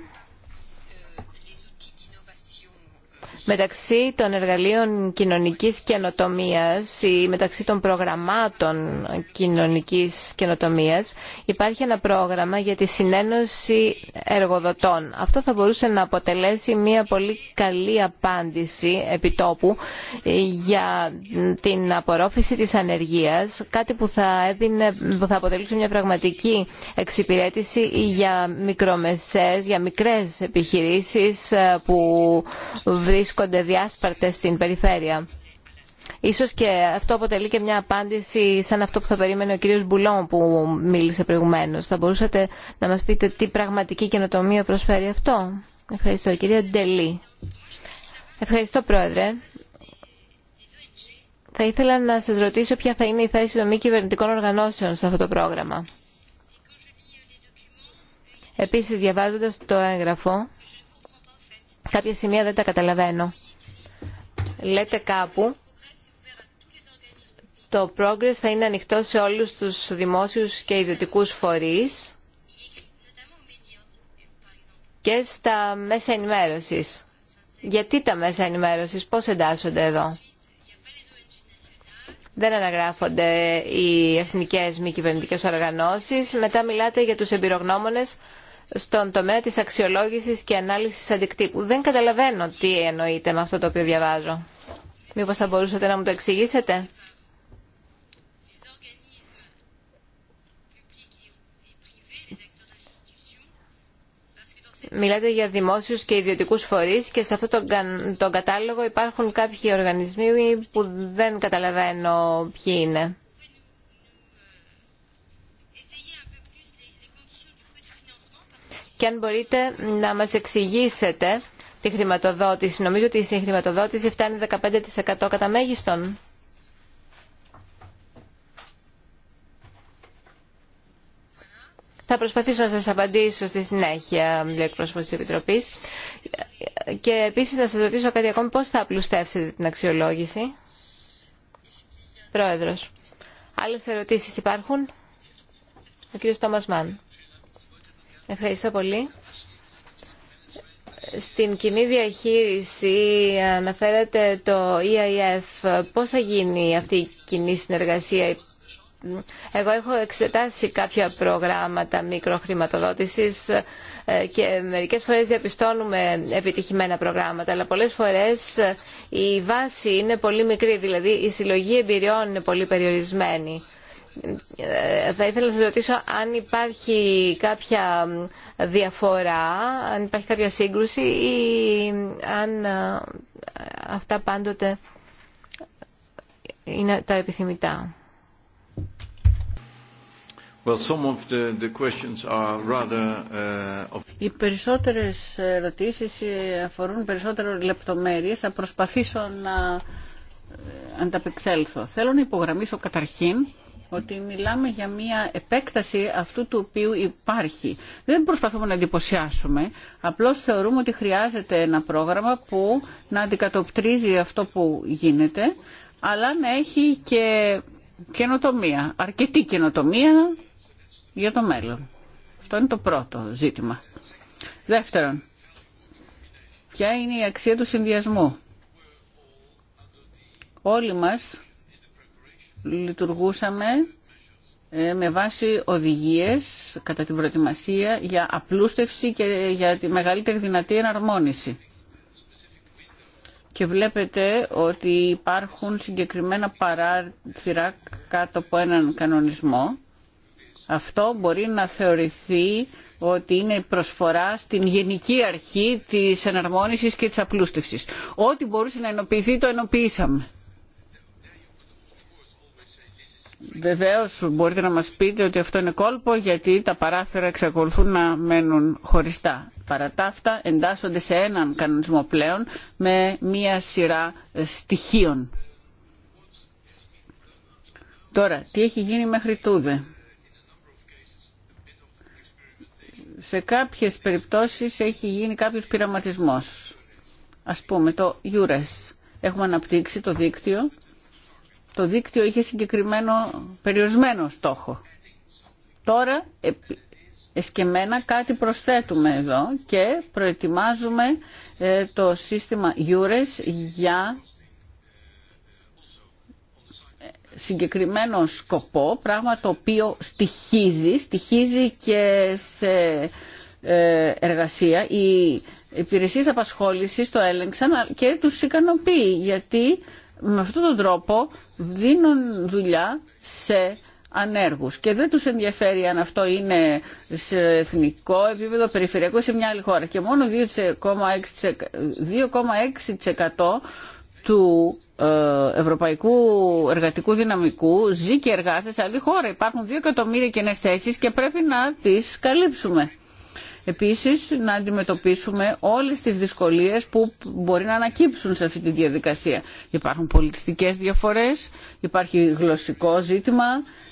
μεταξύ των εργαλείων κοινωνικής καινοτομίας ή μεταξύ των προγραμμάτων κοινωνικής καινοτομίας υπάρχει ένα πρόγραμμα για τη συνένωση εργοδοτών. Αυτό θα μπορούσε να αποτελέσει μια πολύ καλή απάντηση επιτόπου για την απορρόφηση της ανεργίας, κάτι που θα, έδινε, θα αποτελούσε μια πραγματική εξυπηρέτηση για μικρομεσές, για μικρές επιχειρήσεις ε, που βρίσκονται βρίσκονται διάσπαρτες στην περιφέρεια. Ίσως και αυτό αποτελεί και μια απάντηση σαν αυτό που θα περίμενε ο κύριος Μπουλόν που μίλησε προηγουμένως. Θα μπορούσατε να μας πείτε τι πραγματική καινοτομία προσφέρει αυτό. Ευχαριστώ. Κυρία Ντελή. Ευχαριστώ Πρόεδρε. Θα ήθελα να σας ρωτήσω ποια θα είναι η θέση των μη κυβερνητικών οργανώσεων σε αυτό το πρόγραμμα. Επίσης, διαβάζοντας το έγγραφο, Κάποια σημεία δεν τα καταλαβαίνω. Λέτε κάπου το Progress θα είναι ανοιχτό σε όλους τους δημόσιους και ιδιωτικούς φορείς και στα μέσα ενημέρωσης. Γιατί τα μέσα ενημέρωσης, πώς εντάσσονται εδώ. Δεν αναγράφονται οι εθνικές μη κυβερνητικές οργανώσεις. Μετά μιλάτε για τους εμπειρογνώμονες στον τομέα της αξιολόγησης και ανάλυσης αντικτύπου. Δεν καταλαβαίνω τι εννοείται με αυτό το οποίο διαβάζω. Μήπως θα μπορούσατε να μου το εξηγήσετε. Μιλάτε για δημόσιους και ιδιωτικούς φορείς και σε αυτό τον κατάλογο υπάρχουν κάποιοι οργανισμοί που δεν καταλαβαίνω ποιοι είναι. και αν μπορείτε να μας εξηγήσετε τη χρηματοδότηση. Νομίζω ότι η συγχρηματοδότηση φτάνει 15% κατά μέγιστον. Θα προσπαθήσω να σας απαντήσω στη συνέχεια, λέει εκπρόσωπος της Επιτροπής. Και επίσης να σας ρωτήσω κάτι ακόμη, πώς θα απλουστεύσετε την αξιολόγηση. Πρόεδρος. Άλλες ερωτήσεις υπάρχουν. Ο κύριος Τόμας Μάν. Ευχαριστώ πολύ. Στην κοινή διαχείριση αναφέρεται το EIF. Πώς θα γίνει αυτή η κοινή συνεργασία. Εγώ έχω εξετάσει κάποια προγράμματα μικροχρηματοδότησης ε, και μερικές φορές διαπιστώνουμε επιτυχημένα προγράμματα, αλλά πολλές φορές η βάση είναι πολύ μικρή, δηλαδή η συλλογή εμπειριών είναι πολύ περιορισμένη θα ήθελα να σα ρωτήσω αν υπάρχει κάποια διαφορά, αν υπάρχει κάποια σύγκρουση ή αν ε, αυτά πάντοτε είναι τα επιθυμητά. Οι περισσότερες ερωτήσεις ε, αφορούν περισσότερο λεπτομέρειες. Θα προσπαθήσω να ε, ανταπεξέλθω. Θέλω να υπογραμμίσω καταρχήν ότι μιλάμε για μια επέκταση αυτού του οποίου υπάρχει. Δεν προσπαθούμε να εντυπωσιάσουμε, απλώς θεωρούμε ότι χρειάζεται ένα πρόγραμμα που να αντικατοπτρίζει αυτό που γίνεται, αλλά να έχει και καινοτομία, αρκετή καινοτομία για το μέλλον. Αυτό είναι το πρώτο ζήτημα. Δεύτερον, ποια είναι η αξία του συνδυασμού. Όλοι μας λειτουργούσαμε ε, με βάση οδηγίες κατά την προετοιμασία για απλούστευση και για τη μεγαλύτερη δυνατή εναρμόνιση. Και βλέπετε ότι υπάρχουν συγκεκριμένα παράθυρα κάτω από έναν κανονισμό. Αυτό μπορεί να θεωρηθεί ότι είναι προσφορά στην γενική αρχή της εναρμόνισης και της απλούστευσης. Ό,τι μπορούσε να ενοποιηθεί το ενοποιήσαμε. Βεβαίως μπορείτε να μας πείτε ότι αυτό είναι κόλπο γιατί τα παράθυρα εξακολουθούν να μένουν χωριστά. Παρά τα αυτά εντάσσονται σε έναν κανονισμό πλέον με μία σειρά ε, στοιχείων. Τώρα, τι έχει γίνει μέχρι τούδε. Σε κάποιες περιπτώσεις έχει γίνει κάποιος πειραματισμός. Ας πούμε το EURES. Έχουμε αναπτύξει το δίκτυο το δίκτυο είχε συγκεκριμένο περιορισμένο στόχο. Τώρα εσκεμένα κάτι προσθέτουμε εδώ και προετοιμάζουμε ε, το σύστημα EURES για ε, συγκεκριμένο σκοπό, πράγμα το οποίο στοιχίζει, στοιχίζει και σε ε, εργασία. Οι υπηρεσίες απασχόλησης το έλεγξαν και τους ικανοποιεί, γιατί με αυτόν τον τρόπο δίνουν δουλειά σε ανέργους και δεν τους ενδιαφέρει αν αυτό είναι σε εθνικό επίπεδο, περιφερειακό σε μια άλλη χώρα και μόνο 2,6% του ε, ευρωπαϊκού εργατικού δυναμικού ζει και εργάζεται σε άλλη χώρα. Υπάρχουν 2 εκατομμύρια κενές θέσεις και πρέπει να τις καλύψουμε. Επίσης, να αντιμετωπίσουμε όλες τις δυσκολίες που μπορεί να ανακύψουν σε αυτή τη διαδικασία. Υπάρχουν πολιτιστικές διαφορές, υπάρχει γλωσσικό ζήτημα,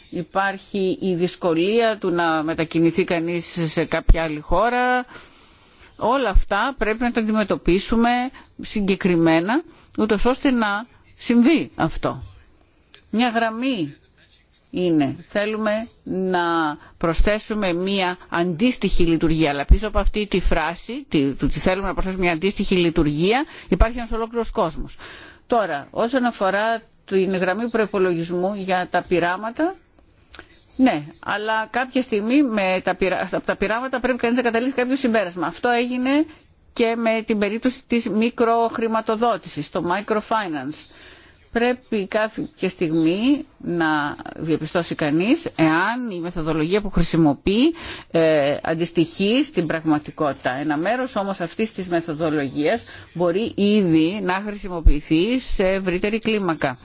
υπάρχει η δυσκολία του να μετακινηθεί κανείς σε κάποια άλλη χώρα. Όλα αυτά πρέπει να τα αντιμετωπίσουμε συγκεκριμένα, ούτως ώστε να συμβεί αυτό. Μια γραμμή είναι θέλουμε να προσθέσουμε μία αντίστοιχη λειτουργία. Αλλά πίσω από αυτή τη φράση, τη, θέλουμε να προσθέσουμε μία αντίστοιχη λειτουργία, υπάρχει ένας ολόκληρος κόσμος. Τώρα, όσον αφορά την γραμμή προπολογισμού για τα πειράματα, ναι, αλλά κάποια στιγμή με τα πειρα... από τα πειράματα πρέπει κανείς να καταλήξει κάποιο συμπέρασμα. Αυτό έγινε και με την περίπτωση της μικροχρηματοδότησης, το microfinance πρέπει κάποια στιγμή να διαπιστώσει κανείς εάν η μεθοδολογία που χρησιμοποιεί ε, αντιστοιχεί στην πραγματικότητα. Ένα μέρος όμως αυτής της μεθοδολογίας μπορεί ήδη να χρησιμοποιηθεί σε ευρύτερη κλίμακα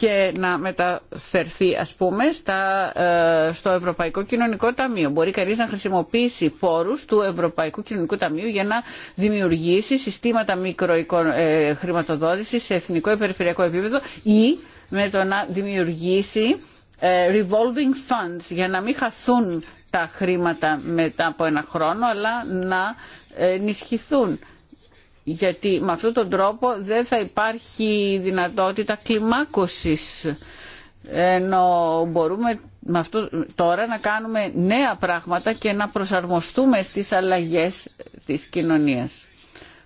και να μεταφερθεί ας πούμε στα, ε, στο Ευρωπαϊκό Κοινωνικό Ταμείο. Μπορεί κανείς να χρησιμοποιήσει πόρους του Ευρωπαϊκού Κοινωνικού Ταμείου για να δημιουργήσει συστήματα μικροχρηματοδότησης ε, σε εθνικό ή περιφερειακό επίπεδο ή με το να δημιουργήσει ε, revolving funds για να μην χαθούν τα χρήματα μετά από ένα χρόνο αλλά να ενισχυθούν γιατί με αυτόν τον τρόπο δεν θα υπάρχει δυνατότητα κλιμάκωσης ενώ μπορούμε με αυτό, τώρα να κάνουμε νέα πράγματα και να προσαρμοστούμε στις αλλαγές της κοινωνίας.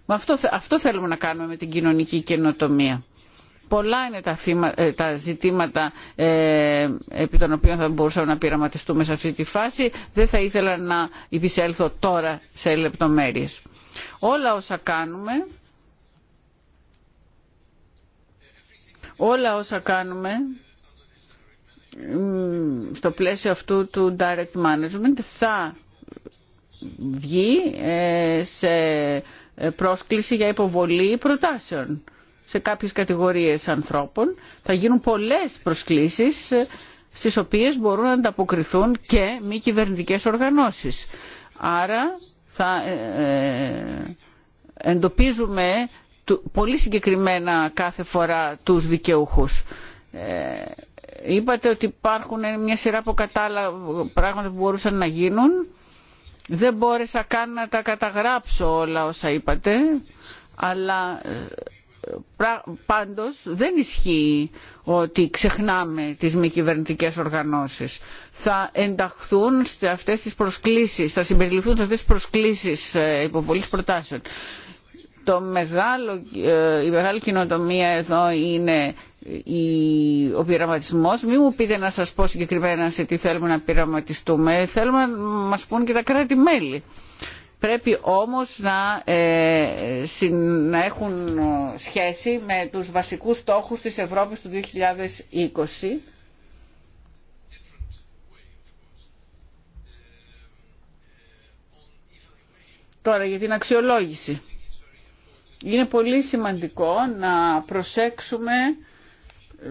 Με αυτό, αυτό θέλουμε να κάνουμε με την κοινωνική καινοτομία. Πολλά είναι τα, ε, τα ζητήματα ε, επί των οποίων θα μπορούσαμε να πειραματιστούμε σε αυτή τη φάση. Δεν θα ήθελα να υπησέλθω τώρα σε λεπτομέρειες. Όλα όσα κάνουμε, όλα όσα κάνουμε στο πλαίσιο αυτού του direct management θα βγει ε, σε πρόσκληση για υποβολή προτάσεων σε κάποιες κατηγορίες ανθρώπων. Θα γίνουν πολλές προσκλήσεις ε, στις οποίες μπορούν να ανταποκριθούν και μη κυβερνητικές οργανώσεις. Άρα θα ε, ε, εντοπίζουμε πολύ συγκεκριμένα κάθε φορά τους δικαιούχους. Ε, είπατε ότι υπάρχουν μια σειρά από κατάλληλα πράγματα που μπορούσαν να γίνουν. Δεν μπόρεσα καν να τα καταγράψω όλα όσα είπατε, αλλά πάντως δεν ισχύει ότι ξεχνάμε τις μη κυβερνητικέ οργανώσεις. Θα ενταχθούν σε αυτές τις προσκλήσεις, θα συμπεριληφθούν σε αυτές τις προσκλήσεις ε, υποβολής προτάσεων. Το ε, η μεγάλη κοινοτομία εδώ είναι ο πειραματισμός. Μην μου πείτε να σας πω συγκεκριμένα σε τι θέλουμε να πειραματιστούμε. Θέλουμε να μας πούν και τα κράτη-μέλη. Πρέπει όμως ε, να, έχουν σχέση με τους βασικούς στόχους της Ευρώπης του 2020 Τώρα για την αξιολόγηση. Είναι πολύ σημαντικό να προσέξουμε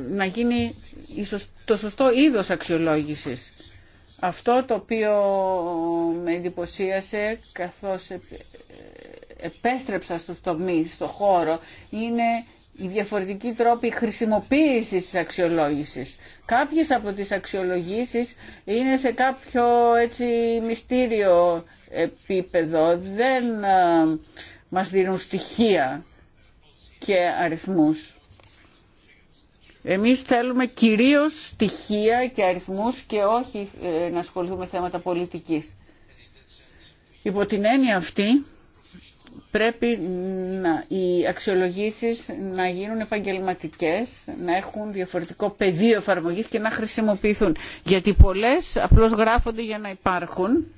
να γίνει το σωστό είδος αξιολόγησης. Αυτό το οποίο με εντυπωσίασε καθώς επέστρεψα στους τομείς, στο χώρο, είναι η διαφορετική τρόποι χρησιμοποίησης της αξιολόγησης. Κάποιες από τις αξιολογήσεις είναι σε κάποιο έτσι μυστήριο επίπεδο, δεν ε, μας δίνουν στοιχεία και αριθμούς. Εμείς θέλουμε κυρίως στοιχεία και αριθμούς και όχι ε, να ασχοληθούμε θέματα πολιτικής. Υπό την έννοια αυτή πρέπει να, οι αξιολογήσεις να γίνουν επαγγελματικές, να έχουν διαφορετικό πεδίο εφαρμογής και να χρησιμοποιηθούν. Γιατί πολλές απλώς γράφονται για να υπάρχουν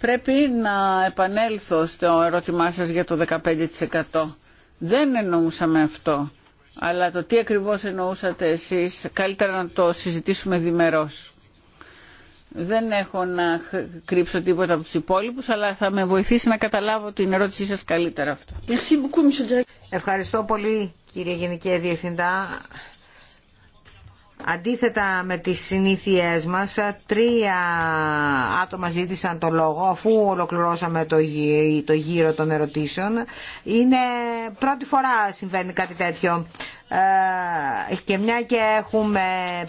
Πρέπει να επανέλθω στο ερώτημά σας για το 15%. Δεν εννοούσαμε αυτό. Αλλά το τι ακριβώς εννοούσατε εσείς, καλύτερα να το συζητήσουμε διμερώς. Δεν έχω να κρύψω τίποτα από τους υπόλοιπους, αλλά θα με βοηθήσει να καταλάβω την ερώτησή σας καλύτερα αυτό. Ευχαριστώ πολύ κύριε Γενική Διευθυντά. Αντίθετα με τις συνήθειές μας, τρία άτομα ζήτησαν το λόγο αφού ολοκληρώσαμε το, γύ, το γύρο των ερωτήσεων. Είναι πρώτη φορά συμβαίνει κάτι τέτοιο. Ε, και μια και έχουμε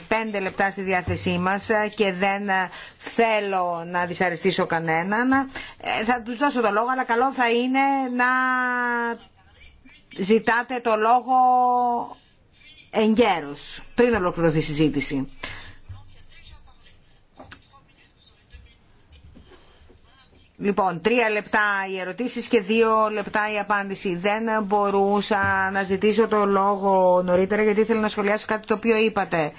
πέντε λεπτά στη διάθεσή μας και δεν θέλω να δυσαρεστήσω κανέναν, ε, θα τους δώσω το λόγο, αλλά καλό θα είναι να ζητάτε το λόγο εγκαίρως, πριν ολοκληρωθεί η συζήτηση. Λοιπόν, τρία λεπτά οι ερωτήσεις και δύο λεπτά η απάντηση. Δεν μπορούσα να ζητήσω το λόγο νωρίτερα γιατί ήθελα να σχολιάσω κάτι το οποίο είπατε.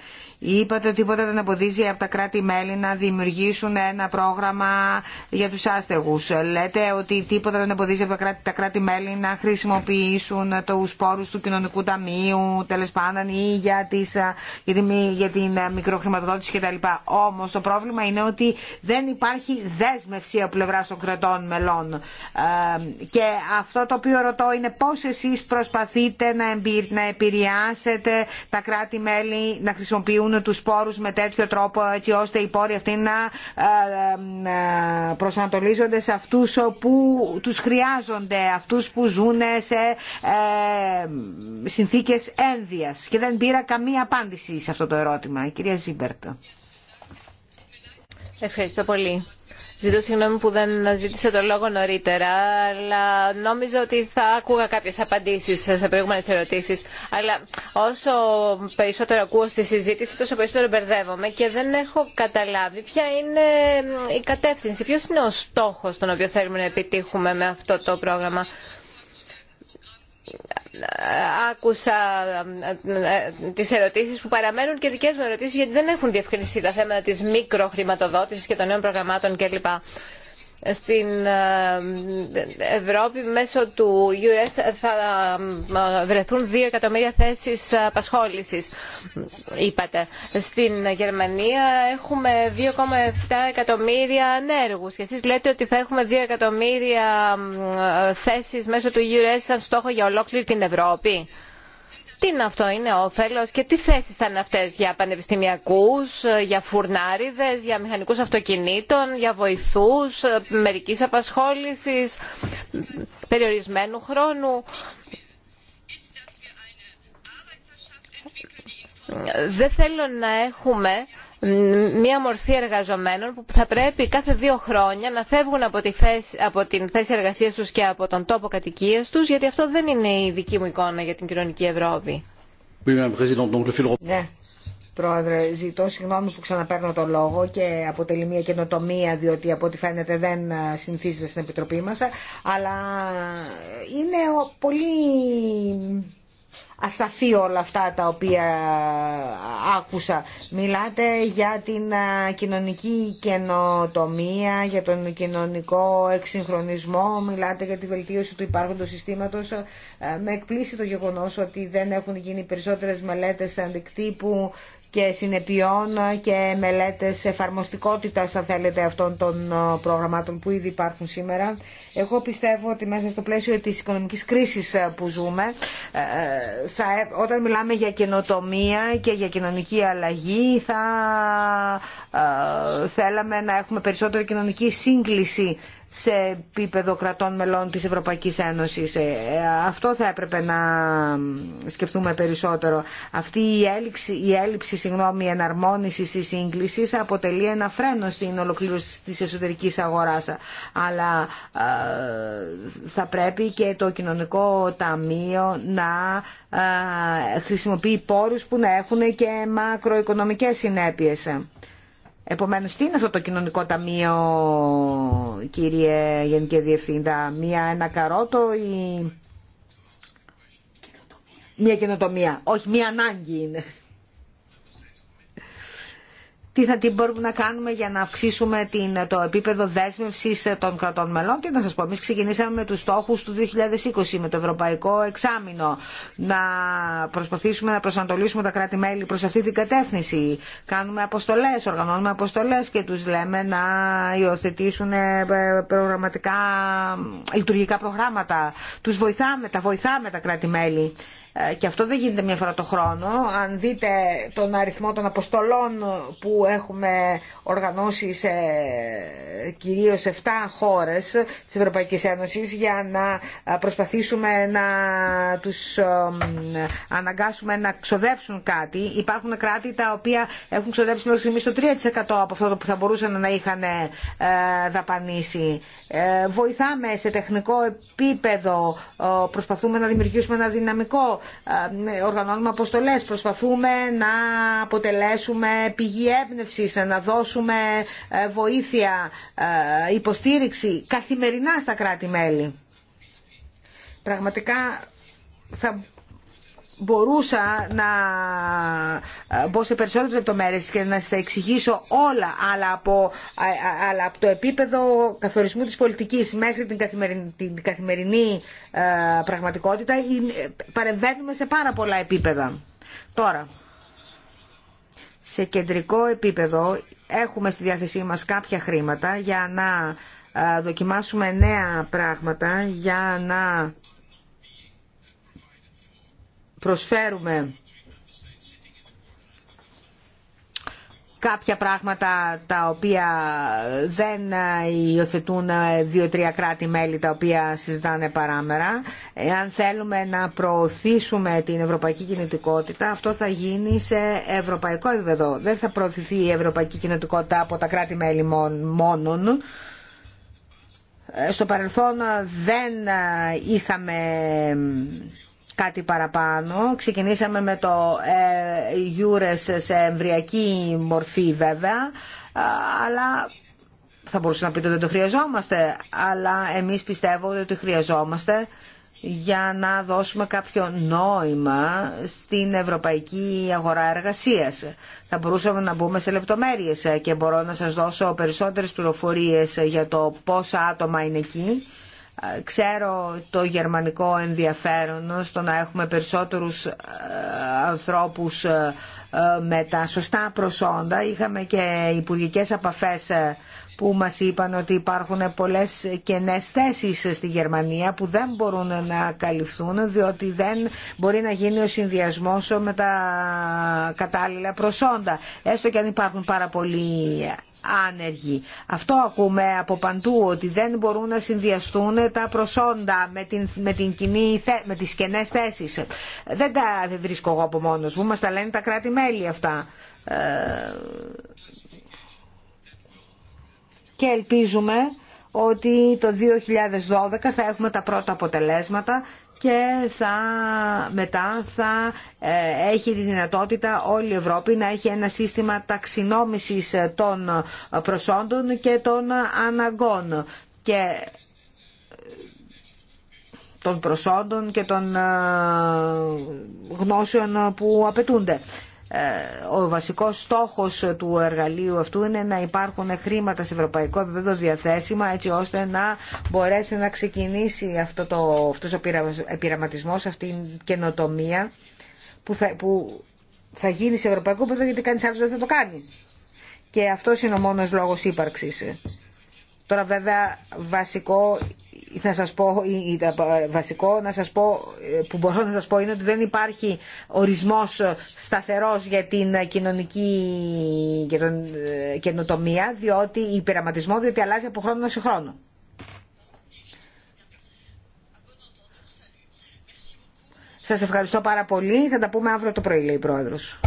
Είπατε ότι τίποτα δεν αποδίζει από τα κράτη-μέλη να δημιουργήσουν ένα πρόγραμμα για τους άστεγους. Λέτε ότι τίποτα δεν αποδίζει από τα κράτη-μέλη να χρησιμοποιήσουν τους πόρους του κοινωνικού ταμείου, τέλος πάντων, ή για, τις, για, την, για μικροχρηματοδότηση κτλ. Όμως το πρόβλημα είναι ότι δεν υπάρχει δέσμευση από πλευρά των κρατών μελών. Ε, και αυτό το οποίο ρωτώ είναι πώς εσείς προσπαθείτε να, να επηρεάσετε τα κράτη-μέλη να χρησιμοποιούν τους πόρους με τέτοιο τρόπο έτσι ώστε οι πόροι αυτοί να ε, ε, προσανατολίζονται σε αυτούς που τους χρειάζονται, αυτούς που ζουν σε ε, συνθήκες ένδυα. Και δεν πήρα καμία απάντηση σε αυτό το ερώτημα. κυρία Ζίμπερτ. Ευχαριστώ πολύ. Ζητώ συγγνώμη που δεν ζήτησα το λόγο νωρίτερα, αλλά νόμιζα ότι θα άκουγα κάποιες απαντήσεις σε προηγούμενες ερωτήσεις. Αλλά όσο περισσότερο ακούω στη συζήτηση, τόσο περισσότερο μπερδεύομαι και δεν έχω καταλάβει ποια είναι η κατεύθυνση, ποιος είναι ο στόχος τον οποίο θέλουμε να επιτύχουμε με αυτό το πρόγραμμα άκουσα ε, ε, ε, τις ερωτήσεις που παραμένουν και δικές μου ερωτήσεις γιατί δεν έχουν διευκρινιστεί τα θέματα της μικροχρηματοδότησης και των νέων προγραμμάτων κλπ στην ε, Ευρώπη μέσω του EURES θα ε, βρεθούν 2 εκατομμύρια θέσεις απασχόλησης, είπατε. Στην Γερμανία έχουμε 2,7 εκατομμύρια ανέργους και εσείς λέτε ότι θα έχουμε 2 εκατομμύρια ε, θέσεις μέσω του EURES σαν στόχο για ολόκληρη την Ευρώπη. Τι είναι αυτό, είναι όφελος και τι θέσει θα είναι αυτές για πανεπιστημιακού, για φουρνάριδες, για μηχανικούς αυτοκινήτων, για βοηθούς, μερικής απασχόλησης, περιορισμένου χρόνου. Δεν θέλω να έχουμε μια μορφή εργαζομένων που θα πρέπει κάθε δύο χρόνια να φεύγουν από, τη θέση, την θέση εργασίας τους και από τον τόπο κατοικίας τους γιατί αυτό δεν είναι η δική μου εικόνα για την κοινωνική Ευρώπη. Ναι. Πρόεδρε, ζητώ συγγνώμη που ξαναπαίρνω το λόγο και αποτελεί μια καινοτομία διότι από ό,τι φαίνεται δεν ε, συνηθίζεται στην Επιτροπή μας αλλά ε, είναι πολύ ασαφή όλα αυτά τα οποία άκουσα. Μιλάτε για την κοινωνική καινοτομία, για τον κοινωνικό εξυγχρονισμό, μιλάτε για τη βελτίωση του υπάρχοντος συστήματος. Ε, με εκπλήσει το γεγονός ότι δεν έχουν γίνει περισσότερες μελέτες αντικτύπου και συνεπειών και μελέτες εφαρμοστικότητας, αν θέλετε, αυτών των προγραμμάτων που ήδη υπάρχουν σήμερα. Εγώ πιστεύω ότι μέσα στο πλαίσιο της οικονομικής κρίσης ε, που ζούμε, ε, ε, όταν μιλάμε για καινοτομία και για κοινωνική αλλαγή, θα θέλαμε να έχουμε περισσότερη κοινωνική σύγκληση σε επίπεδο κρατών μελών της Ευρωπαϊκής Ένωσης. Αυτό θα έπρεπε να σκεφτούμε περισσότερο. Αυτή η, έλλειψη, η έλλειψη συγγνώμη, εναρμόνισης ή σύγκλησης αποτελεί ένα φρένο στην ολοκλήρωση της εσωτερικής αγοράς. Αλλά θα πρέπει και το κοινωνικό ταμείο να ε, χρησιμοποιεί πόρους που να έχουν και μακροοικονομικές συνέπειες. Επομένως, τι είναι αυτό το κοινωνικό ταμείο, κύριε Γενική Διευθύντα, μία, ένα καρότο ή μία καινοτομία. Όχι, μία ανάγκη είναι τι θα τι μπορούμε να κάνουμε για να αυξήσουμε την, το επίπεδο δέσμευσης των κρατών μελών. και να σας πω, εμεί ξεκινήσαμε με τους στόχου του 2020, με το Ευρωπαϊκό Εξάμεινο, να προσπαθήσουμε να προσανατολίσουμε τα κράτη-μέλη προς αυτή την κατεύθυνση. Κάνουμε αποστολέ, οργανώνουμε αποστολέ και τους λέμε να υιοθετήσουν ε, προγραμματικά, λειτουργικά προγράμματα. Τους βοηθάμε, τα βοηθάμε τα κράτη-μέλη. Ε, και αυτό δεν γίνεται μία φορά το χρόνο. Αν δείτε τον αριθμό των αποστολών που έχουμε οργανώσει σε κυρίως 7 χώρες της Ευρωπαϊκής Ένωσης για να ε, προσπαθήσουμε να τους ε, αναγκάσουμε να ξοδέψουν κάτι. Υπάρχουν κράτη τα οποία έχουν ξοδέψει μέχρι στιγμής το 3% από αυτό που θα μπορούσαν να είχαν δαπανίσει. Βοηθάμε σε τεχνικό επίπεδο, προσπαθούμε να δημιουργήσουμε ένα δυναμικό ε, ναι, οργανώνουμε αποστολέ. προσπαθούμε να αποτελέσουμε πηγή έμπνευση, να δώσουμε ε, βοήθεια, ε, υποστήριξη καθημερινά στα κράτη-μέλη. Πραγματικά μπορούσα να ε, μπω σε περισσότερες λεπτομέρειες και να σας εξηγήσω όλα, αλλά από, ε, ε, αλλά από το επίπεδο καθορισμού της πολιτικής μέχρι την καθημερινή, την πραγματικότητα παρεμβαίνουμε σε πάρα πολλά επίπεδα. Τώρα, σε κεντρικό επίπεδο έχουμε στη διάθεσή μας κάποια χρήματα για να δοκιμάσουμε νέα πράγματα για να προσφέρουμε κάποια πράγματα τα οποία δεν υιοθετούν δύο-τρία κράτη-μέλη τα οποία συζητάνε παράμερα. Αν θέλουμε να προωθήσουμε την ευρωπαϊκή κινητικότητα, αυτό θα γίνει σε ευρωπαϊκό επίπεδο. Δεν θα προωθηθεί η ευρωπαϊκή κινητικότητα από τα κράτη-μέλη μόνον. Ε, στο παρελθόν δεν είχαμε κάτι παραπάνω. Ξεκινήσαμε με το EURES ε, σε εμβριακή μορφή βέβαια, αλλά θα μπορούσε να πείτε ότι δεν το χρειαζόμαστε, αλλά εμείς πιστεύω ότι το χρειαζόμαστε για να δώσουμε κάποιο νόημα στην ευρωπαϊκή αγορά εργασίας. Θα μπορούσαμε να μπούμε σε λεπτομέρειες και μπορώ να σας δώσω περισσότερες πληροφορίες για το πόσα άτομα είναι εκεί Ξέρω το γερμανικό ενδιαφέρον στο να έχουμε περισσότερους ε, ανθρώπους ε, ε, με τα σωστά προσόντα. Είχαμε και υπουργικές απαφές που μας είπαν ότι υπάρχουν πολλές κενές θέσεις στη Γερμανία που δεν μπορούν να καλυφθούν διότι δεν μπορεί να γίνει ο συνδυασμός με τα κατάλληλα προσόντα. Έστω και αν υπάρχουν πάρα πολλοί άνεργοι. Αυτό ακούμε από παντού, ότι δεν μπορούν να συνδυαστούν τα προσόντα με, την, με, την κοινή, με τις κενές θέσεις. Δεν τα βρίσκω εγώ από μόνος μου, μας τα λένε τα κράτη-μέλη αυτά. Ε, και ελπίζουμε ότι το 2012 θα έχουμε τα πρώτα αποτελέσματα και θα, μετά θα ε, έχει τη δυνατότητα όλη η Ευρώπη να έχει ένα σύστημα ταξινόμησης ε, ε, των προσόντων και των αναγκών και των προσόντων και των γνώσεων που απαιτούνται. Ε, ο βασικός στόχος του εργαλείου αυτού είναι να υπάρχουν χρήματα σε ευρωπαϊκό επίπεδο διαθέσιμα έτσι ώστε να μπορέσει να ξεκινήσει αυτό το, αυτός ο πειραματισμός, αυτή η καινοτομία που θα, που θα γίνει σε ευρωπαϊκό επίπεδο γιατί κανείς άλλος δεν θα το κάνει. Και αυτό είναι ο μόνος λόγος ύπαρξης. Τώρα βέβαια βασικό να σας πω, ε, βασικό να σας πω, ε, που μπορώ να σας πω είναι ότι δεν υπάρχει ορισμός ε, σταθερός για την κοινωνική καινοτομία, διότι η πειραματισμό διότι αλλάζει από χρόνο σε χρόνο. Σας ευχαριστώ πάρα πολύ. Θα τα πούμε αύριο το πρωί, λέει η Πρόεδρος.